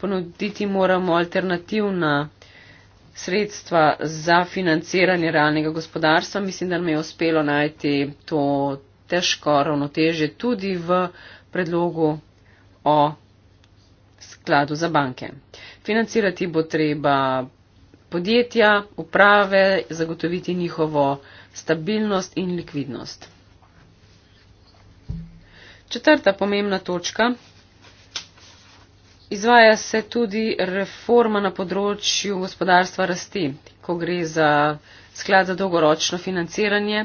ponuditi moramo alternativna sredstva za financiranje realnega gospodarstva. Mislim, da nam je uspelo najti to težko ravnoteže tudi v predlogu o skladu za banke. Financirati bo treba podjetja, uprave, zagotoviti njihovo stabilnost in likvidnost. Četrta pomembna točka. Izvaja se tudi reforma na področju gospodarstva rasti, ko gre za sklad za dolgoročno financiranje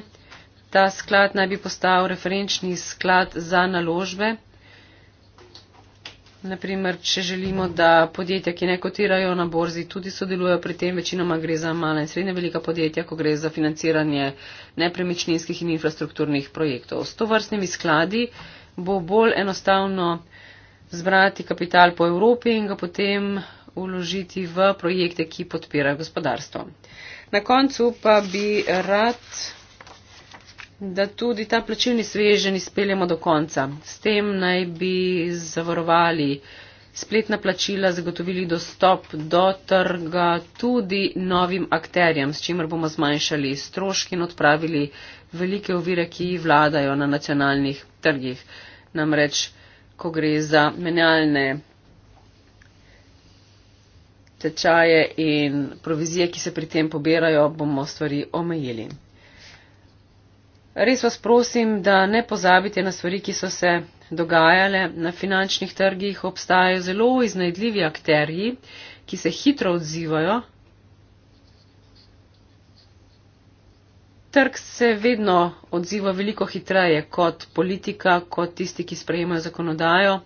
Ta sklad naj bi postal referenčni sklad za naložbe. Naprimer, če želimo, da podjetja, ki ne kotirajo na borzi, tudi sodelujo pri tem, večinoma gre za mala in srednja velika podjetja, ko gre za financiranje nepremičninskih in infrastrukturnih projektov. S to vrstnimi skladi bo bolj enostavno zbrati kapital po Evropi in ga potem uložiti v projekte, ki podpirajo gospodarstvo. Na koncu pa bi rad da tudi ta plačilni sveženj izpeljemo do konca. S tem naj bi zavarovali spletna plačila, zagotovili dostop do trga tudi novim akterjem, s čimer bomo zmanjšali stroški in odpravili velike ovire, ki vladajo na nacionalnih trgih. Namreč, ko gre za menjalne tečaje in provizije, ki se pri tem pobirajo, bomo stvari omejili. Res vas prosim, da ne pozabite na stvari, ki so se dogajale. Na finančnih trgih obstajajo zelo iznajdljivi akterji, ki se hitro odzivajo. Trg se vedno odziva veliko hitreje kot politika, kot tisti, ki sprejemajo zakonodajo.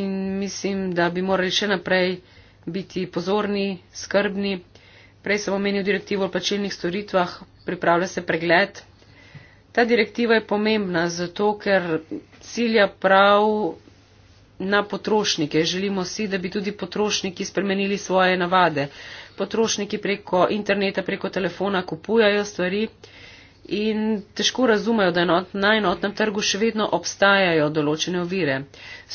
In mislim, da bi morali še naprej biti pozorni, skrbni. Prej sem omenil direktivo o plačilnih storitvah, pripravlja se pregled ta direktiva je pomembna zato, ker cilja prav na potrošnike. Želimo si, da bi tudi potrošniki spremenili svoje navade. Potrošniki preko interneta, preko telefona kupujajo stvari in težko razumejo, da na enotnem trgu še vedno obstajajo določene ovire.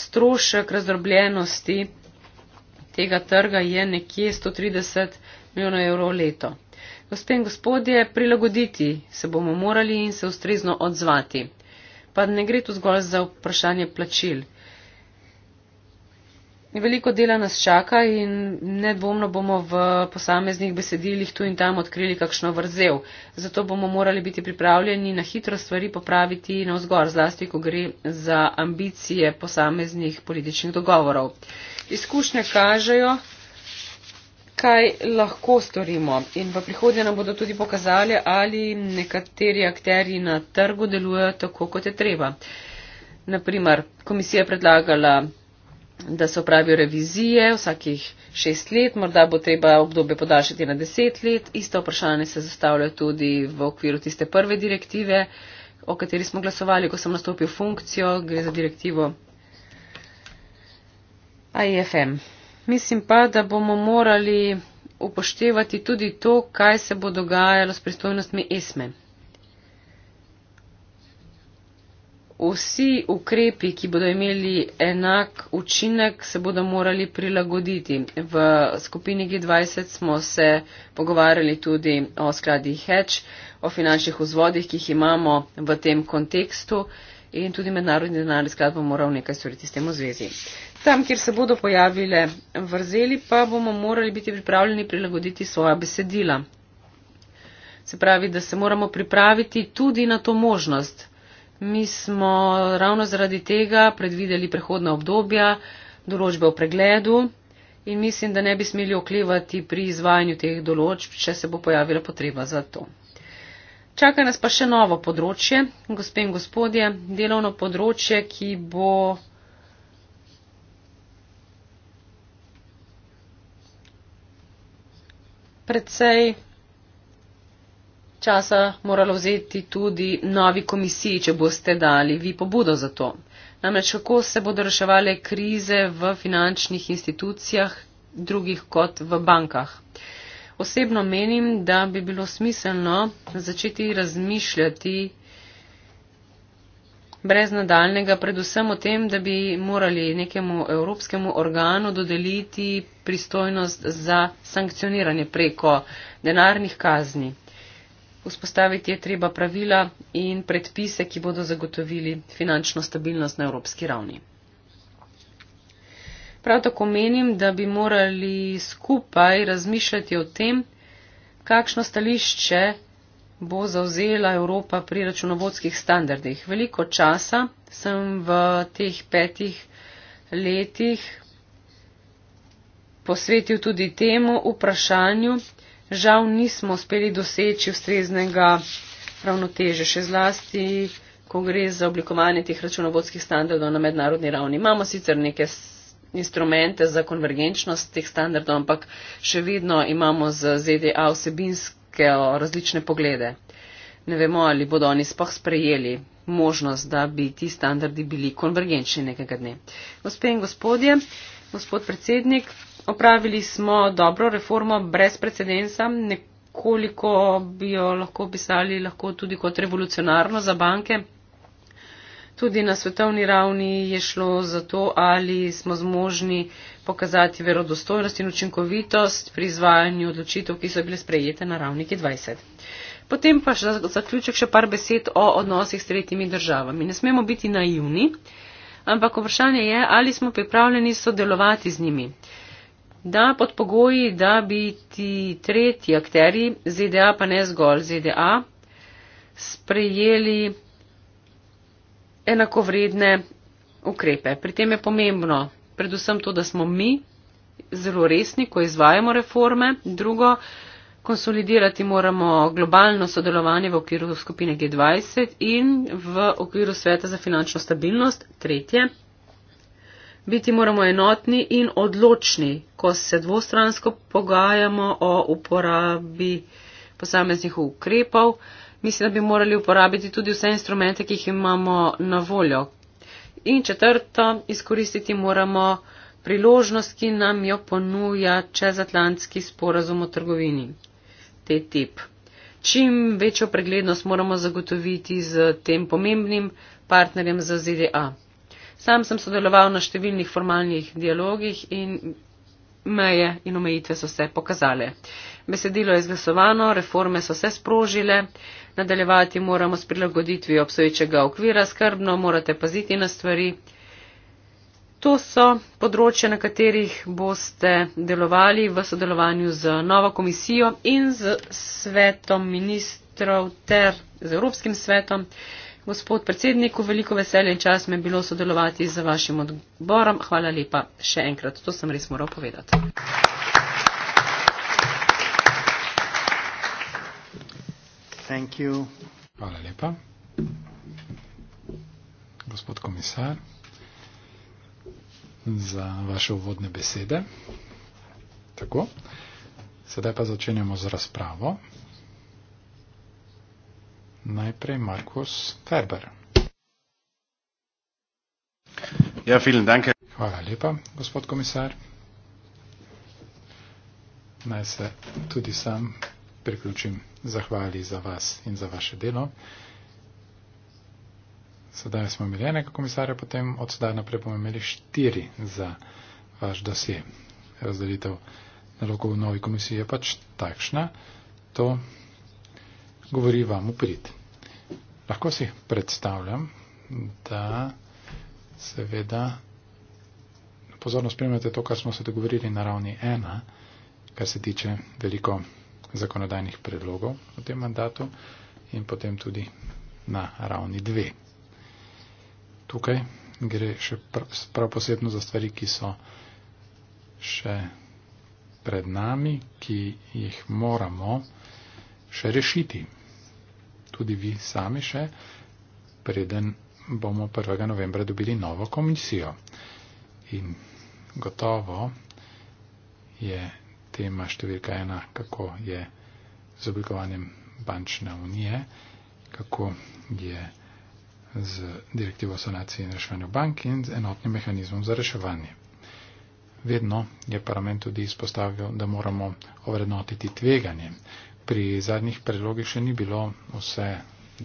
Strošek razdrobljenosti tega trga je nekje 130 milijonov evrov leto. Gospe in gospodje, prilagoditi se bomo morali in se ustrezno odzvati. Pa ne gre tu zgolj za vprašanje plačil. Veliko dela nas čaka in nedvomno bomo v posameznih besedilih tu in tam odkrili kakšno vrzel. Zato bomo morali biti pripravljeni na hitro stvari popraviti na vzgor, zlasti, ko gre za ambicije posameznih političnih dogovorov. Izkušnje kažejo, kaj lahko storimo. In v prihodnje nam bodo tudi pokazali, ali nekateri akteri na trgu delujejo tako, kot je treba. Naprimer, komisija je predlagala, da se opravijo revizije vsakih šest let, morda bo treba obdobje podaljšati na deset let. Isto vprašanje se zastavlja tudi v okviru tiste prve direktive, o kateri smo glasovali, ko sem nastopil funkcijo, gre za direktivo. IFM mislim pa, da bomo morali upoštevati tudi to, kaj se bo dogajalo s pristojnostmi ESME. Vsi ukrepi, ki bodo imeli enak učinek, se bodo morali prilagoditi. V skupini G20 smo se pogovarjali tudi o skladi Hedge, o finančnih vzvodih, ki jih imamo v tem kontekstu in tudi mednarodni denarni sklad bo moral nekaj storiti s tem v zvezi. Tam, kjer se bodo pojavile vrzeli, pa bomo morali biti pripravljeni prilagoditi svoja besedila. Se pravi, da se moramo pripraviti tudi na to možnost. Mi smo ravno zaradi tega predvideli prehodna obdobja, določbe o pregledu in mislim, da ne bi smeli oklevati pri izvajanju teh določb, če se bo pojavila potreba za to. Čaka nas pa še novo področje, gospe in gospodje, delovno področje, ki bo predvsej časa moralo vzeti tudi novi komisiji, če boste dali vi pobudo za to. Namreč, kako se bodo reševali krize v finančnih institucijah, drugih kot v bankah. Osebno menim, da bi bilo smiselno začeti razmišljati brez nadaljnega, predvsem o tem, da bi morali nekemu evropskemu organu dodeliti pristojnost za sankcioniranje preko denarnih kazni. Vzpostaviti je treba pravila in predpise, ki bodo zagotovili finančno stabilnost na evropski ravni. Prav tako menim, da bi morali skupaj razmišljati o tem, kakšno stališče bo zauzela Evropa pri računovodskih standardih. Veliko časa sem v teh petih letih posvetil tudi temu vprašanju. Žal nismo uspeli doseči ustreznega ravnoteže, še zlasti, ko gre za oblikovanje teh računovodskih standardov na mednarodni ravni. Imamo sicer neke instrumente za konvergenčnost teh standardov, ampak še vedno imamo z ZDA vsebinske razkrijajo različne poglede. Ne vemo, ali bodo oni spoh sprejeli možnost, da bi ti standardi bili konvergenčni nekega dne. Gospe in gospodje, gospod predsednik, opravili smo dobro reformo brez precedensa, nekoliko bi jo lahko pisali lahko tudi kot revolucionarno za banke. Tudi na svetovni ravni je šlo za to, ali smo zmožni uh, pokazati verodostojnost in učinkovitost pri izvajanju odločitev, ki so bile sprejete na ravni 20. Potem pa za zaključek še par besed o odnosih s tretjimi državami. Ne smemo biti naivni, ampak vprašanje je, ali smo pripravljeni sodelovati z njimi. Da pod pogoji, da bi ti tretji akteri, ZDA pa ne zgolj ZDA, sprejeli enakovredne ukrepe. Pri tem je pomembno, predvsem to, da smo mi zelo resni, ko izvajamo reforme. Drugo, konsolidirati moramo globalno sodelovanje v okviru skupine G20 in v okviru sveta za finančno stabilnost. Tretje, biti moramo enotni in odločni, ko se dvostransko pogajamo o uporabi posameznih ukrepov. Mislim, da bi morali uporabiti tudi vse instrumente, ki jih imamo na voljo, In četrto, izkoristiti moramo priložnost, ki nam jo ponuja čezatlantski sporazum o trgovini. Te tip. Čim večjo preglednost moramo zagotoviti z tem pomembnim partnerjem za ZDA. Sam sem sodeloval na številnih formalnih dialogih in meje in omejitve so se pokazale. Besedilo je izglasovano, reforme so se sprožile nadaljevati moramo s prilagoditvijo obsoječega okvira, skrbno morate paziti na stvari. To so področje, na katerih boste delovali v sodelovanju z novo komisijo in z svetom ministrov ter z Evropskim svetom. Gospod predsednik, veliko veselje in čas me je bilo sodelovati z vašim odborom. Hvala lepa še enkrat. To sem res moral povedati. Thank you. Hvala lepa. Gospod komisar, za vaše uvodne besede. Tako. Sedaj pa začenjamo z razpravo. Najprej Markus Ferber. Ja, vielen dank. Hvala lepa, gospod komisar. Naj se tudi sam priključim zahvali za vas in za vaše delo. Sedaj smo imeli enega komisarja, potem od sedaj naprej bomo imeli štiri za vaš dosje. Razdelitev nalogov v novi komisiji je pač takšna. To govori vam v prid. Lahko si predstavljam, da seveda pozorno spremljate to, kar smo se dogovorili na ravni ena, kar se tiče veliko zakonodajnih predlogov v tem mandatu in potem tudi na ravni dve. Tukaj gre še prav posebno za stvari, ki so še pred nami, ki jih moramo še rešiti. Tudi vi sami še, preden bomo 1. novembra dobili novo komisijo. In gotovo je tema številka ena, kako je z oblikovanjem bančne unije, kako je z direktivo sanacije in reševanja bank in z enotnim mehanizmom za reševanje. Vedno je parlament tudi izpostavil, da moramo ovrednotiti tveganje. Pri zadnjih predlogih še ni bilo vse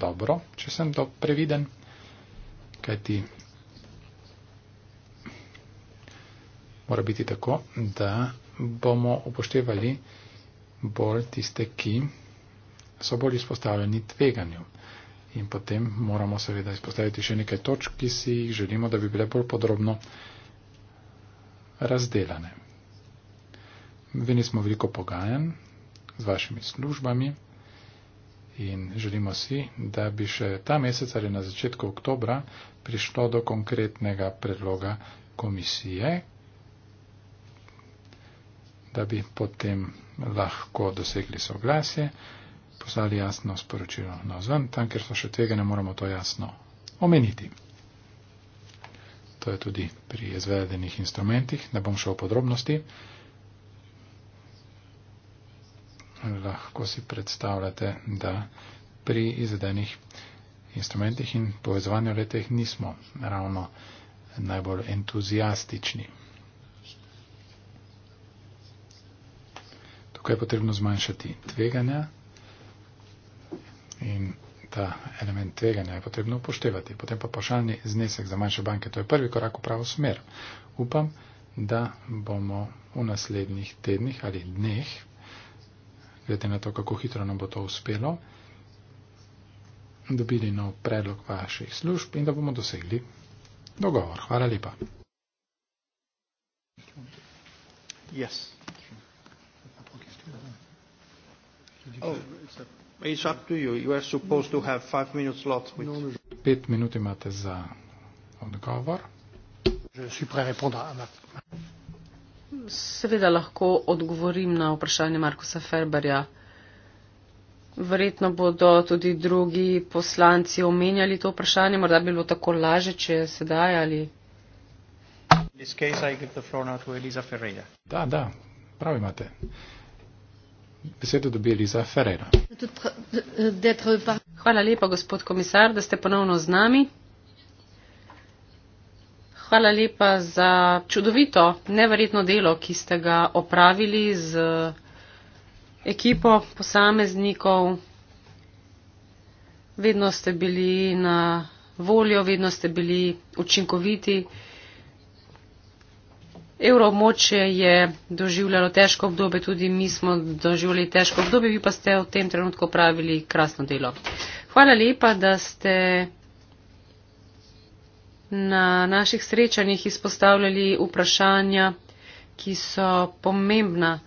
dobro, če sem to previden, kajti mora biti tako, da bomo upoštevali bolj tiste, ki so bolj izpostavljeni tveganju. In potem moramo seveda izpostaviti še nekaj točk, ki si jih želimo, da bi bile bolj podrobno razdelane. Veni smo veliko pogajan z vašimi službami in želimo si, da bi še ta mesec ali na začetku oktobra prišlo do konkretnega predloga komisije, da bi potem lahko dosegli soglasje, poslali jasno sporočilo na zven, tam, ker so še tvega, ne moramo to jasno omeniti. To je tudi pri izvedenih instrumentih, ne bom šel v podrobnosti. Lahko si predstavljate, da pri izvedenih instrumentih in povezovanju le teh nismo ravno najbolj entuzijastični. kako je potrebno zmanjšati tveganja in ta element tveganja je potrebno upoštevati. Potem pa pošaljni znesek za manjše banke, to je prvi korak v pravo smer. Upam, da bomo v naslednjih tednih ali dneh, glede na to, kako hitro nam bo to uspelo, dobili nov predlog vaših služb in da bomo dosegli dogovor. Hvala lepa. Yes. Pet minut imate za odgovor. Seveda lahko odgovorim na vprašanje Markusa Ferberja. Verjetno bodo tudi drugi poslanci omenjali to vprašanje, morda bi bilo tako laže, če se dajali. Da, da, prav imate besedo dobi Eliza Ferreira. Hvala lepa, gospod komisar, da ste ponovno z nami. Hvala lepa za čudovito, neverjetno delo, ki ste ga opravili z ekipo posameznikov. Vedno ste bili na voljo, vedno ste bili učinkoviti. Evroobmočje je doživljalo težko obdobje, tudi mi smo doživljali težko obdobje, vi pa ste v tem trenutku pravili krasno delo. Hvala lepa, da ste na naših srečanjih izpostavljali vprašanja, ki so pomembna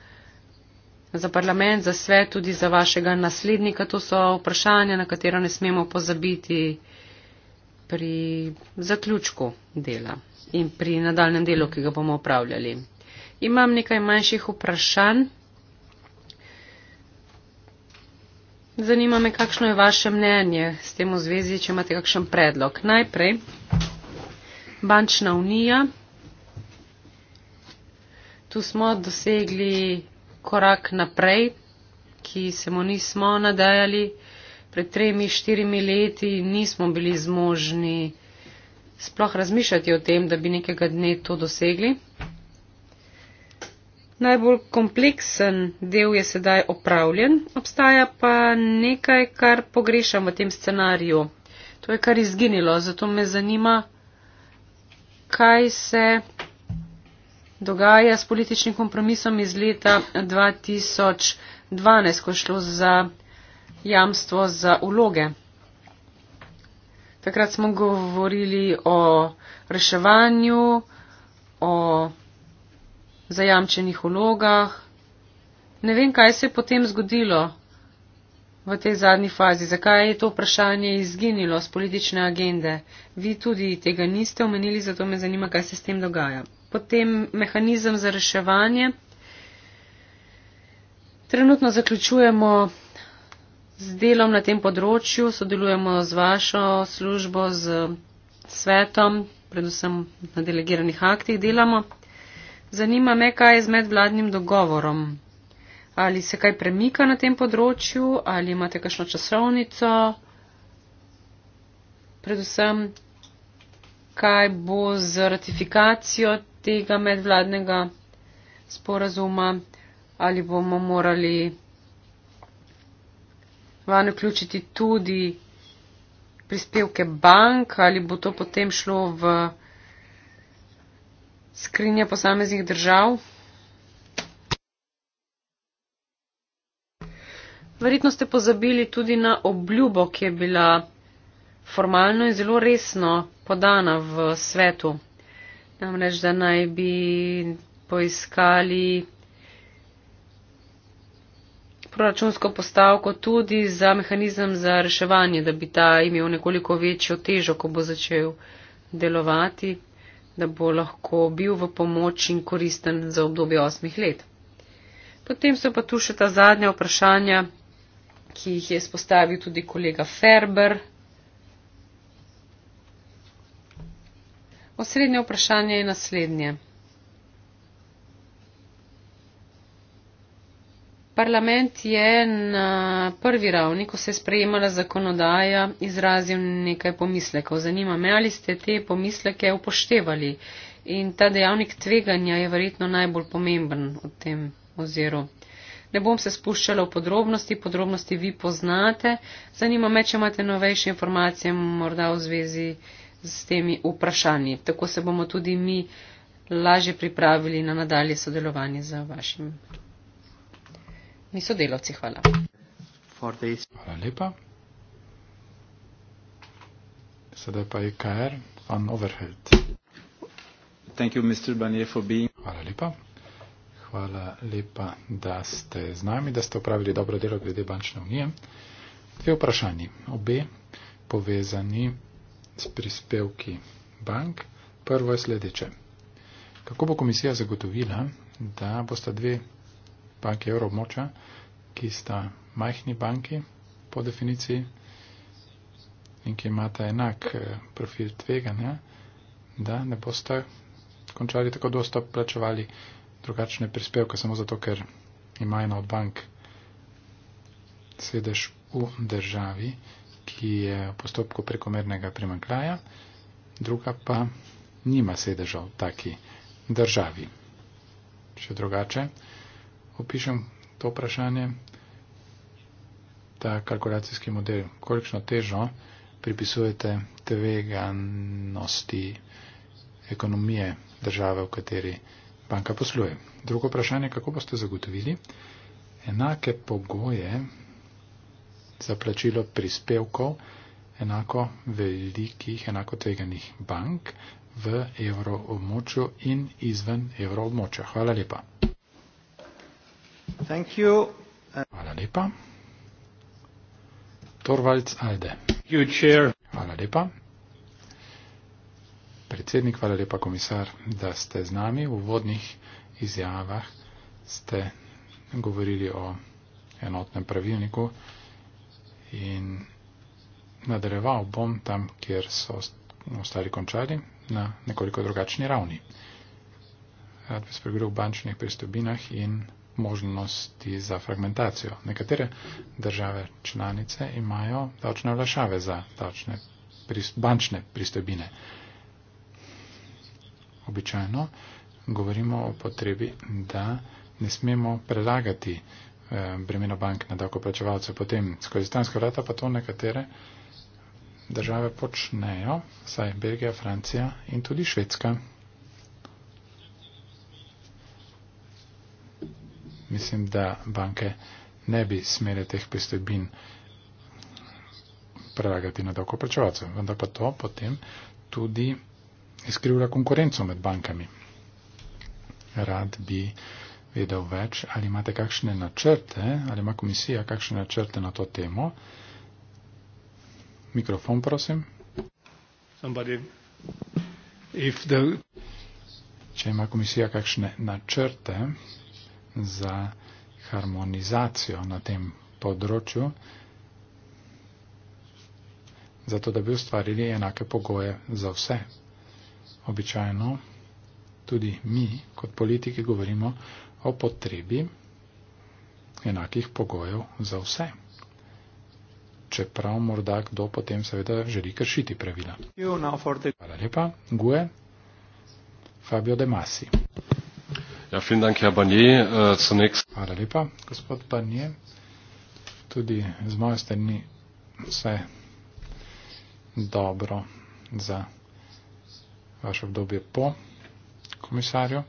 za parlament, za svet, tudi za vašega naslednika. To so vprašanja, na katera ne smemo pozabiti pri zaključku dela in pri nadaljem delu, ki ga bomo upravljali. Imam nekaj manjših vprašanj. Zanima me, kakšno je vaše mnenje s tem v zvezi, če imate kakšen predlog. Najprej, bančna unija. Tu smo dosegli korak naprej, ki se mu nismo nadajali. Pred tremi, štirimi leti nismo bili zmožni sploh razmišljati o tem, da bi nekega dne to dosegli. Najbolj kompleksen del je sedaj opravljen, obstaja pa nekaj, kar pogrešam v tem scenariju. To je kar izginilo, zato me zanima, kaj se dogaja s političnim kompromisom iz leta 2012, ko šlo za jamstvo za uloge. Takrat smo govorili o reševanju, o zajamčenih vlogah. Ne vem, kaj se je potem zgodilo v tej zadnji fazi, zakaj je to vprašanje izginilo z politične agende. Vi tudi tega niste omenili, zato me zanima, kaj se s tem dogaja. Potem mehanizem za reševanje. Trenutno zaključujemo z delom na tem področju, sodelujemo z vašo službo, z svetom, predvsem na delegiranih aktih delamo. Zanima me, kaj je z medvladnim dogovorom. Ali se kaj premika na tem področju, ali imate kakšno časovnico, predvsem kaj bo z ratifikacijo tega medvladnega sporazuma, ali bomo morali van vključiti tudi prispevke bank ali bo to potem šlo v skrinje posameznih držav? Verjetno ste pozabili tudi na obljubo, ki je bila formalno in zelo resno podana v svetu. Namreč, da naj bi poiskali proračunsko postavko tudi za mehanizem za reševanje, da bi ta imel nekoliko večjo težo, ko bo začel delovati, da bo lahko bil v pomoč in koristen za obdobje osmih let. Potem so pa tu še ta zadnja vprašanja, ki jih je spostavil tudi kolega Ferber. Osrednje vprašanje je naslednje. Parlament je na prvi ravni, ko se je sprejemala zakonodaja, izrazil nekaj pomislekov. Zanima me, ali ste te pomisleke upoštevali in ta dejavnik tveganja je verjetno najbolj pomemben v tem oziru. Ne bom se spuščala v podrobnosti, podrobnosti vi poznate. Zanima me, če imate novejše informacije morda v zvezi s temi vprašanji. Tako se bomo tudi mi lažje pripravili na nadalje sodelovanje z vašim mi sodelovci. Hvala. Hvala lepa. Sedaj pa je KR van Overhead. Hvala lepa. Hvala lepa, da ste z nami, da ste upravili dobro delo glede bančne unije. Dve vprašanji, obe povezani s prispevki bank. Prvo je sledeče. Kako bo komisija zagotovila, da bosta dve banke evromoča, ki sta majhni banki po definiciji in ki imata enak eh, profil tveganja, da ne boste končali tako dosto plačevali drugačne prispevke samo zato, ker ima ena od bank sedež v državi, ki je v postopku prekomernega primankljaja, druga pa nima sedeža v taki državi. Še drugače opišem to vprašanje, ta kalkulacijski model, kolikšno težo pripisujete tveganosti ekonomije države, v kateri banka posluje. Drugo vprašanje, kako boste zagotovili enake pogoje za plačilo prispevkov enako velikih, enako tveganih bank v evroobmočju in izven evroobmočja. Hvala lepa. Hvala lepa. Torvalds Alde. Hvala lepa. Predsednik, hvala lepa, komisar, da ste z nami. V uvodnih izjavah ste govorili o enotnem pravilniku in nadaljeval bom tam, kjer so ostali končali, na nekoliko drugačni ravni. Rad bi spregovoril o bančnih pristobinah in možnosti za fragmentacijo. Nekatere države članice imajo davčne vlašave za davčne prist, bančne pristojbine. Običajno govorimo o potrebi, da ne smemo prelagati eh, bremeno bank na davkoplačevalce, potem skozi stanske vrata pa to nekatere države počnejo, saj Belgija, Francija in tudi Švedska. mislim, da banke ne bi smele teh pristojbin prelagati na davkoplačevalce, vendar pa to potem tudi izkrivlja konkurenco med bankami. Rad bi vedel več, ali imate kakšne načrte, ali ima komisija kakšne načrte na to temo. Mikrofon, prosim. The... Če ima komisija kakšne načrte, za harmonizacijo na tem področju, zato da bi ustvarili enake pogoje za vse. Običajno tudi mi kot politiki govorimo o potrebi enakih pogojev za vse. Čeprav morda kdo potem seveda želi kršiti pravila. Hvala lepa. Gue. Fabio De Masi. Ja, vielen Dank, Herr Barnier. Äh, zunächst. Hvala lepa, gospod Barnier. Tudi z moje strani vse dobro za vaše obdobje po komisarju,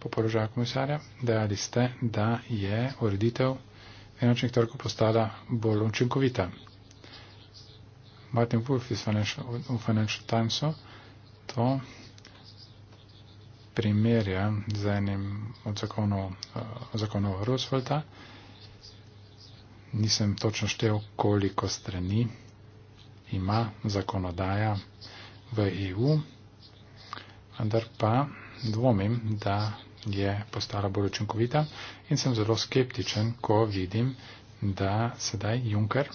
po položaju komisarja. Dejali ste, da je ureditev enočnih trgov postala bolj učinkovita. Martin Wolf iz Financial, Financial Timesu to primerja z enim od zakonov, eh, zakonov Roosevelta. Nisem točno štev, koliko strani ima zakonodaja v EU, vendar pa dvomim, da je postala bolj učinkovita in sem zelo skeptičen, ko vidim, da sedaj Juncker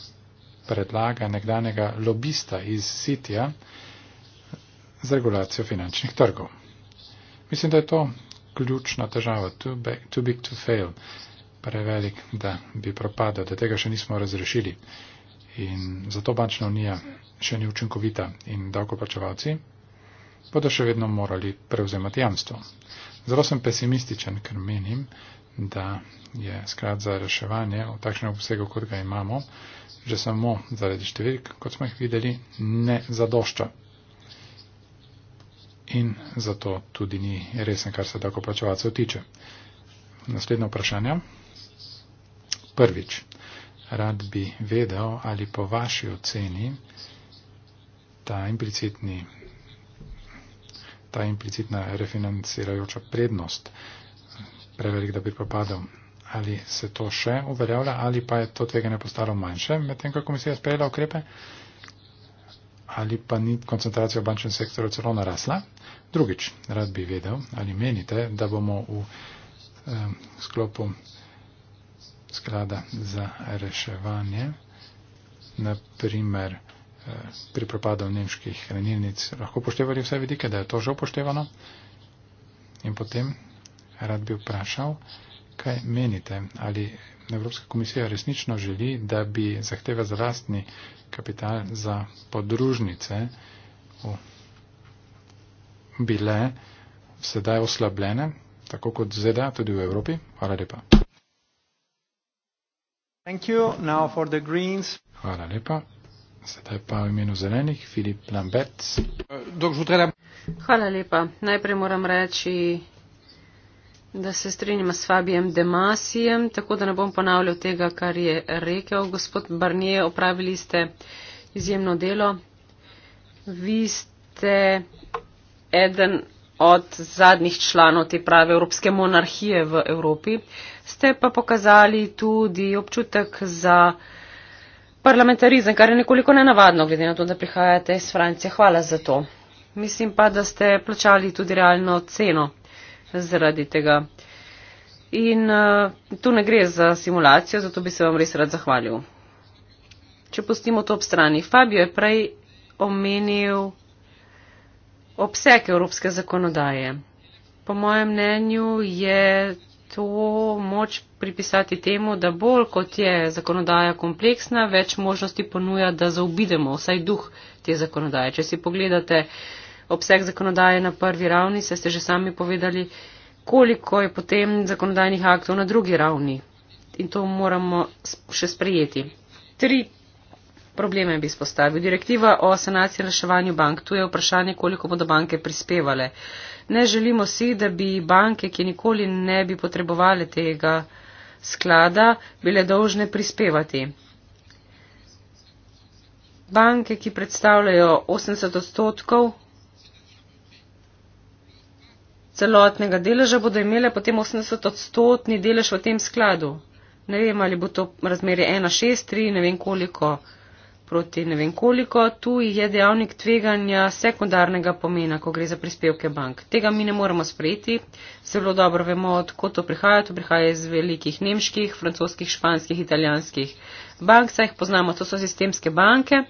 predlaga nekdanjega lobista iz Sitija za regulacijo finančnih trgov. Mislim, da je to ključna težava, too big, too big to fail, prevelik, da bi propadel, da tega še nismo razrešili. In zato bančna unija še ni učinkovita in davkoplačevalci bodo še vedno morali prevzemati jamstvo. Zelo sem pesimističen, ker menim, da je sklad za reševanje v takšnem obsegu, kot ga imamo, že samo zaradi številk, kot smo jih videli, ne zadošča in zato tudi ni resen, kar se tako plačevalcev tiče. Naslednja vprašanja. Prvič, rad bi vedel, ali po vaši oceni ta implicitni ta implicitna refinancirajoča prednost, prevelik, da bi propadal, ali se to še uveljavlja, ali pa je to tveganje postalo manjše, medtem ko je komisija sprejela ukrepe, ali pa ni koncentracija v bančnem sektoru celo narasla. Drugič, rad bi vedel, ali menite, da bomo v eh, sklopu sklada za reševanje, naprimer eh, pri propadu nemških hranilnic, lahko poštevali vse vidike, da je to že upoštevano. In potem rad bi vprašal, kaj menite, ali Evropska komisija resnično želi, da bi zahteve za lastni kapital za podružnice v bile sedaj oslabljene, tako kot ZDA tudi v Evropi. Hvala lepa. Thank you. Now for the greens. Hvala lepa. Sedaj pa v imenu zelenih Filip Lambert. Hvala lepa. Najprej moram reči, da se strinjam s Fabijem Demasijem, tako da ne bom ponavljal tega, kar je rekel gospod Barnier. Opravili ste izjemno delo. Vi ste eden od zadnjih članov te prave evropske monarhije v Evropi. Ste pa pokazali tudi občutek za parlamentarizem, kar je nekoliko nenavadno, glede na to, da prihajate iz Francije. Hvala za to. Mislim pa, da ste plačali tudi realno ceno zaradi tega. In uh, tu ne gre za simulacijo, zato bi se vam res rad zahvalil. Če pustimo to ob strani, Fabio je prej omenil obsek evropske zakonodaje. Po mojem mnenju je to moč pripisati temu, da bolj kot je zakonodaja kompleksna, več možnosti ponuja, da zaobidemo vsaj duh te zakonodaje. Če si pogledate obseg zakonodaje na prvi ravni, se ste že sami povedali, koliko je potem zakonodajnih aktov na drugi ravni. In to moramo še sprejeti. Tri Probleme bi spostavil. Direktiva o sanaciji in reševanju bank tu je vprašanje, koliko bodo banke prispevale. Ne želimo si, da bi banke, ki nikoli ne bi potrebovali tega sklada, bile dolžne prispevati. Banke, ki predstavljajo 80 odstotkov celotnega deleža, bodo imele potem 80 odstotni delež v tem skladu. Ne vem, ali bo to razmerje 1,6, 3, ne vem koliko proti ne vem koliko, tu je dejavnik tveganja sekundarnega pomena, ko gre za prispevke bank. Tega mi ne moremo sprejeti, zelo dobro vemo, odkot to prihaja, to prihaja iz velikih nemških, francoskih, španskih, italijanskih bank, saj jih poznamo, to so sistemske banke,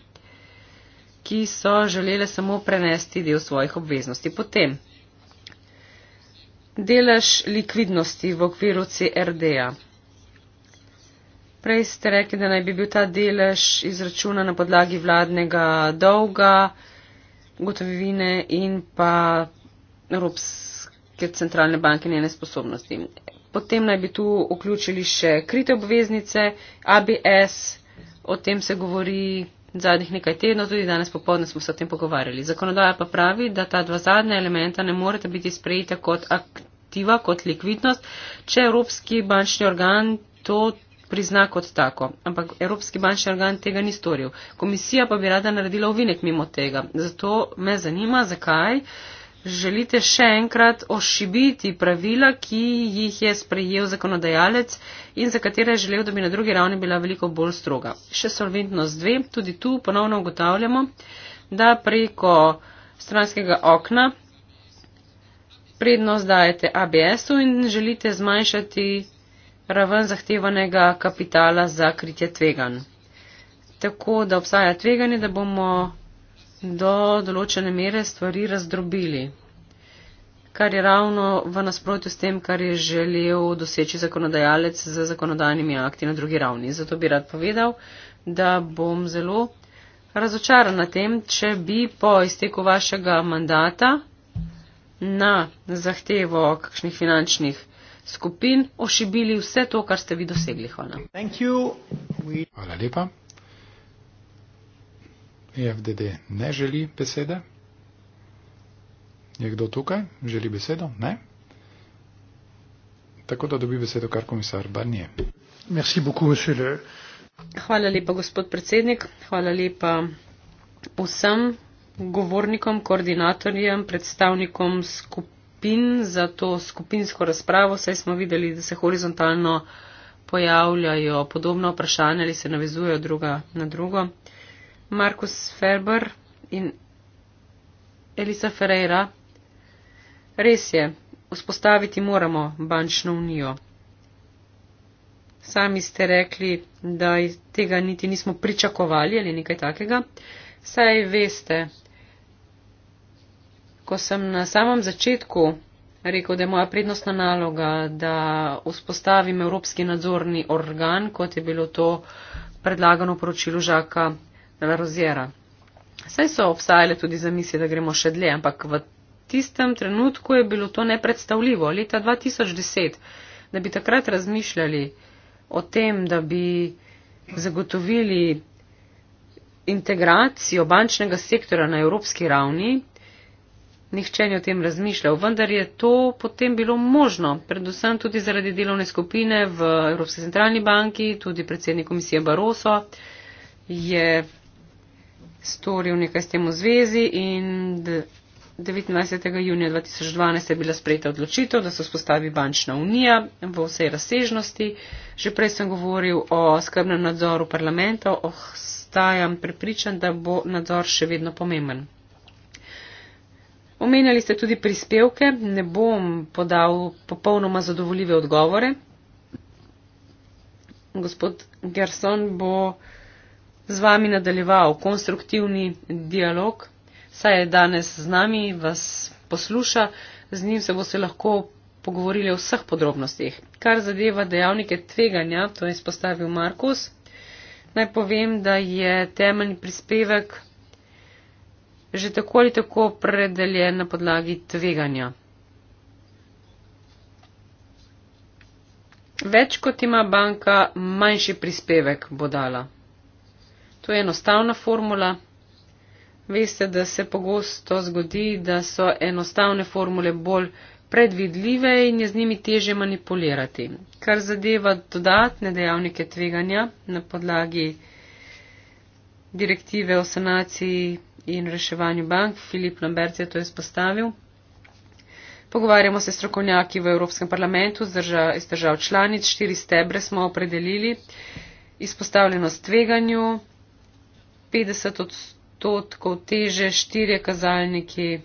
ki so želele samo prenesti del svojih obveznosti. Potem, delež likvidnosti v okviru CRD-a. Prej ste rekli, da naj bi bil ta delež izračuna na podlagi vladnega dolga, gotovine in pa Evropske centralne banke njene sposobnosti. Potem naj bi tu vključili še krite obveznice, ABS, o tem se govori zadnjih nekaj tednov, tudi danes popovdne smo se o tem pogovarjali. Zakonodaja pa pravi, da ta dva zadnja elementa ne morete biti sprejeta kot aktiva, kot likvidnost, če Evropski bančni organ to prizna kot tako, ampak Evropski bančni organ tega ni storil. Komisija pa bi rada naredila uvinek mimo tega. Zato me zanima, zakaj želite še enkrat ošibiti pravila, ki jih je sprejel zakonodajalec in za katere je želel, da bi na drugi ravni bila veliko bolj stroga. Še solventnost dve, tudi tu ponovno ugotavljamo, da preko stranskega okna prednost dajete ABS-u in želite zmanjšati raven zahtevanega kapitala za kritje tvegan. Tako da obstaja tveganje, da bomo do določene mere stvari razdrobili, kar je ravno v nasprotju s tem, kar je želel doseči zakonodajalec z zakonodajnimi akti na drugi ravni. Zato bi rad povedal, da bom zelo razočaran na tem, če bi po izteku vašega mandata na zahtevo kakšnih finančnih skupin ošibili vse to, kar ste vi dosegli. Hvala. Hvala lepa. EFDD ne želi besede. Je kdo tukaj? Želi besedo? Ne. Tako da dobi besedo kar komisar Barnier. Merci beaucoup, monsieur le. Hvala lepa, gospod predsednik. Hvala lepa vsem govornikom, koordinatorjem, predstavnikom skupin skupin za to skupinsko razpravo, saj smo videli, da se horizontalno pojavljajo podobna vprašanja ali se navezujejo druga na drugo. Markus Ferber in Elisa Ferreira. Res je, vzpostaviti moramo bančno unijo. Sami ste rekli, da tega niti nismo pričakovali ali nekaj takega. Saj veste, ko sem na samem začetku rekel, da je moja prednostna naloga, da vzpostavim Evropski nadzorni organ, kot je bilo to predlagano v poročilu Žaka Larozjera. Saj so obstajale tudi zamisli, da gremo še dlje, ampak v tistem trenutku je bilo to nepredstavljivo. Leta 2010, da bi takrat razmišljali o tem, da bi zagotovili integracijo bančnega sektora na evropski ravni, nihče ni o tem razmišljal, vendar je to potem bilo možno, predvsem tudi zaradi delovne skupine v Evropski centralni banki, tudi predsednik komisije Baroso je storil nekaj s tem v zvezi in 29. junija 2012 je bila sprejeta odločitev, da se vzpostavi bančna unija v vsej razsežnosti. Že prej sem govoril o skrbnem nadzoru parlamenta, ostajam prepričan, da bo nadzor še vedno pomemben. Omenjali ste tudi prispevke, ne bom podal popolnoma zadovoljive odgovore. Gospod Gerson bo z vami nadaljeval konstruktivni dialog, saj je danes z nami, vas posluša, z njim se boste lahko pogovorili o vseh podrobnostih. Kar zadeva dejavnike tveganja, to je izpostavil Markus, naj povem, da je temeljni prispevek že tako ali tako predeljen na podlagi tveganja. Več kot ima banka, manjši prispevek bo dala. To je enostavna formula. Veste, da se pogosto zgodi, da so enostavne formule bolj predvidljive in je z njimi teže manipulirati. Kar zadeva dodatne dejavnike tveganja na podlagi direktive o sanaciji in reševanju bank. Filip Lambert je to izpostavil. Pogovarjamo se s strokovnjaki v Evropskem parlamentu iz držav, držav članic. Štiri stebre smo opredelili. Izpostavljenost tveganju, 50 odstotkov teže, štirje kazalniki,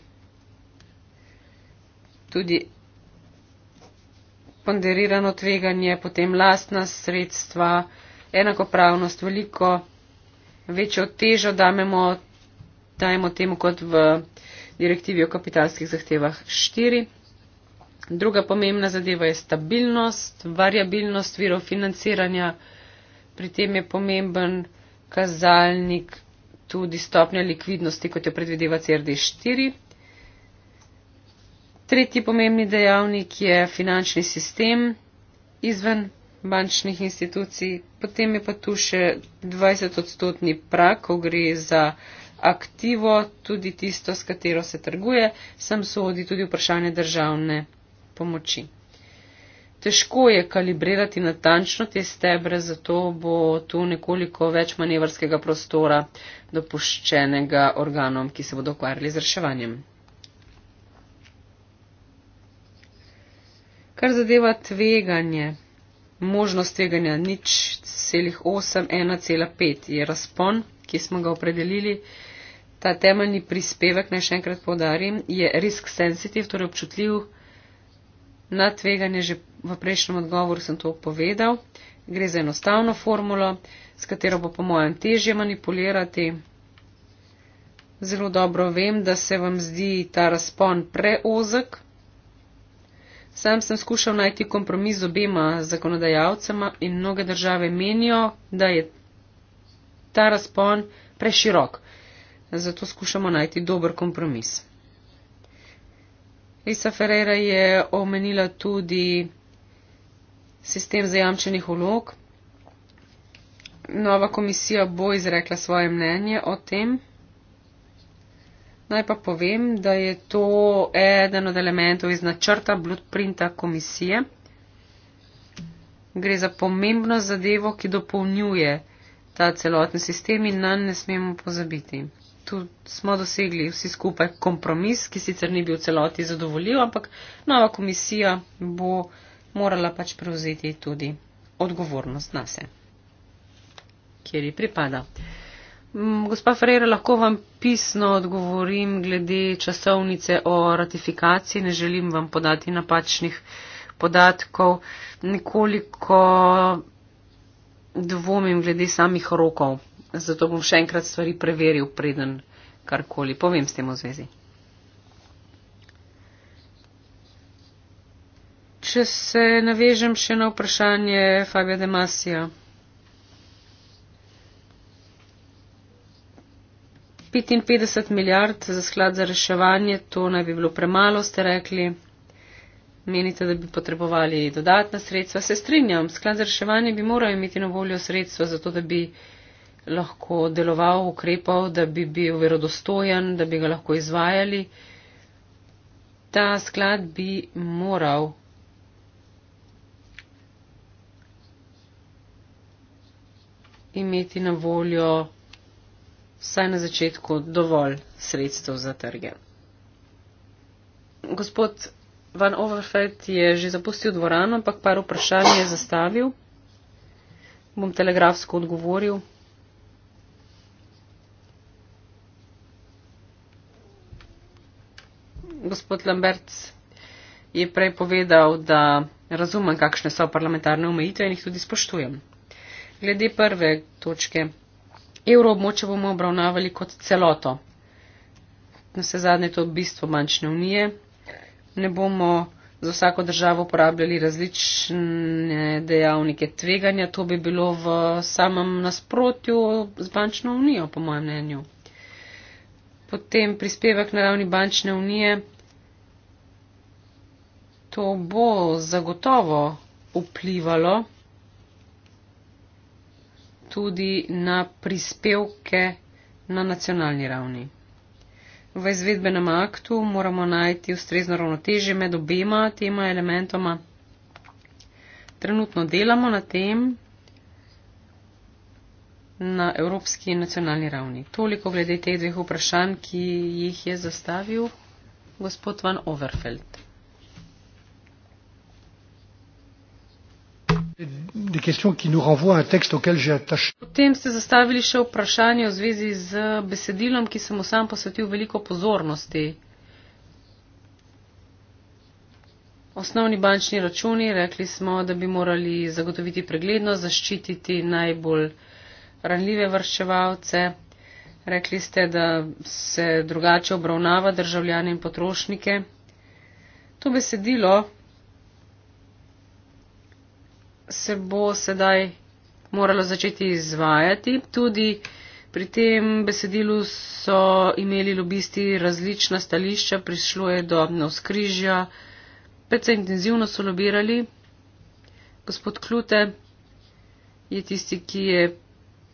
tudi ponderirano tveganje, potem lastna sredstva, enakopravnost, veliko večjo težo damemo dajemo temu kot v direktivi o kapitalskih zahtevah 4. Druga pomembna zadeva je stabilnost, variabilnost virov financiranja. Pri tem je pomemben kazalnik tudi stopnja likvidnosti, kot jo predvideva CRD 4. Tretji pomembni dejavnik je finančni sistem izven bančnih institucij. Potem je pa tu še 20-odstotni prak, ko gre za aktivo, tudi tisto, s katero se trguje, sem sodi tudi vprašanje državne pomoči. Težko je kalibrirati natančno te stebre, zato bo tu nekoliko več manevrskega prostora dopuščenega organom, ki se bodo ukvarjali z reševanjem. Kar zadeva tveganje, možnost tveganja nič celih 8, 1,5 je razpon, ki smo ga opredelili ta temeljni prispevek, naj še enkrat podarim, je risk sensitive, torej občutljiv na tveganje. Že v prejšnjem odgovoru sem to povedal. Gre za enostavno formulo, s katero bo po mojem težje manipulirati. Zelo dobro vem, da se vam zdi ta razpon preozek. Sam sem skušal najti kompromis z obema zakonodajalcema in mnoge države menijo, da je ta razpon preširok zato skušamo najti dober kompromis. Lisa Ferreira je omenila tudi sistem zajamčenih vlog. Nova komisija bo izrekla svoje mnenje o tem. Naj pa povem, da je to eden od elementov iz načrta blueprinta komisije. Gre za pomembno zadevo, ki dopolnjuje ta celotni sistem in nanj ne smemo pozabiti tu smo dosegli vsi skupaj kompromis, ki sicer ni bil celoti zadovoljiv, ampak nova komisija bo morala pač prevzeti tudi odgovornost na se, kjer ji pripada. Mm, gospa Ferreira, lahko vam pisno odgovorim glede časovnice o ratifikaciji, ne želim vam podati napačnih podatkov, nekoliko dvomim glede samih rokov zato bom še enkrat stvari preveril, preden karkoli povem s tem v zvezi. Če se navežem še na vprašanje Fabija Demasija. petinpetdeset milijard za sklad za reševanje, to naj bi bilo premalo, ste rekli. Menite, da bi potrebovali dodatna sredstva? Se strinjam, sklad za reševanje bi moral imeti na voljo sredstva za to, da bi uh, lahko deloval, ukrepal, da bi bil verodostojen, da bi ga lahko izvajali. Ta sklad bi moral imeti na voljo vsaj na začetku dovolj sredstev za trge. Gospod Van Overfeld je že zapustil dvorano, ampak par vprašanj je zastavil. Bom telegrafsko odgovoril. gospod Lambert je prej povedal, da razumem, kakšne so parlamentarne omejitve in jih tudi spoštujem. Glede prve točke. Evroobmoče bomo obravnavali kot celoto. Na vse zadnje to bistvo manjšne unije. Ne bomo za vsako državo uporabljali različne dejavnike tveganja, to bi bilo v samem nasprotju z bančno unijo, po mojem mnenju. Potem prispevek na ravni bančne unije To bo zagotovo vplivalo tudi na prispevke na nacionalni ravni. V izvedbenem aktu moramo najti ustrezno ravnotežje med obema tema elementoma. Trenutno delamo na tem na evropski in nacionalni ravni. Toliko glede teh dveh vprašanj, ki jih je zastavil gospod Van Overfeld. Potem ste zastavili še vprašanje v zvezi z besedilom, ki sem mu sam posvetil veliko pozornosti. Osnovni bančni računi, rekli smo, da bi morali zagotoviti preglednost, zaščititi najbolj ranljive vrščevalce. Rekli ste, da se drugače obravnava državljane in potrošnike. To besedilo se bo sedaj moralo začeti izvajati. Tudi pri tem besedilu so imeli lobisti različna stališča, prišlo je do navskrižja, predvsej intenzivno so lobirali. Gospod Klute je tisti, ki je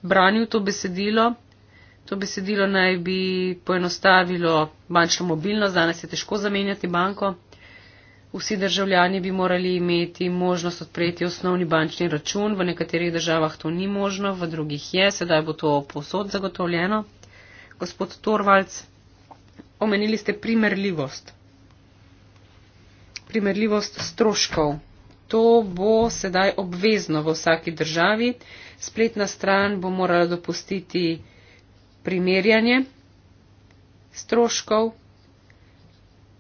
branil to besedilo. To besedilo naj bi poenostavilo bančno mobilnost, danes je težko zamenjati banko. Vsi državljani bi morali imeti možnost odpreti osnovni bančni račun, v nekaterih državah to ni možno, v drugih je, sedaj bo to posod zagotovljeno. Gospod Torvalc, omenili ste primerljivost. Primerljivost stroškov. To bo sedaj obvezno v vsaki državi. Spletna stran bo morala dopustiti primerjanje stroškov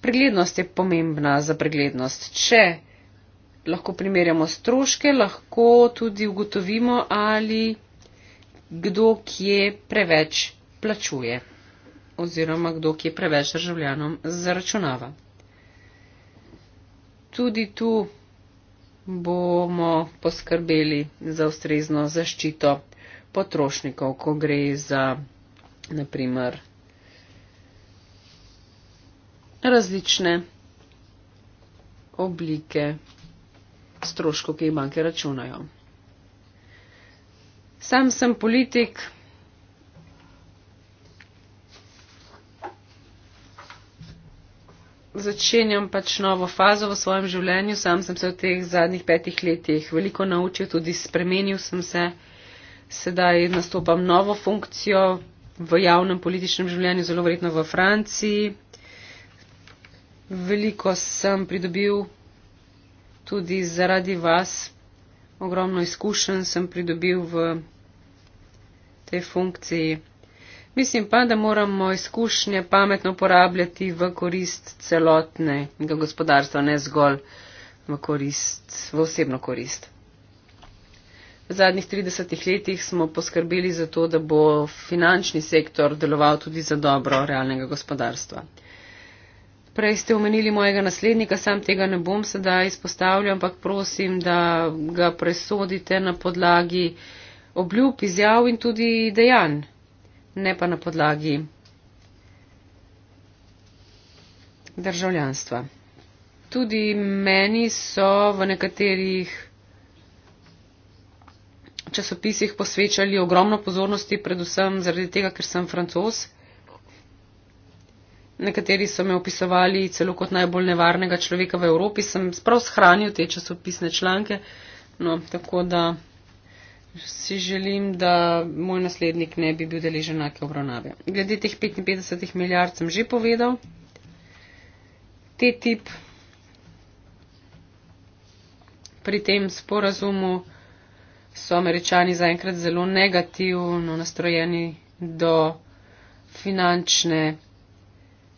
preglednost je pomembna za preglednost. Če lahko primerjamo stroške, lahko tudi ugotovimo, ali kdo kje preveč plačuje oziroma kdo kje preveč državljanom zaračunava. Tudi tu bomo poskrbeli za ustrezno zaščito potrošnikov, ko gre za naprimer različne oblike stroškov, ki jih banke računajo. Sam sem politik, začenjam pač novo fazo v svojem življenju, sam sem se v teh zadnjih petih letih veliko naučil, tudi spremenil sem se, sedaj nastopam novo funkcijo v javnem političnem življenju, zelo verjetno v Franciji. Veliko sem pridobil tudi zaradi vas, ogromno izkušenj sem pridobil v tej funkciji. Mislim pa, da moramo izkušnje pametno uporabljati v korist celotnega gospodarstva, ne zgolj v, korist, v osebno korist. V zadnjih 30 letih smo poskrbeli za to, da bo finančni sektor deloval tudi za dobro realnega gospodarstva. Prej ste omenili mojega naslednika, sam tega ne bom sedaj izpostavljal, ampak prosim, da ga presodite na podlagi obljub, izjav in tudi dejanj, ne pa na podlagi državljanstva. Tudi meni so v nekaterih časopisih posvečali ogromno pozornosti, predvsem zaradi tega, ker sem francos nekateri so me opisovali celo kot najbolj nevarnega človeka v Evropi, sem sprav shranil te časopisne članke, no, tako da si želim, da moj naslednik ne bi bil deležen enake obravnave. Glede teh 55 milijard sem že povedal. Te tip pri tem sporazumu so američani zaenkrat zelo negativno nastrojeni do finančne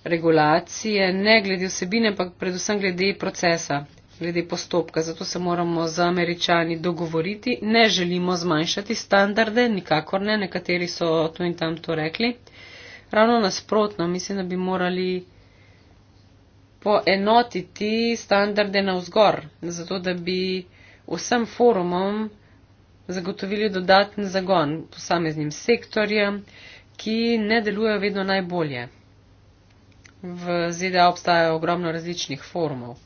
regulacije, ne glede vsebine, ampak predvsem glede procesa, glede postopka. Zato se moramo z američani dogovoriti, ne želimo zmanjšati standarde, nikakor ne, nekateri so tu in tam to rekli. Ravno nasprotno, mislim, da bi morali poenotiti standarde na vzgor, zato da bi vsem forumom zagotovili dodatni zagon posameznim sektorjem, ki ne delujejo vedno najbolje. V ZDA obstajajo ogromno različnih formov.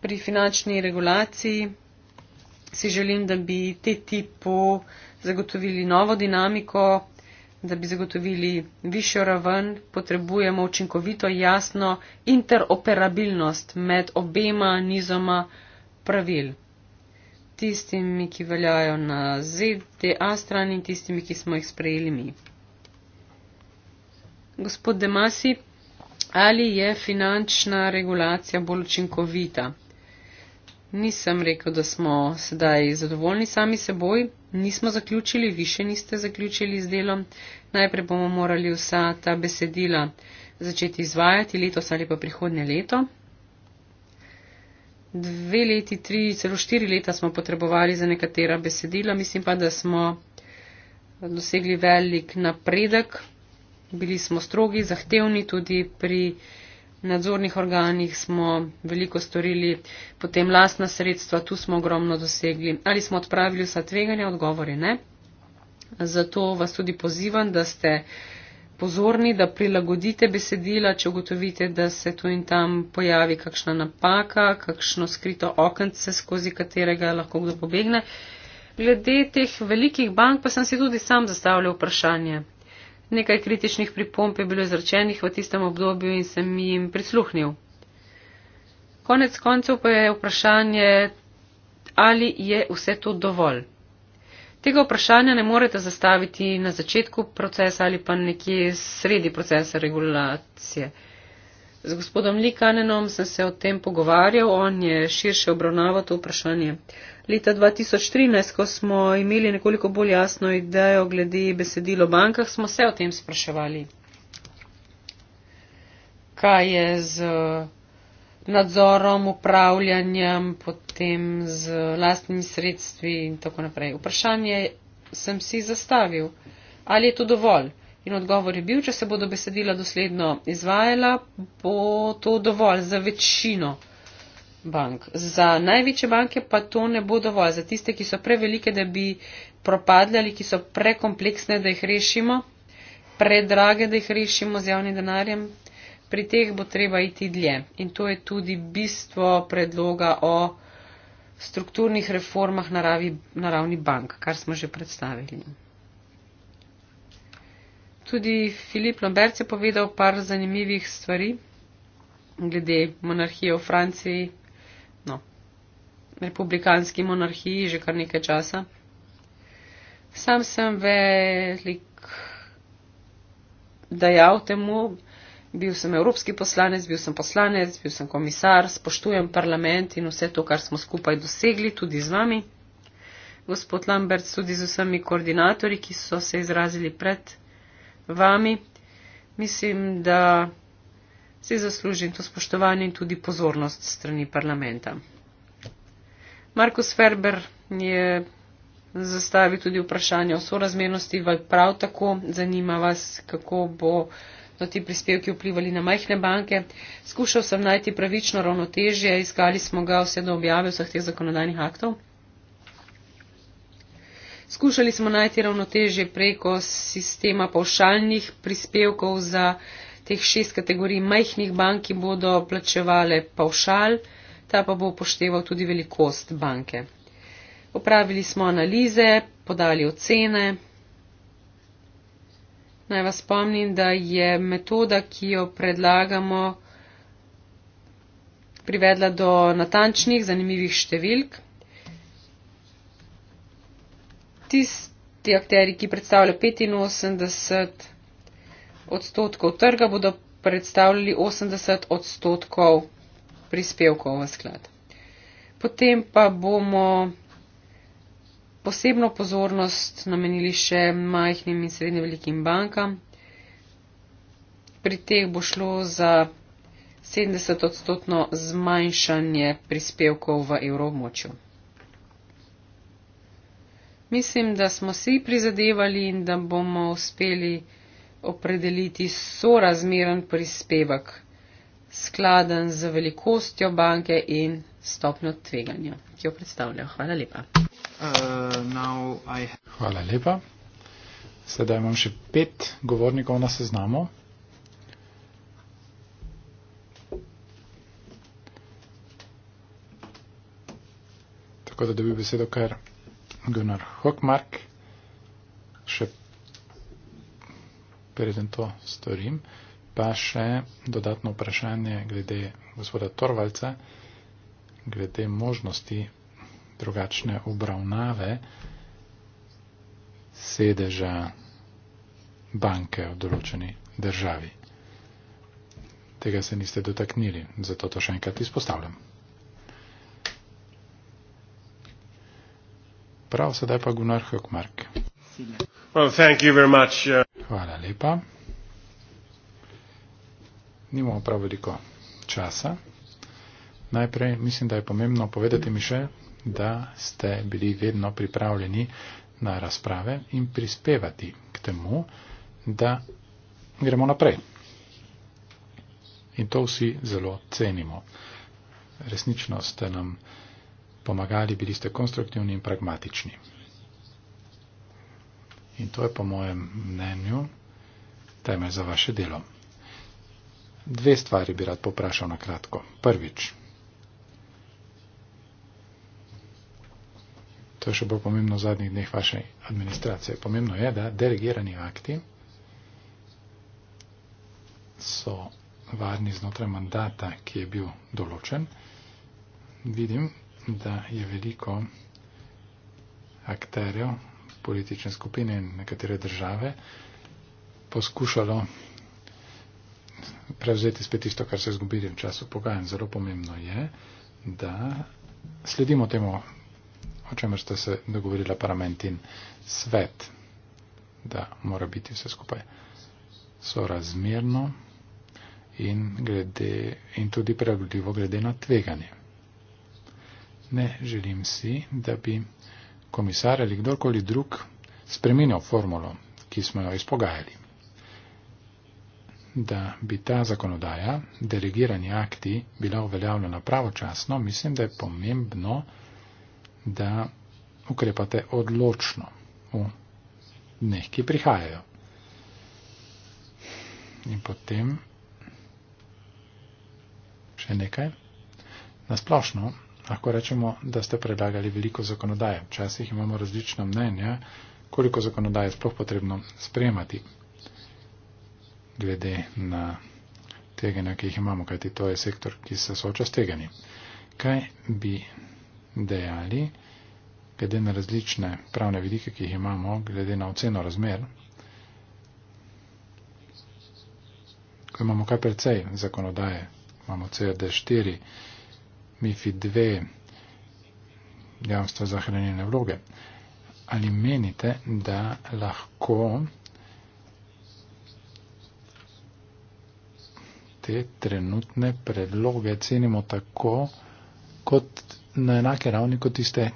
Pri finančni regulaciji si želim, da bi te tipu zagotovili novo dinamiko, da bi zagotovili višjo raven, potrebujemo učinkovito, jasno interoperabilnost med obema nizoma pravil. Tistimi, ki veljajo na ZDA strani in tistimi, ki smo jih sprejeli mi. Gospod Demasi, ali je finančna regulacija bolj učinkovita? Nisem rekel, da smo sedaj zadovoljni sami seboj, nismo zaključili, vi še niste zaključili z delom. Najprej bomo morali vsa ta besedila začeti izvajati letos ali pa prihodnje leto. Dve leti, tri, celo štiri leta smo potrebovali za nekatera besedila, mislim pa, da smo dosegli velik napredek bili smo strogi, zahtevni tudi pri nadzornih organih, smo veliko storili, potem lastna sredstva, tu smo ogromno dosegli. Ali smo odpravili vsa tveganja, odgovori ne. Zato vas tudi pozivam, da ste pozorni, da prilagodite besedila, če ugotovite, da se tu in tam pojavi kakšna napaka, kakšno skrito okence, skozi katerega lahko kdo pobegne. Glede teh velikih bank pa sem si tudi sam zastavljal vprašanje, Nekaj kritičnih pripomp je bilo izrečenih v tistem obdobju in sem jim prisluhnil. Konec koncev pa je vprašanje, ali je vse to dovolj. Tega vprašanja ne morete zastaviti na začetku procesa ali pa nekje sredi procesa regulacije. Z gospodom Likanenom sem se o tem pogovarjal, on je širše obravnaval to vprašanje leta 2013, ko smo imeli nekoliko bolj jasno idejo glede besedilo o bankah, smo se o tem spraševali. Kaj je z eh, nadzorom, upravljanjem, potem z lastnimi sredstvi in tako naprej. Vprašanje sem si zastavil, ali je to dovolj. In odgovor je bil, če se bodo besedila dosledno izvajala, bo to dovolj za večino bank. Za največje banke pa to ne bo dovolj. Za tiste, ki so prevelike, da bi propadle ali ki so prekompleksne, da jih rešimo, predrage, da jih rešimo z javnim denarjem, pri teh bo treba iti dlje. In to je tudi bistvo predloga o strukturnih reformah naravi, naravni bank, kar smo že predstavili. Tudi Filip Lambert je povedal par zanimivih stvari glede monarhije v Franciji, no, republikanski monarhiji že kar nekaj časa. Sam sem velik dejal temu, bil sem evropski poslanec, bil sem poslanec, bil sem komisar, spoštujem parlament in vse to, kar smo skupaj dosegli, tudi z vami. Gospod Lambert, tudi z vsemi koordinatorji, ki so se izrazili pred vami, mislim, da si zaslužim to spoštovanje in tudi pozornost strani parlamenta. Markus Ferber je zastavil tudi vprašanje o sorazmernosti, val prav tako zanima vas, kako bo no, ti prispevki vplivali na majhne banke. Skušal sem najti pravično ravnotežje, iskali smo ga vse do objave vseh teh zakonodajnih aktov. Skušali smo najti ravnotežje preko sistema povšalnih prispevkov za teh šest kategorij majhnih bank, ki bodo plačevale pavšal, ta pa bo upošteval tudi velikost banke. Opravili smo analize, podali ocene. Naj vas spomnim, da je metoda, ki jo predlagamo, privedla do natančnih, zanimivih številk. Tisti akteri, ki predstavljajo 85 odstotkov trga bodo predstavljali 80 odstotkov prispevkov v sklad. Potem pa bomo posebno pozornost namenili še majhnim in srednje velikim bankam. Pri teh bo šlo za 70 odstotno zmanjšanje prispevkov v evromočju. Mislim, da smo si prizadevali in da bomo uspeli opredeliti sorazmeren prispevek, skladen z velikostjo banke in stopnjo tveganja, ki jo predstavlja. Hvala lepa. Uh, Hvala lepa. Sedaj imam še pet govornikov na seznamu. Tako da dobi besedo kar Gunnar Hockmark, še preden to storim. Pa še dodatno vprašanje glede gospoda Torvalca, glede možnosti drugačne obravnave sedeža banke v določeni državi. Tega se niste dotaknili, zato to še enkrat izpostavljam. Prav sedaj pa Gunnar Hökmark. Well, thank you very much. Uh, Hvala lepa. Nimamo prav veliko časa. Najprej mislim, da je pomembno povedati mi še, da ste bili vedno pripravljeni na razprave in prispevati k temu, da gremo naprej. In to vsi zelo cenimo. Resnično ste nam pomagali, bili ste konstruktivni in pragmatični. In to je po mojem mnenju temelj za vaše delo. Dve stvari bi rad poprašal na kratko. Prvič. To je še bolj pomembno v zadnjih dneh vaše administracije. Pomembno je, da delegirani akti so varni znotraj mandata, ki je bil določen. Vidim, da je veliko akterjev politične skupine in nekatere države poskušalo prevzeti spet tisto, kar se je zgubili v času pogajanj. Zelo pomembno je, da sledimo temu, o čemer sta se dogovorila parlament in svet, da mora biti vse skupaj sorazmerno in, glede, in tudi preagljivo glede na tveganje. Ne želim si, da bi komisar ali kdorkoli drug spremenil formulo, ki smo jo izpogajali. Da bi ta zakonodaja, delegirani akti, bila uveljavljena pravočasno, mislim, da je pomembno, da ukrepate odločno v dneh, ki prihajajo. In potem še nekaj. Nasplošno lahko rečemo, da ste predlagali veliko zakonodaje. Včasih imamo različna mnenja, koliko zakonodaje je sploh potrebno sprejemati glede na tegenja, ki jih imamo, kajti to je sektor, ki se sooča s tegenji. Kaj bi dejali, glede na različne pravne vidike, ki jih imamo, glede na oceno razmer, ko imamo kar precej zakonodaje, imamo CRD 4, MIFID 2 javstva za hranjene vloge. Ali menite, da lahko te trenutne predloge cenimo tako, kot na enake ravni, kot tiste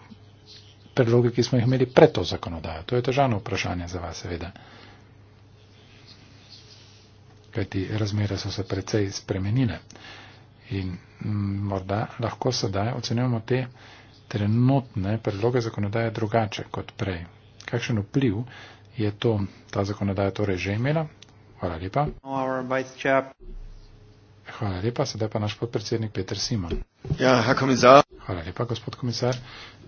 predloge, ki smo jih imeli pred to zakonodajo? To je težano vprašanje za vas, seveda. Kajti razmere so se precej spremenile. In mm, morda lahko sedaj ocenjujemo te trenutne predloge zakonodaje drugače kot prej. Kakšen vpliv je to, ta zakonodaja torej že imela? Hvala lepa. Hvala lepa, sedaj pa naš podpredsednik Peter Simon. Ja, komisar. Hvala lepa, gospod komisar.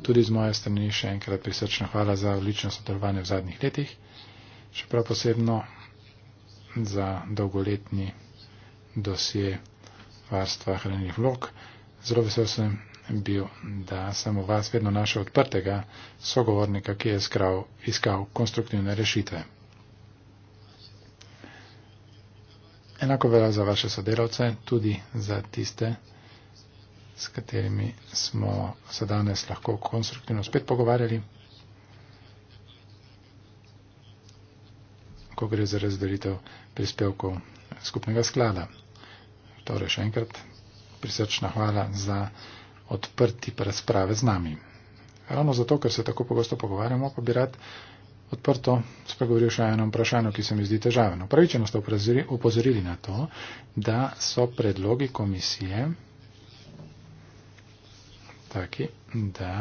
Tudi z moje strani še enkrat prisrčna hvala za odlično sodelovanje v zadnjih letih, še prav posebno za dolgoletni dosje varstva hranilnih vlog. Zelo vesel sem bil, da sem v vas vedno našel odprtega sogovornika, ki je skral, iskal konstruktivne rešitve. Enako velja za vaše sodelavce, tudi za tiste, s katerimi smo se danes lahko konstruktivno spet pogovarjali. ko gre za razdelitev prispevkov skupnega sklada. Torej še enkrat prisrčna hvala za odprti razprave z nami. Ravno zato, ker se tako pogosto pogovarjamo, pa bi rad odprto spregovoril še eno vprašanje, ki se mi zdi težaveno. Pravičeno ste upozorili na to, da so predlogi komisije taki, da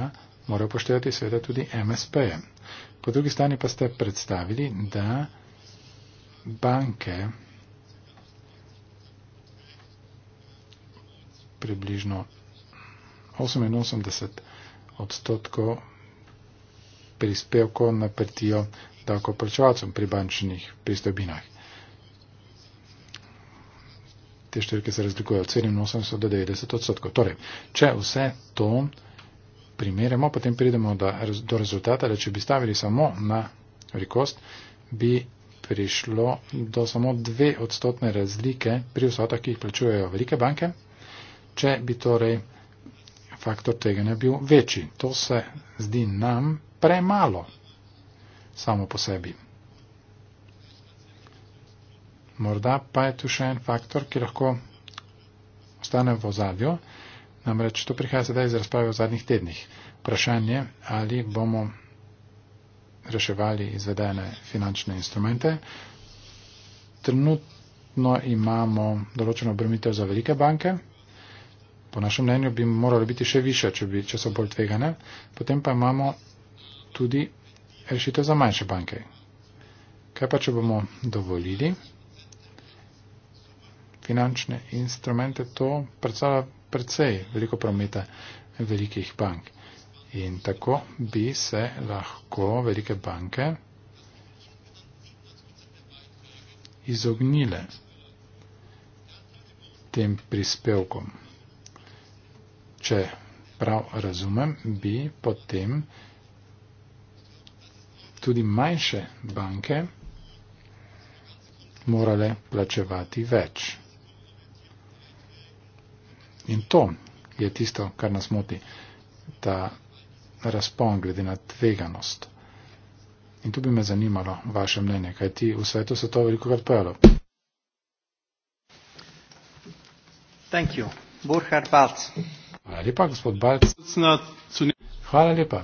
morajo poštevati sveda tudi MSP. Po drugi strani pa ste predstavili, da banke približno 88 odstotkov prispevkov napretijo davkoplačevalcem pri bančnih pristojbinah. Te številke se razlikujejo od 87 do 90 odstotkov. Torej, če vse to primerjamo, potem pridemo do rezultata, da če bi stavili samo na velikost, bi prišlo do samo dve odstotne razlike pri vsotah, ki jih plačujejo velike banke če bi torej faktor tveganja bil večji. To se zdi nam premalo samo po sebi. Morda pa je tu še en faktor, ki lahko ostane v ozadju, namreč to prihaja sedaj iz razprave v zadnjih tednih. Vprašanje, ali bomo reševali izvedene finančne instrumente. Trenutno imamo določeno obremitev za velike banke, po našem mnenju bi morale biti še više, če, bi, če so bolj tvegane. Potem pa imamo tudi rešitev za manjše banke. Kaj pa, če bomo dovolili finančne instrumente, to predstavlja predvsej veliko prometa velikih bank. In tako bi se lahko velike banke izognile tem prispevkom če prav razumem, bi potem tudi manjše banke morale plačevati več. In to je tisto, kar nas moti, ta razpon glede na tveganost. In tu bi me zanimalo vaše mnenje, kaj ti v svetu se to veliko krat pojavilo. Thank you. Burhard Balc. Hvala lepa, gospod Balc. Hvala lepa.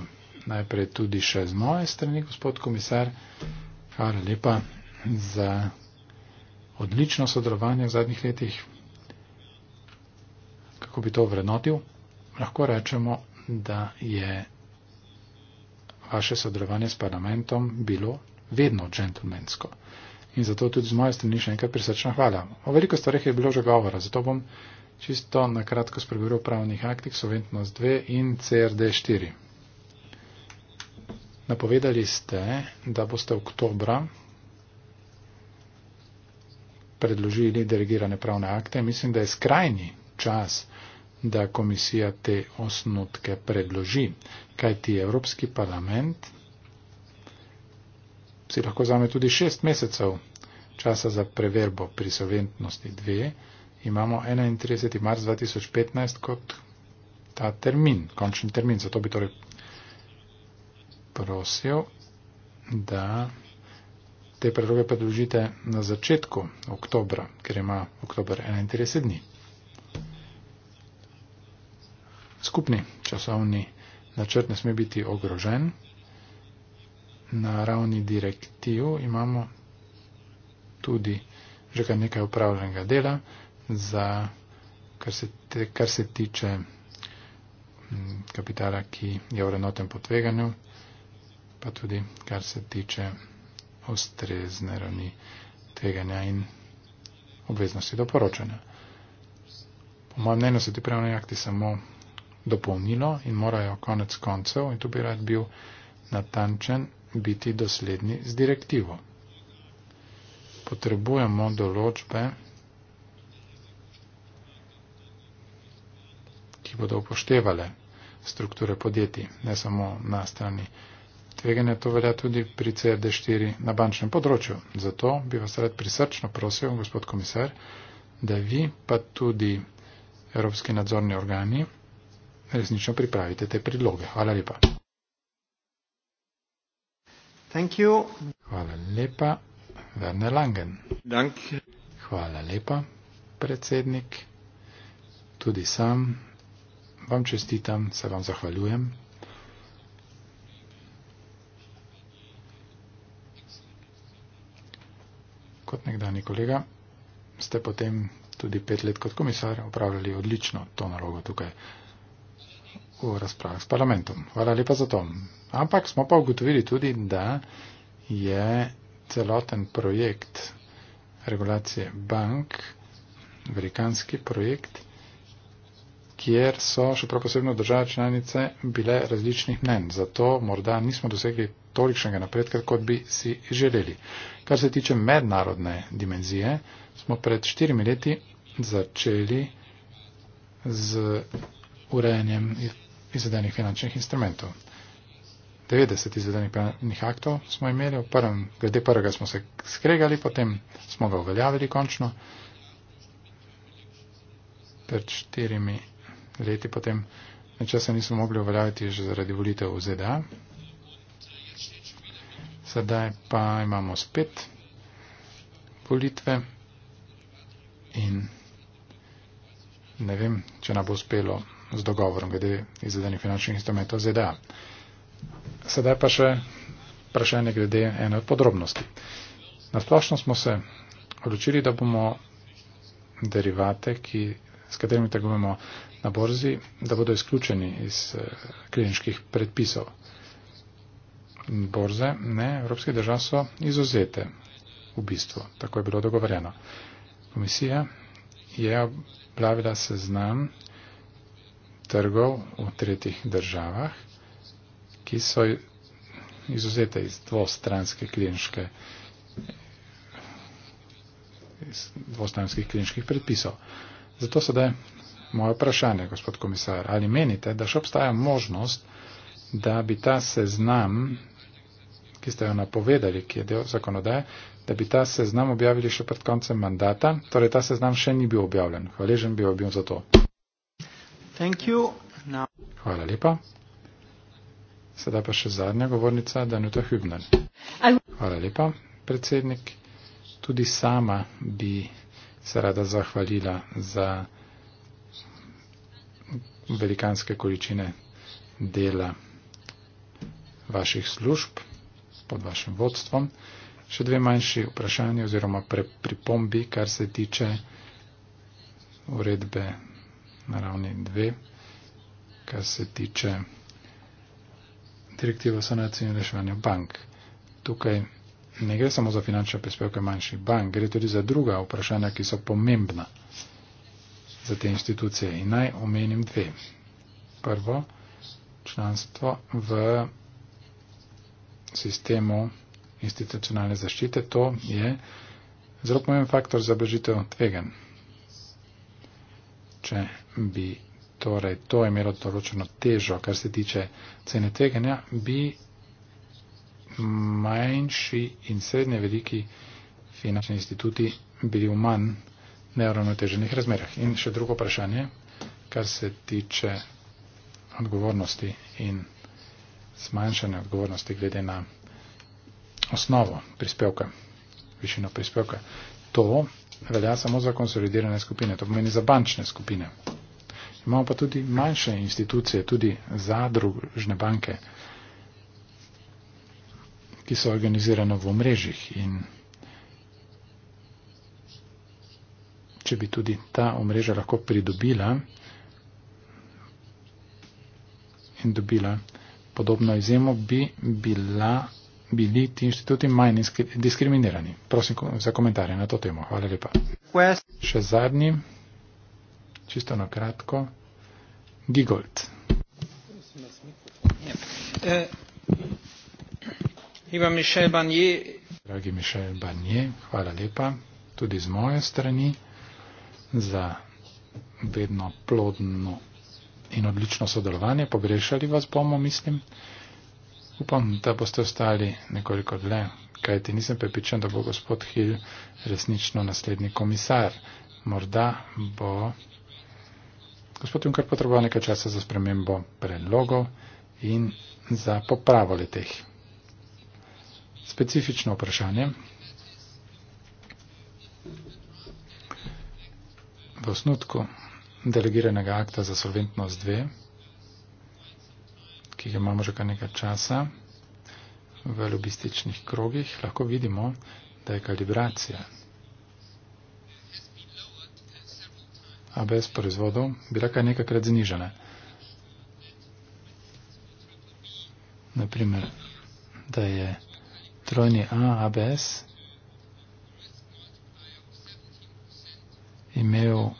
Najprej tudi še z moje strani, gospod komisar. Hvala lepa za odlično sodelovanje v zadnjih letih. Kako bi to vrednotil? Lahko rečemo, da je vaše sodelovanje s parlamentom bilo vedno džentlmensko. In zato tudi z moje strani še enkrat prisrčna hvala. O veliko stvarih je bilo že govora, zato bom čisto na kratko spregovoril o pravnih aktih Soventnos 2 in CRD 4. Napovedali ste, da boste oktobra predložili delegirane pravne akte. Mislim, da je skrajni čas, da komisija te osnutke predloži, kajti Evropski parlament si lahko zame tudi šest mesecev časa za preverbo pri soventnosti dve imamo 31. mars 2015 kot ta termin, končni termin. Zato bi torej prosil, da te predloge predložite na začetku oktobra, ker ima oktober 31 dni. Skupni časovni načrt ne sme biti ogrožen. Na ravni direktiv imamo tudi že kar nekaj upravljenega dela za kar se, te, kar se tiče mm, kapitala, ki je vrednoten po tveganju, pa tudi kar se tiče ustrezne ravni tveganja in obveznosti do poročanja. Po mojem mnenju so ti pravni akti samo dopolnilo in morajo konec koncev, in tu bi rad bil natančen, biti dosledni z direktivo. Potrebujemo določbe, ki bodo upoštevale strukture podjetij, ne samo na strani tveganja. To velja tudi pri CRD4 na bančnem področju. Zato bi vas rad prisrčno prosil, gospod komisar, da vi pa tudi Evropski nadzorni organi resnično pripravite te predloge. Hvala lepa. Thank you. Hvala lepa, Werner Langen. Dank. Hvala lepa, predsednik. Tudi sam vam čestitam, se vam zahvaljujem. Kot nekdani kolega ste potem tudi pet let kot komisar upravljali odlično to nalogo tukaj v razpravah s parlamentom. Hvala lepa za to. Ampak smo pa ugotovili tudi, da je celoten projekt regulacije bank, velikanski projekt, kjer so še prav posebno države članice bile različnih mnen. Zato morda nismo dosegli tolikšnega napredka, kot bi si želeli. Kar se tiče mednarodne dimenzije, smo pred štirimi leti začeli z urejanjem izvedenih finančnih instrumentov. 90 izvedenih pravnih aktov smo imeli, prvem, glede prvega smo se skregali, potem smo ga uveljavili končno pred štirimi leti leti potem načasa niso mogli uveljaviti že zaradi volitev v ZDA. Sedaj pa imamo spet volitve in ne vem, če nam bo uspelo z dogovorom glede izvedenih finančnih instrumentov ZDA. Sedaj pa še vprašanje glede ene od podrobnosti. Nasplošno smo se odločili, da bomo derivate, ki, s katerimi trgujemo na borzi, da bodo izključeni iz eh, kliničkih predpisov. Borze, ne, evropske države so izuzete v bistvu, tako je bilo dogovorjeno. Komisija je objavila seznam trgov v tretjih državah, ki so izuzete iz dvostranske kliničke iz dvostranskih kliničkih predpisov. Zato sedaj Moje vprašanje, gospod komisar, ali menite, da še obstaja možnost, da bi ta seznam, ki ste jo napovedali, ki je del zakonodaje, da bi ta seznam objavili še pred koncem mandata? Torej, ta seznam še ni bil objavljen. Hvaležen bi bil za to. Hvala lepa. Sedaj pa še zadnja govornica, Danuta Hübner. Hvala lepa, predsednik. Tudi sama bi se rada zahvalila za velikanske količine dela vaših služb pod vašim vodstvom. Še dve manjši vprašanje oziroma pripombi, kar se tiče uredbe na ravni dve, kar se tiče direktive o sanaciji in reševanju bank. Tukaj ne gre samo za finančne prispevke manjših bank, gre tudi za druga vprašanja, ki so pomembna za te institucije. In naj omenim dve. Prvo, članstvo v sistemu institucionalne zaščite, to je zelo pomemben faktor za blažitev tvegan. Če bi torej to imelo določeno težo, kar se tiče cene tveganja, bi manjši in srednje veliki finančni instituti bili v manj neuravnoteženih razmerah. In še drugo vprašanje, kar se tiče odgovornosti in zmanjšanja odgovornosti glede na osnovo prispevka, višino prispevka. To velja samo za konsolidirane skupine, to pomeni za bančne skupine. Imamo pa tudi manjše institucije, tudi zadružne banke, ki so organizirane v omrežjih in mogoče bi tudi ta omrežja lahko pridobila in dobila podobno izjemo, bi bila, bili ti inštituti manj diskriminirani. Prosim za komentarje na to temo. Hvala lepa. Quest. Še zadnji, čisto na kratko, Gigolt. Eh, Ima Mišel Banje. Dragi Mišel Banje, hvala lepa. Tudi z moje strani za vedno plodno in odlično sodelovanje. Pogrešali vas bomo, mislim. Upam, da boste ostali nekoliko dlje, kajti nisem prepričan, da bo gospod Hill resnično naslednji komisar. Morda bo gospod Junker potreboval nekaj časa za spremembo predlogov in za popravo le teh. Specifično vprašanje, v osnutku delegiranega akta za solventnost 2, ki ga imamo že kar nekaj časa v lobističnih krogih, lahko vidimo, da je kalibracija ABS proizvodov bila kar nekajkrat znižana. Naprimer, da je trojni A ABS imel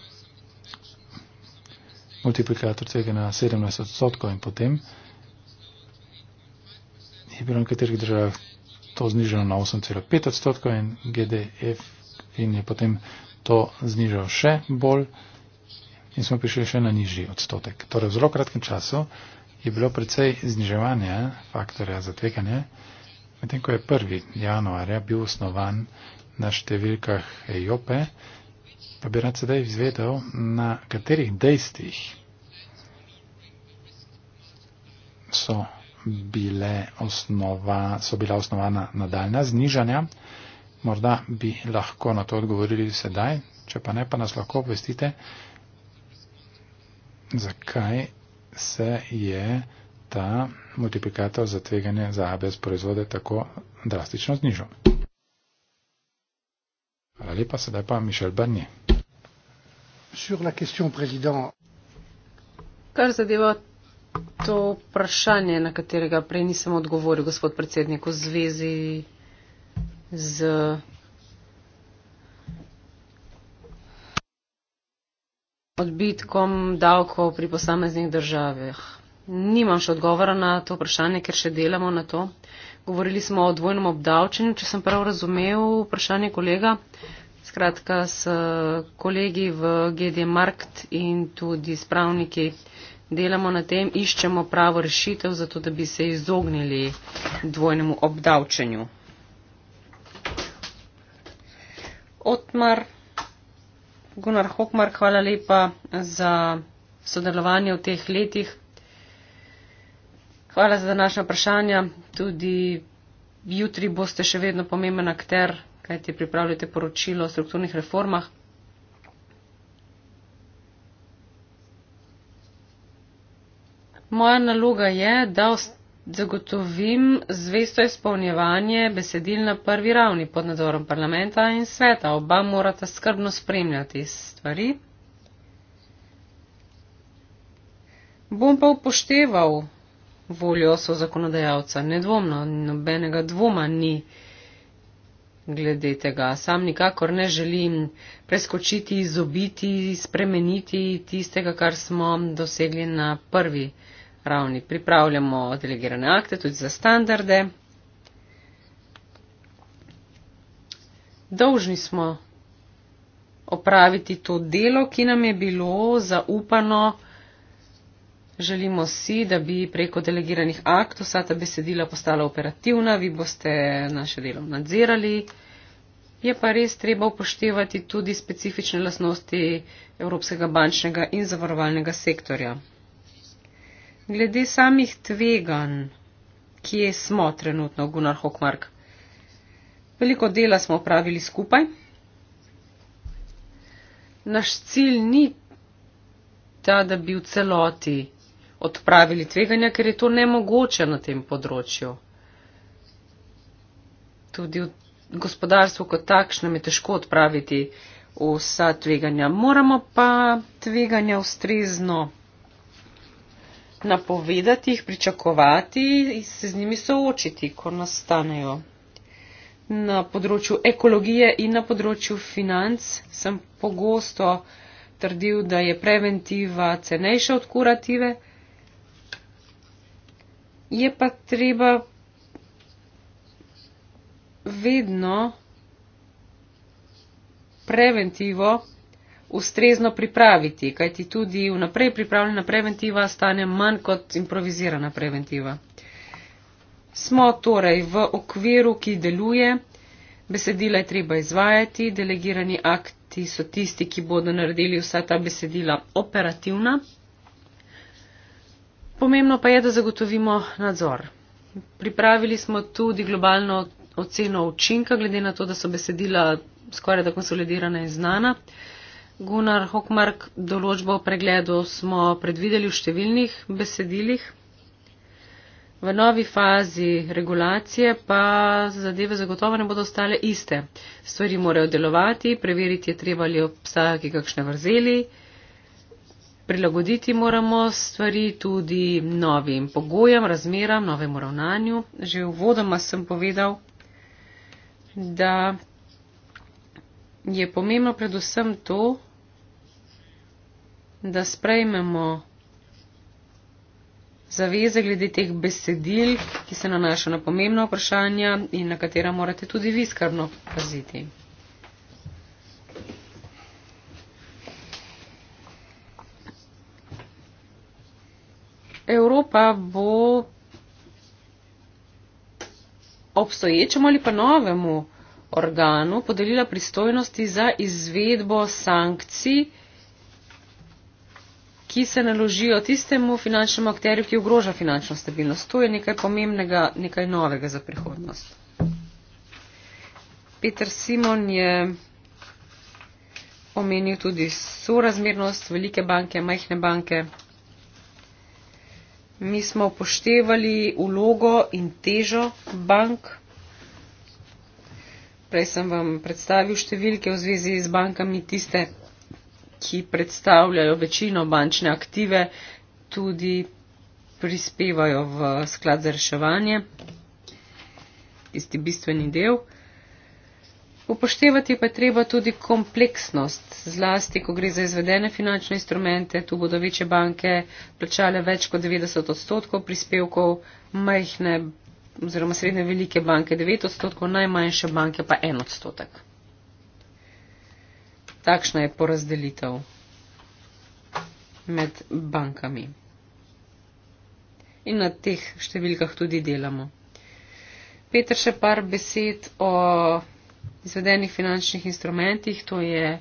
multiplikator tvega na 17 odstotkov in potem je bilo v nekaterih državah to znižano na 8,5 odstotkov in GDF in je potem to znižal še bolj in smo prišli še na nižji odstotek. Torej v zelo kratkem času je bilo precej zniževanje faktorja za tveganje, medtem ko je 1. januarja bil osnovan na številkah EJOPE, pa bi rad sedaj izvedel, na katerih dejstvih so, bile osnova, so bila osnovana nadaljna znižanja. Morda bi lahko na to odgovorili sedaj, če pa ne, pa nas lahko obvestite, zakaj se je ta multiplikator za tveganje za ABS proizvode tako drastično znižal. Hvala lepa, sedaj pa Mišel Brnje. Kar zadeva to vprašanje, na katerega prej nisem odgovoril, gospod predsednik, v zvezi z. odbitkom davkov pri posameznih državah. Nimam še odgovora na to vprašanje, ker še delamo na to. Uh, Govorili smo o dvojnem obdavčenju, če sem prav razumel vprašanje kolega. Skratka, s kolegi v GD Markt in tudi s pravniki delamo na tem, iščemo pravo rešitev za to, da bi se izognili dvojnemu obdavčenju. Otmar, Gunnar Hokmar, hvala lepa za sodelovanje v teh letih. Hvala za današnja vprašanja. Tudi jutri boste še vedno pomemben akter, kajti pripravljate poročilo o strukturnih reformah. Moja naloga je, da zagotovim zvesto izpolnjevanje besedil na prvi ravni pod nadzorom parlamenta in sveta. Oba morata skrbno spremljati stvari. Bom pa upošteval voljo so zakonodajalca. Nedvomno, nobenega dvoma ni glede tega. Sam nikakor ne želim preskočiti, izobiti, spremeniti tistega, kar smo dosegli na prvi ravni. Pripravljamo delegirane akte tudi za standarde. Dolžni smo opraviti to delo, ki nam je bilo zaupano. Želimo si, da bi preko delegiranih aktov vsa ta besedila postala operativna, vi boste naše delo nadzirali. Je pa res treba upoštevati tudi specifične lasnosti Evropskega bančnega in zavarovalnega sektorja. Glede samih tvegan, kje smo trenutno, Gunnar Hokmark? Veliko dela smo opravili skupaj. Naš cilj ni ta, da bi v celoti odpravili tveganja, ker je to nemogoče na tem področju. Tudi v gospodarstvu kot takšnem je težko odpraviti vsa tveganja. Moramo pa tveganja ustrezno napovedati, jih pričakovati in se z njimi soočiti, ko nastanejo. Na področju ekologije in na področju financ sem pogosto trdil, da je preventiva cenejša od kurative je pa treba vedno preventivo ustrezno pripraviti, kajti tudi vnaprej pripravljena preventiva stane manj kot improvizirana preventiva. Smo torej v okviru, ki deluje, besedila je treba izvajati, delegirani akti so tisti, ki bodo naredili vsa ta besedila operativna. Pomembno pa je, da zagotovimo nadzor. Pripravili smo tudi globalno oceno učinka, glede na to, da so besedila skoraj da konsolidirana in znana. Gunnar Hokmark, določbo o pregledu smo predvideli v številnih besedilih. V novi fazi regulacije pa zadeve zagotovo ne bodo ostale iste. Stvari morajo delovati, preveriti je treba, ali obstajajo kakšne vrzeli. Prilagoditi moramo stvari tudi novim pogojem, razmeram, novemu ravnanju. Že v vodoma sem povedal, da je pomembno predvsem to, da sprejmemo zaveze glede teh besedil, ki se nanašajo na pomembna vprašanja in na katera morate tudi vi skrbno paziti. Evropa bo obstoječemu ali pa novemu organu podelila pristojnosti za izvedbo sankcij, ki se naložijo tistemu finančnemu akterju, ki ogroža finančno stabilnost. To je nekaj pomembnega, nekaj novega za prihodnost. Peter Simon je omenil tudi sorazmernost velike banke, majhne banke. Mi smo upoštevali ulogo in težo bank. Prej sem vam predstavil številke v zvezi z bankami, tiste, ki predstavljajo večino bančne aktive, tudi prispevajo v sklad za reševanje, tisti bistveni del. Upoštevati pa je treba tudi kompleksnost, zlasti, ko gre za izvedene finančne instrumente, tu bodo večje banke plačale več kot 90 odstotkov prispevkov, majhne oziroma srednje velike banke 9 odstotkov, najmanjše banke pa 1 odstotek. Takšna je porazdelitev med bankami. In na teh številkah tudi delamo. Peter, še par besed o izvedenih finančnih instrumentih. To je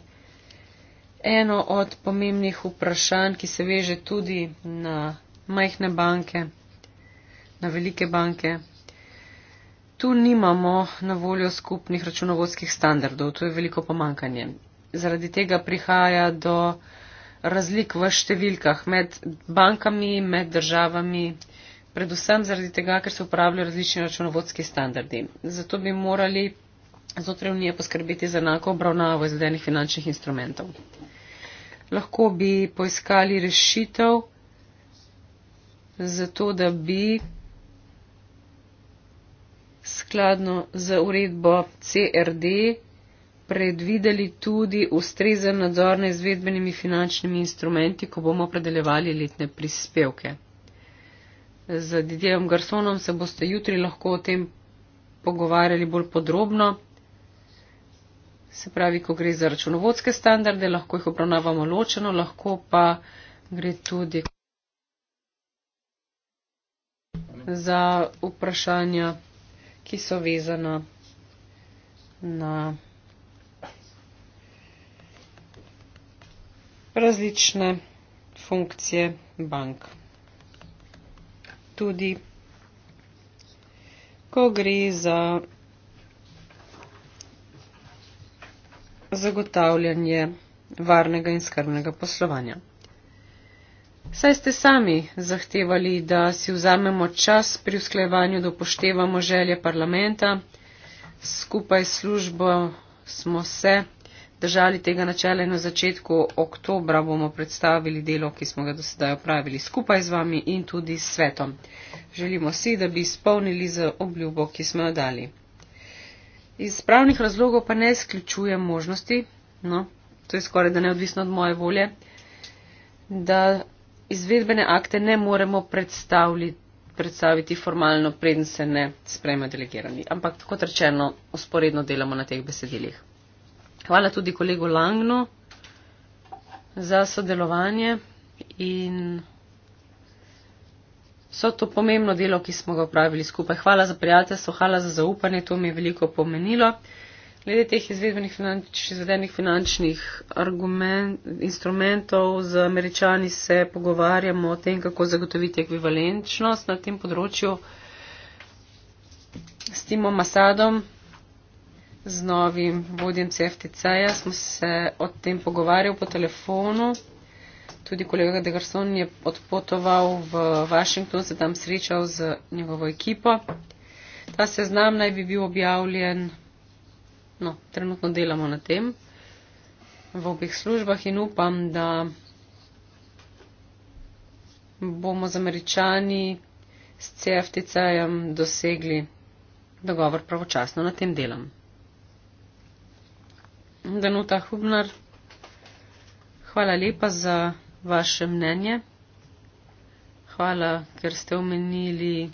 eno od pomembnih vprašanj, ki se veže tudi na majhne banke, na velike banke. Tu nimamo na voljo skupnih računovodskih standardov, tu je veliko pomankanje. Zaradi tega prihaja do razlik v številkah med bankami, med državami, predvsem zaradi tega, ker se uporabljajo različni računovodski standardi. Zato bi morali znotraj unije poskrbeti za enako obravnavo izvedenih finančnih instrumentov. Lahko bi poiskali rešitev za to, da bi skladno z uredbo CRD predvideli tudi ustrezen nadzor na izvedbenimi finančnimi instrumenti, ko bomo predelevali letne prispevke. Z Didijem Garsonom se boste jutri lahko o tem pogovarjali bolj podrobno. Se pravi, ko gre za računovodske standarde, lahko jih obravnavamo ločeno, lahko pa gre tudi za vprašanja, ki so vezana na različne funkcije bank. Tudi, ko gre za zagotavljanje varnega in skrbnega poslovanja. Saj ste sami zahtevali, da si vzamemo čas pri usklajevanju, da upoštevamo želje parlamenta, skupaj s službo smo se držali tega načela in na začetku oktobra bomo predstavili delo, ki smo ga do sedaj opravili skupaj z vami in tudi s svetom. Želimo si, da bi izpolnili z obljubo, ki smo jo dali iz pravnih razlogov pa ne izključujem možnosti, no, to je skoraj da neodvisno od moje volje, da izvedbene akte ne moremo predstaviti formalno, preden se ne sprejme delegirani. Ampak, kot rečeno, usporedno delamo na teh besedilih. Hvala tudi kolegu Langno za sodelovanje in vse to pomembno delo, ki smo ga upravili skupaj. Hvala za prijateljstvo, hvala za zaupanje, to mi je veliko pomenilo. Glede teh izvedenih finanč, izvedenih finančnih argument, instrumentov, z američani se pogovarjamo o tem, kako zagotoviti ekvivalenčnost na tem področju. S Timom Masadom, z novim vodjem CFTC-ja, smo se o tem pogovarjali po telefonu tudi kolega Degarson je odpotoval v Washington, se tam srečal z njegovo ekipo. Ta seznam naj bi bil objavljen, no, trenutno delamo na tem, v obih službah in upam, da bomo z američani s CFTC-jem dosegli dogovor pravočasno na tem delom. Danuta Hubnar, hvala lepa za vaše mnenje. Hvala, ker ste omenili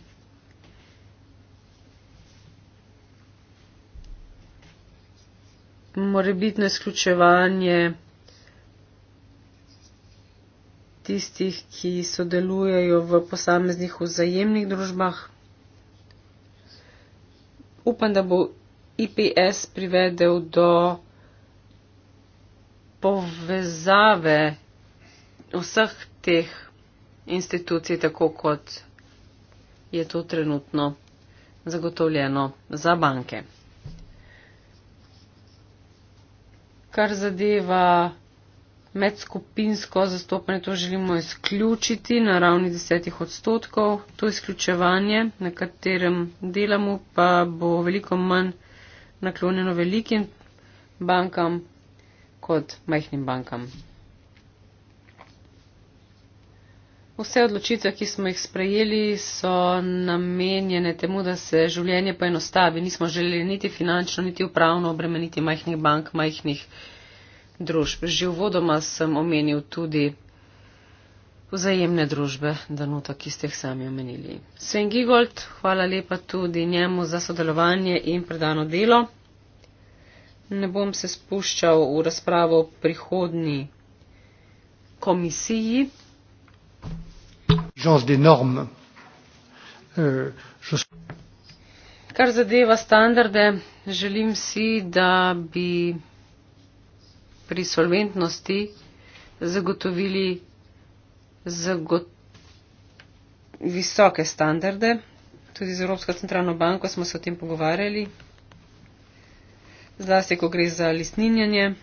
morebitno izključevanje tistih, ki sodelujejo v posameznih vzajemnih družbah. Upam, da bo IPS privedel do povezave vseh teh institucij, tako kot je to trenutno zagotovljeno za banke. Kar zadeva medskupinsko zastopanje, to želimo izključiti na ravni desetih odstotkov. To izključevanje, na katerem delamo, pa bo veliko manj naklonjeno velikim bankam kot majhnim bankam. Vse odločitve, ki smo jih sprejeli, so namenjene temu, da se življenje poenostavi. Nismo želeli niti finančno, niti upravno obremeniti majhnih bank, majhnih družb. Že v vodoma sem omenil tudi vzajemne družbe, danuto, ki ste jih sami omenili. Sven Gigold, hvala lepa tudi njemu za sodelovanje in predano delo. Ne bom se spuščal v razpravo o prihodni komisiji l'exigence des normes. Euh, je... Kar zadeva standarde, želim si, da bi pri solventnosti zagotovili zagot... visoke standarde. Tudi z Evropsko centralno banko smo se o tem pogovarjali, zlasti, ko gre za listninjanje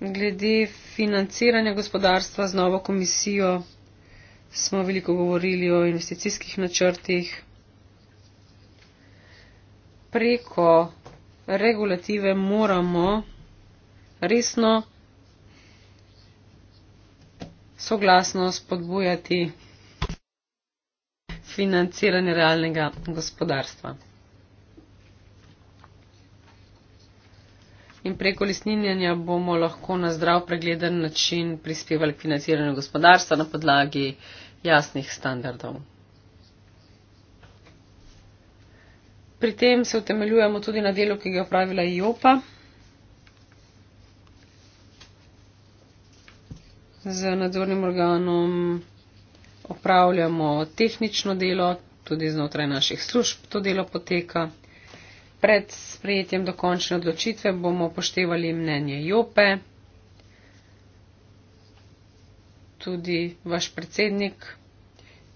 glede financiranja gospodarstva z novo komisijo smo veliko govorili o investicijskih načrtih. Preko regulative moramo resno soglasno spodbujati financiranje realnega gospodarstva. in preko lesninjenja bomo lahko na zdrav pregleden način prispevali k financiranju gospodarstva na podlagi jasnih standardov. Pri tem se utemeljujemo tudi na delu, ki ga je upravila IOPA z nadzornim organom. Opravljamo tehnično delo, tudi znotraj naših služb to delo poteka. Pred sprejetjem dokončne odločitve bomo poštevali mnenje Jope. Tudi vaš predsednik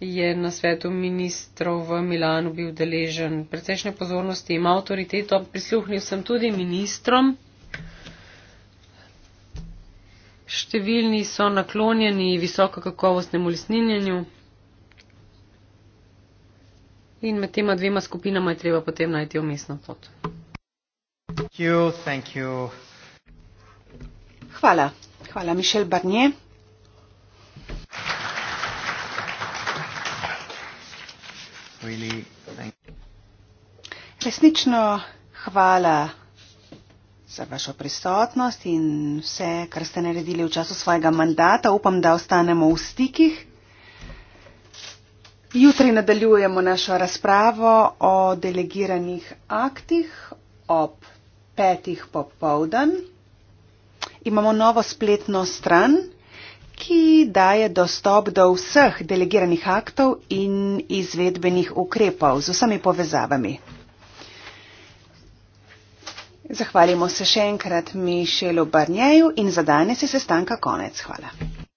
je na svetu ministrov v Milanu bil deležen precejšnje pozornosti in avtoriteto. Prisluhnil sem tudi ministrom. Številni so naklonjeni visoko kakovostnemu lisninjenju in med tema dvema skupinama je treba potem najti umestno pot. Thank you, thank you. Hvala. Hvala, Mišel Barnier. Really, Resnično hvala za vašo prisotnost in vse, kar ste naredili v času svojega mandata. Upam, da ostanemo v stikih. Jutri nadaljujemo našo razpravo o delegiranih aktih ob petih popovdan. Imamo novo spletno stran, ki daje dostop do vseh delegiranih aktov in izvedbenih ukrepov z vsemi povezavami. Zahvalimo se še enkrat Mišelu Barnjeju in za danes je sestanka konec. Hvala.